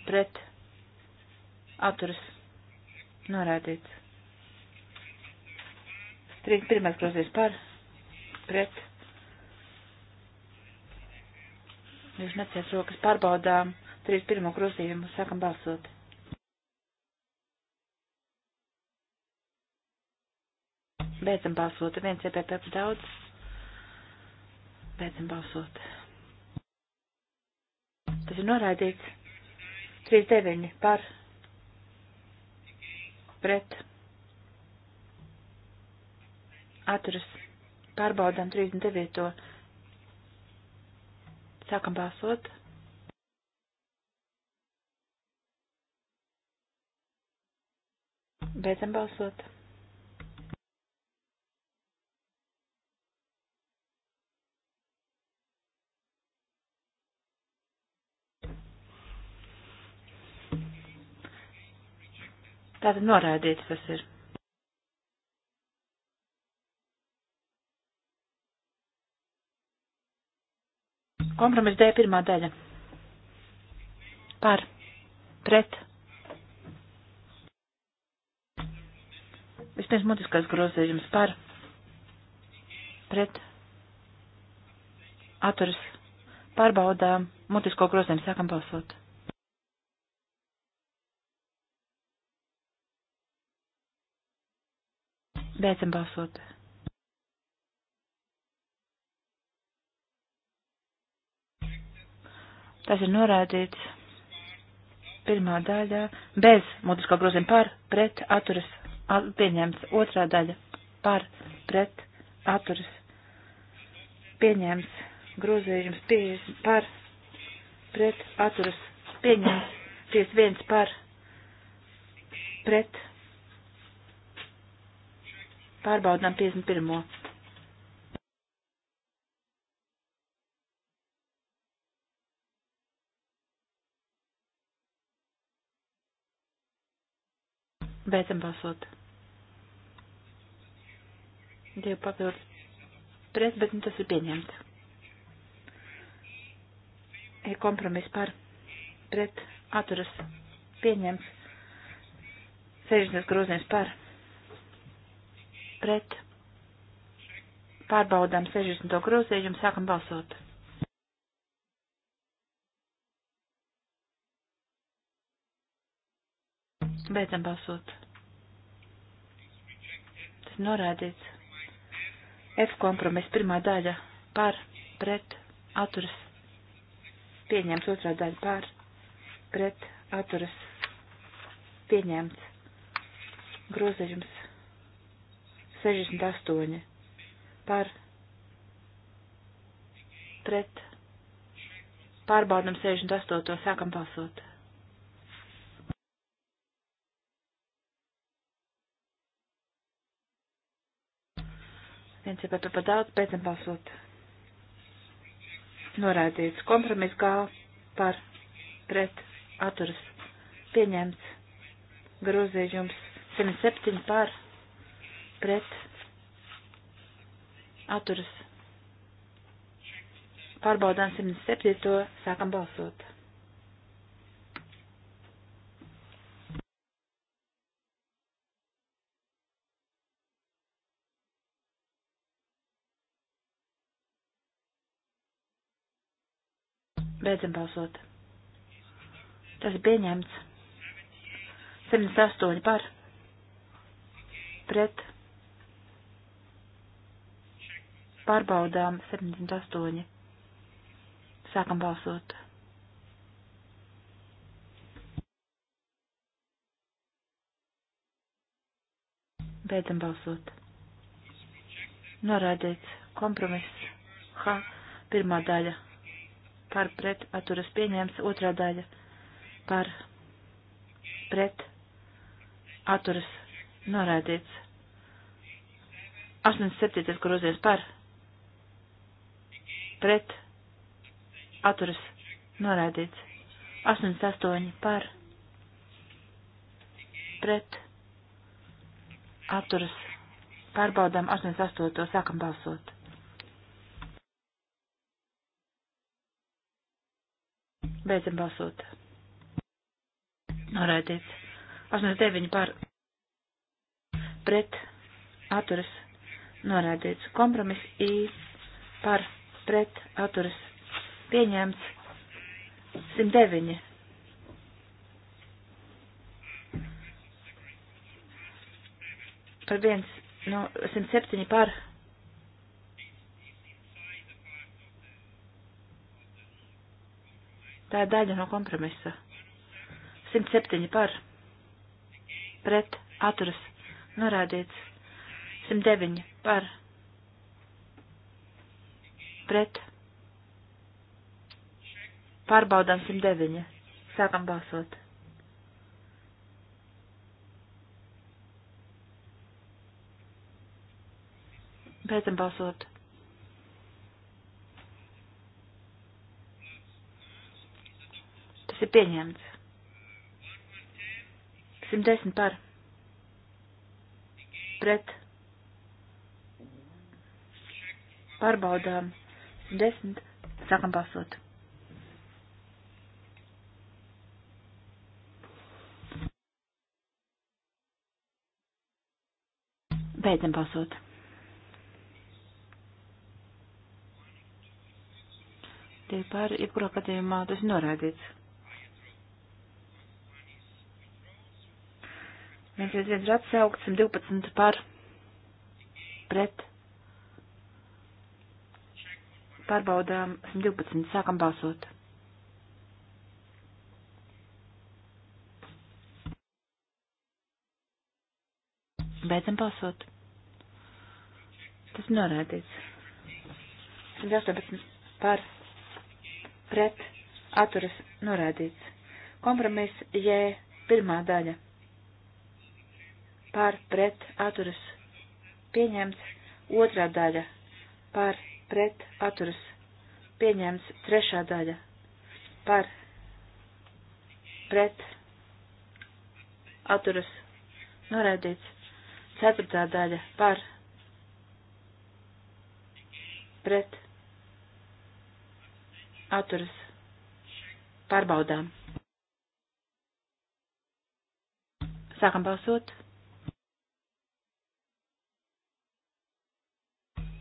pret, Atturas. Norādīts. 31. grozījums par. Pret. Jūs neciet rokas pārbaudām. 31. grozījumu sākam balsot. Beidzam balsot. Viens EPP daudz. Beidzam balsot. Tas ir noraidīts. 3-9 par pret atturas pārbaudām 39. Sākam balsot. Beidzam balsot. Tātad noraidīts tas ir. Kompromiss D pirmā daļa. Par. Pret. Vispirms mutiskās grozījums par. Pret. Atturis. Pārbaudām. Mutisko grozījumu sākam balsot. Beidzam balsot. Tas ir norādīts pirmā daļā bez mutiskā grozījuma par, pret, atturas, at, pieņemts. Otrā daļa par, pret, atturas, pieņemts. Grozījums pie, par, pret, atturas, pieņemts. 51 par, pret, Pārbaudām 51. Beidzam balsot. Divu papildus pret, bet nu tas ir pieņemts. Ir e, kompromiss par pret atturas pieņemts. 60 grozījums par pret pārbaudām 60. grozījumu, sākam balsot. Beidzam balsot. Tas norādīts. F kompromiss pirmā daļa par, pret, atturas. Pieņemts otrā daļa par, pret, atturas. Pieņemts. Grozījums 68 par pret pārbaudam 68. sākam balsot. Viens ir par to par daudz, pēc tam balsot. Norādīts kompromis kā par pret atturas pieņemts grozījums 107 par pret pret atturas. Pārbaudām 107. sākam balsot. Beidzam balsot. Tas ir pieņemts. 78 par. Pret. Pārbaudām 78. Sākam balsot. Beidzam balsot. Norādīts kompromiss. H. Pirmā daļa. Par pret atturas pieņēmts. Otrā daļa. Par pret atturas norādīts. 87. grozies par pret atturas norādīts. 88 par pret atturas pārbaudām 88. sākam balsot. Beidzam balsot. Norādīts. 89 par pret atturas norādīts. Kompromiss I par pret pret atturas pieņemts 109. Par 1, no 107 par. Tā ir daļa no kompromisa. 107 par. Pret atturas norādīts. 109 par pret pārbaudām 109. Sākam balsot. Beidzam balsot. Tas ir pieņemts. 110 par. Pret. Pārbaudām. 10. Sākam balsot. Beidzam balsot. Tie par jebkurā gadījumā tas ir norādīts. Viens viens viens ir atsaukts, 112 par pret Pārbaudām 112. Sākam balsot. Beidzam balsot. Tas norādīts. 118 par pret atturas norādīts. Kompromiss J pirmā daļa. Par pret atturas pieņemts. Otrā daļa. Par pret atturas pieņemts trešā daļa par pret atturas noraidīts ceturtā daļa par pret atturas pārbaudām. Sākam balsot.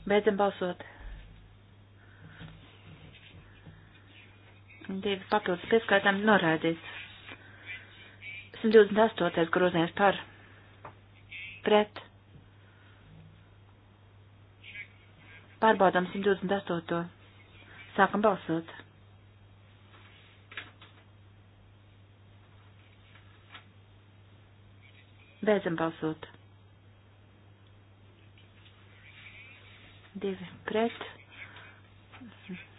Beidzam balsot. Divi papildus pieskaitām norādīts. 128. grozījums par pret. Pārbaudām 128. Sākam balsot. Beidzam balsot. Divi pret.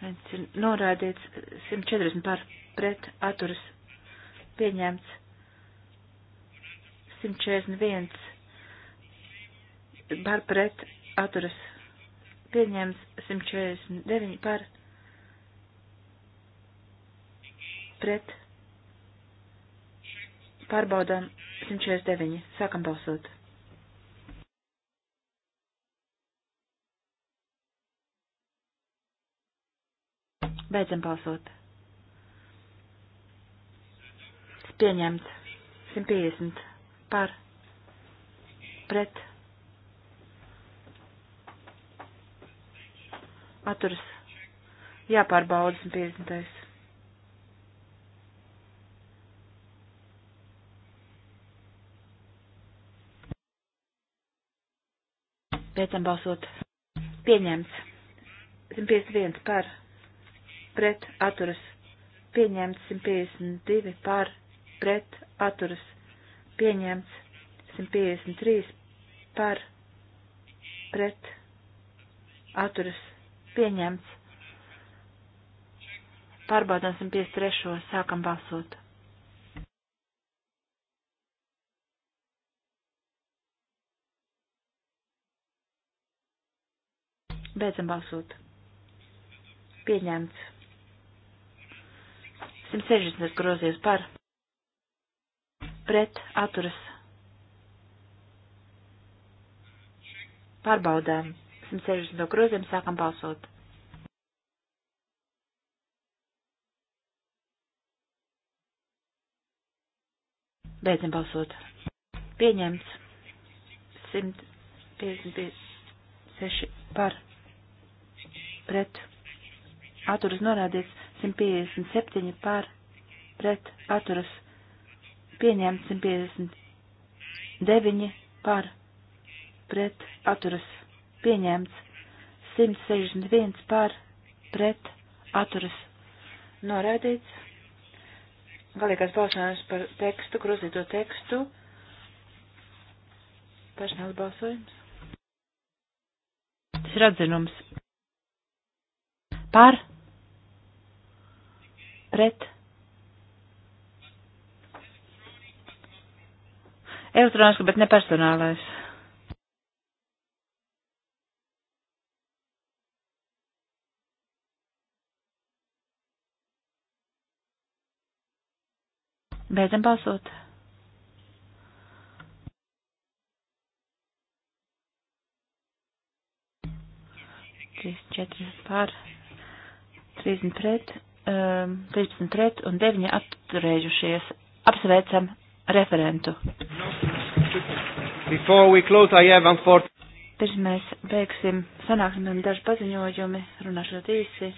Viens ir norādīts 140 eh, par pret atturas pieņemts 141 par pret atturas pieņemts 149 par pret pārbaudām 149. Sākam balsot. Beidzam balsot. Pieņemts. 150 par pret atturas jāpārbauda 150. Beidzam balsot. Pieņemts. 151 par pret pret atturas pieņemts 152 par pret atturas pieņemts 153 par pret atturas pieņemts. Pārbaudām 153. sākam balsot. Beidzam balsot. Pieņemts. 160 grozies par pret atturas pārbaudām. 160 groziem sākam balsot. Beidzam balsot. Pieņemts 156 par pret atturas norādīts 157 par pret atturas pieņemts 159 par pret atturas pieņemts 161 par pret atturas noraidīts. Galīgās balsojums par tekstu, grozīto tekstu. Personāls balsojums. Tas ir atzinums. Par pret. Elektroniski, bet ne personālais. Beidzam balsot. Trīs, četri pār, trīsdesmit pret um, 13 pret un 9 atturējušies. Apsveicam referentu. Close, unfort... Pirms mēs beigsim sanāksmi un daži paziņojumi, runāšot īsi.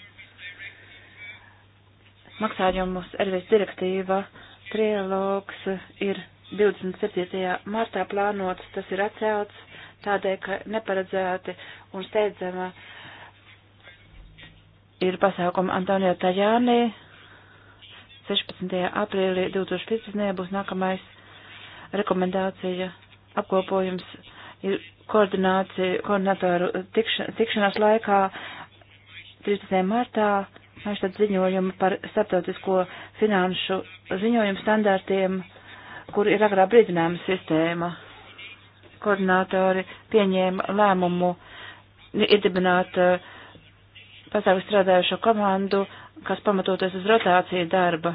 Maksājumus RVS direktīva trialogs ir 27. martā plānots, tas ir atcelts tādēļ, ka neparedzēti un steidzama uh, ir pasākuma Antonio Tajānī. 16. aprīlī 2015. būs nākamais rekomendācija apkopojums ir koordinācija, koordinatoru tikšan, tikšanās laikā 13. martā. Mēs tad ziņojumu par starptautisko finanšu ziņojumu standārtiem, kur ir agrā brīdinājuma sistēma. Koordinātori pieņēma lēmumu iedibināt uh, pasaules strādājušo komandu, kas pamatoties uz rotāciju darba.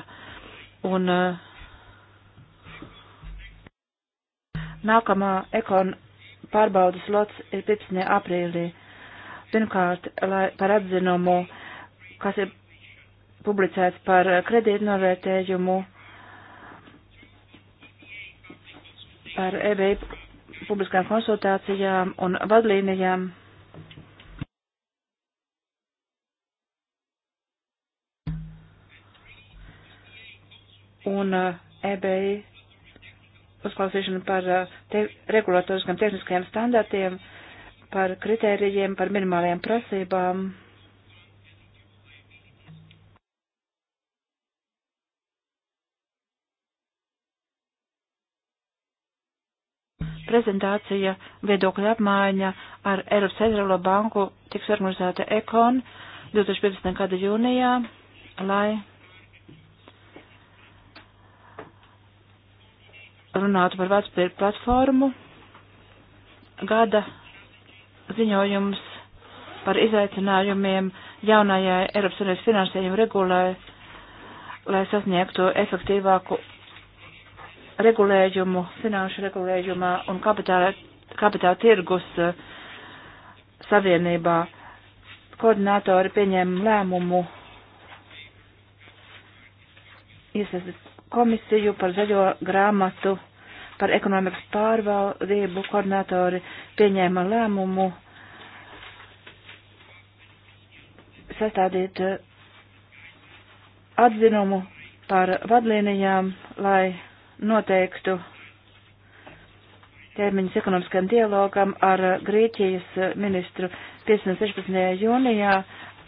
Un eh, nākamā ekon pārbaudas lots ir 15. aprīlī. Pirmkārt, lai par atzinumu, kas ir publicēts par kredītnovērtējumu, par EBI publiskām konsultācijām un vadlīnijām. un EBI eh, e uzklausīšanu par eh, te, regulatoriskiem tehniskajiem standartiem, par kritērijiem, par minimālajām prasībām. Prezentācija, viedokļa apmaiņa ar Eiropas Centrālo banku tiks organizēta ECON 2015. gada jūnijā, lai runātu par vecpēļu platformu. Gada ziņojums par izaicinājumiem jaunajai Eiropas Unības finansējumu regulē, lai sasniegtu efektīvāku regulējumu, finanšu regulējumā un kapitāla, kapitāla tirgus eh, savienībā. Koordinātori pieņēma lēmumu iesaistīt komisiju par zaļo grāmatu par ekonomikas pārvaldību koordinatori pieņēma lēmumu sastādīt eh, atzinumu par vadlīnijām, lai noteiktu termiņus ekonomiskam dialogam ar Grieķijas ministru 15. 16. jūnijā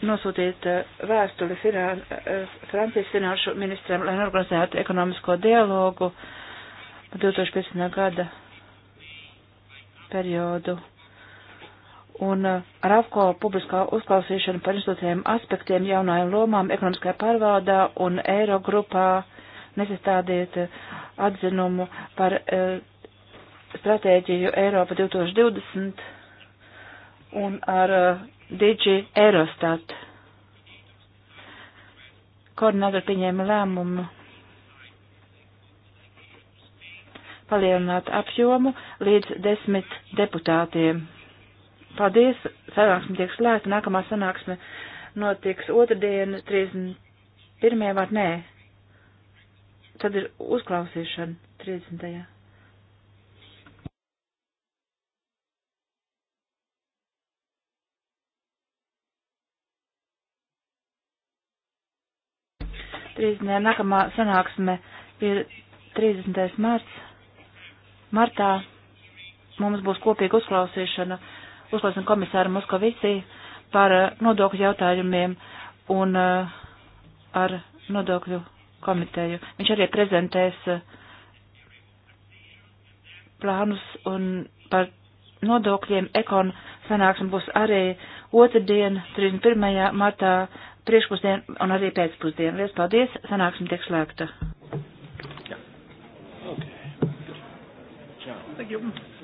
nosūtīt eh, vēstuli finan, eh, Francijas finanšu ministram, lai organizētu ekonomisko dialogu 2015. gada periodu. Un eh, ar AFCO publiskā uzklausīšanu par institūcijiem aspektiem, jaunajām lomām, ekonomiskajā pārvaldā un eiro grupā nesastādīt atzinumu par stratēģiju Eiropa 2020 un ar Digi Eurostat. Koordinātori pieņēma lēmumu palielināt apjomu līdz desmit deputātiem. Paldies, sanāksme tiek slēgta, nākamā sanāksme notiks otrdien, 31. vai nē. Tad ir uzklausīšana 30. 30. nākamā sanāksme ir 30. marts. Martā mums būs kopīga uzklausīšana, uzklausīšana komisāra Moskavici par eh, nodokļu jautājumiem un eh, ar nodokļu komiteju. Viņš arī prezentēs eh, plānus un par nodokļiem ekon sanāksme būs arī otrdien, 31. martā priekšpusdien un arī pēcpusdien. Lies paldies, sanāksim tiek slēgta. Yeah. Okay. Thank you.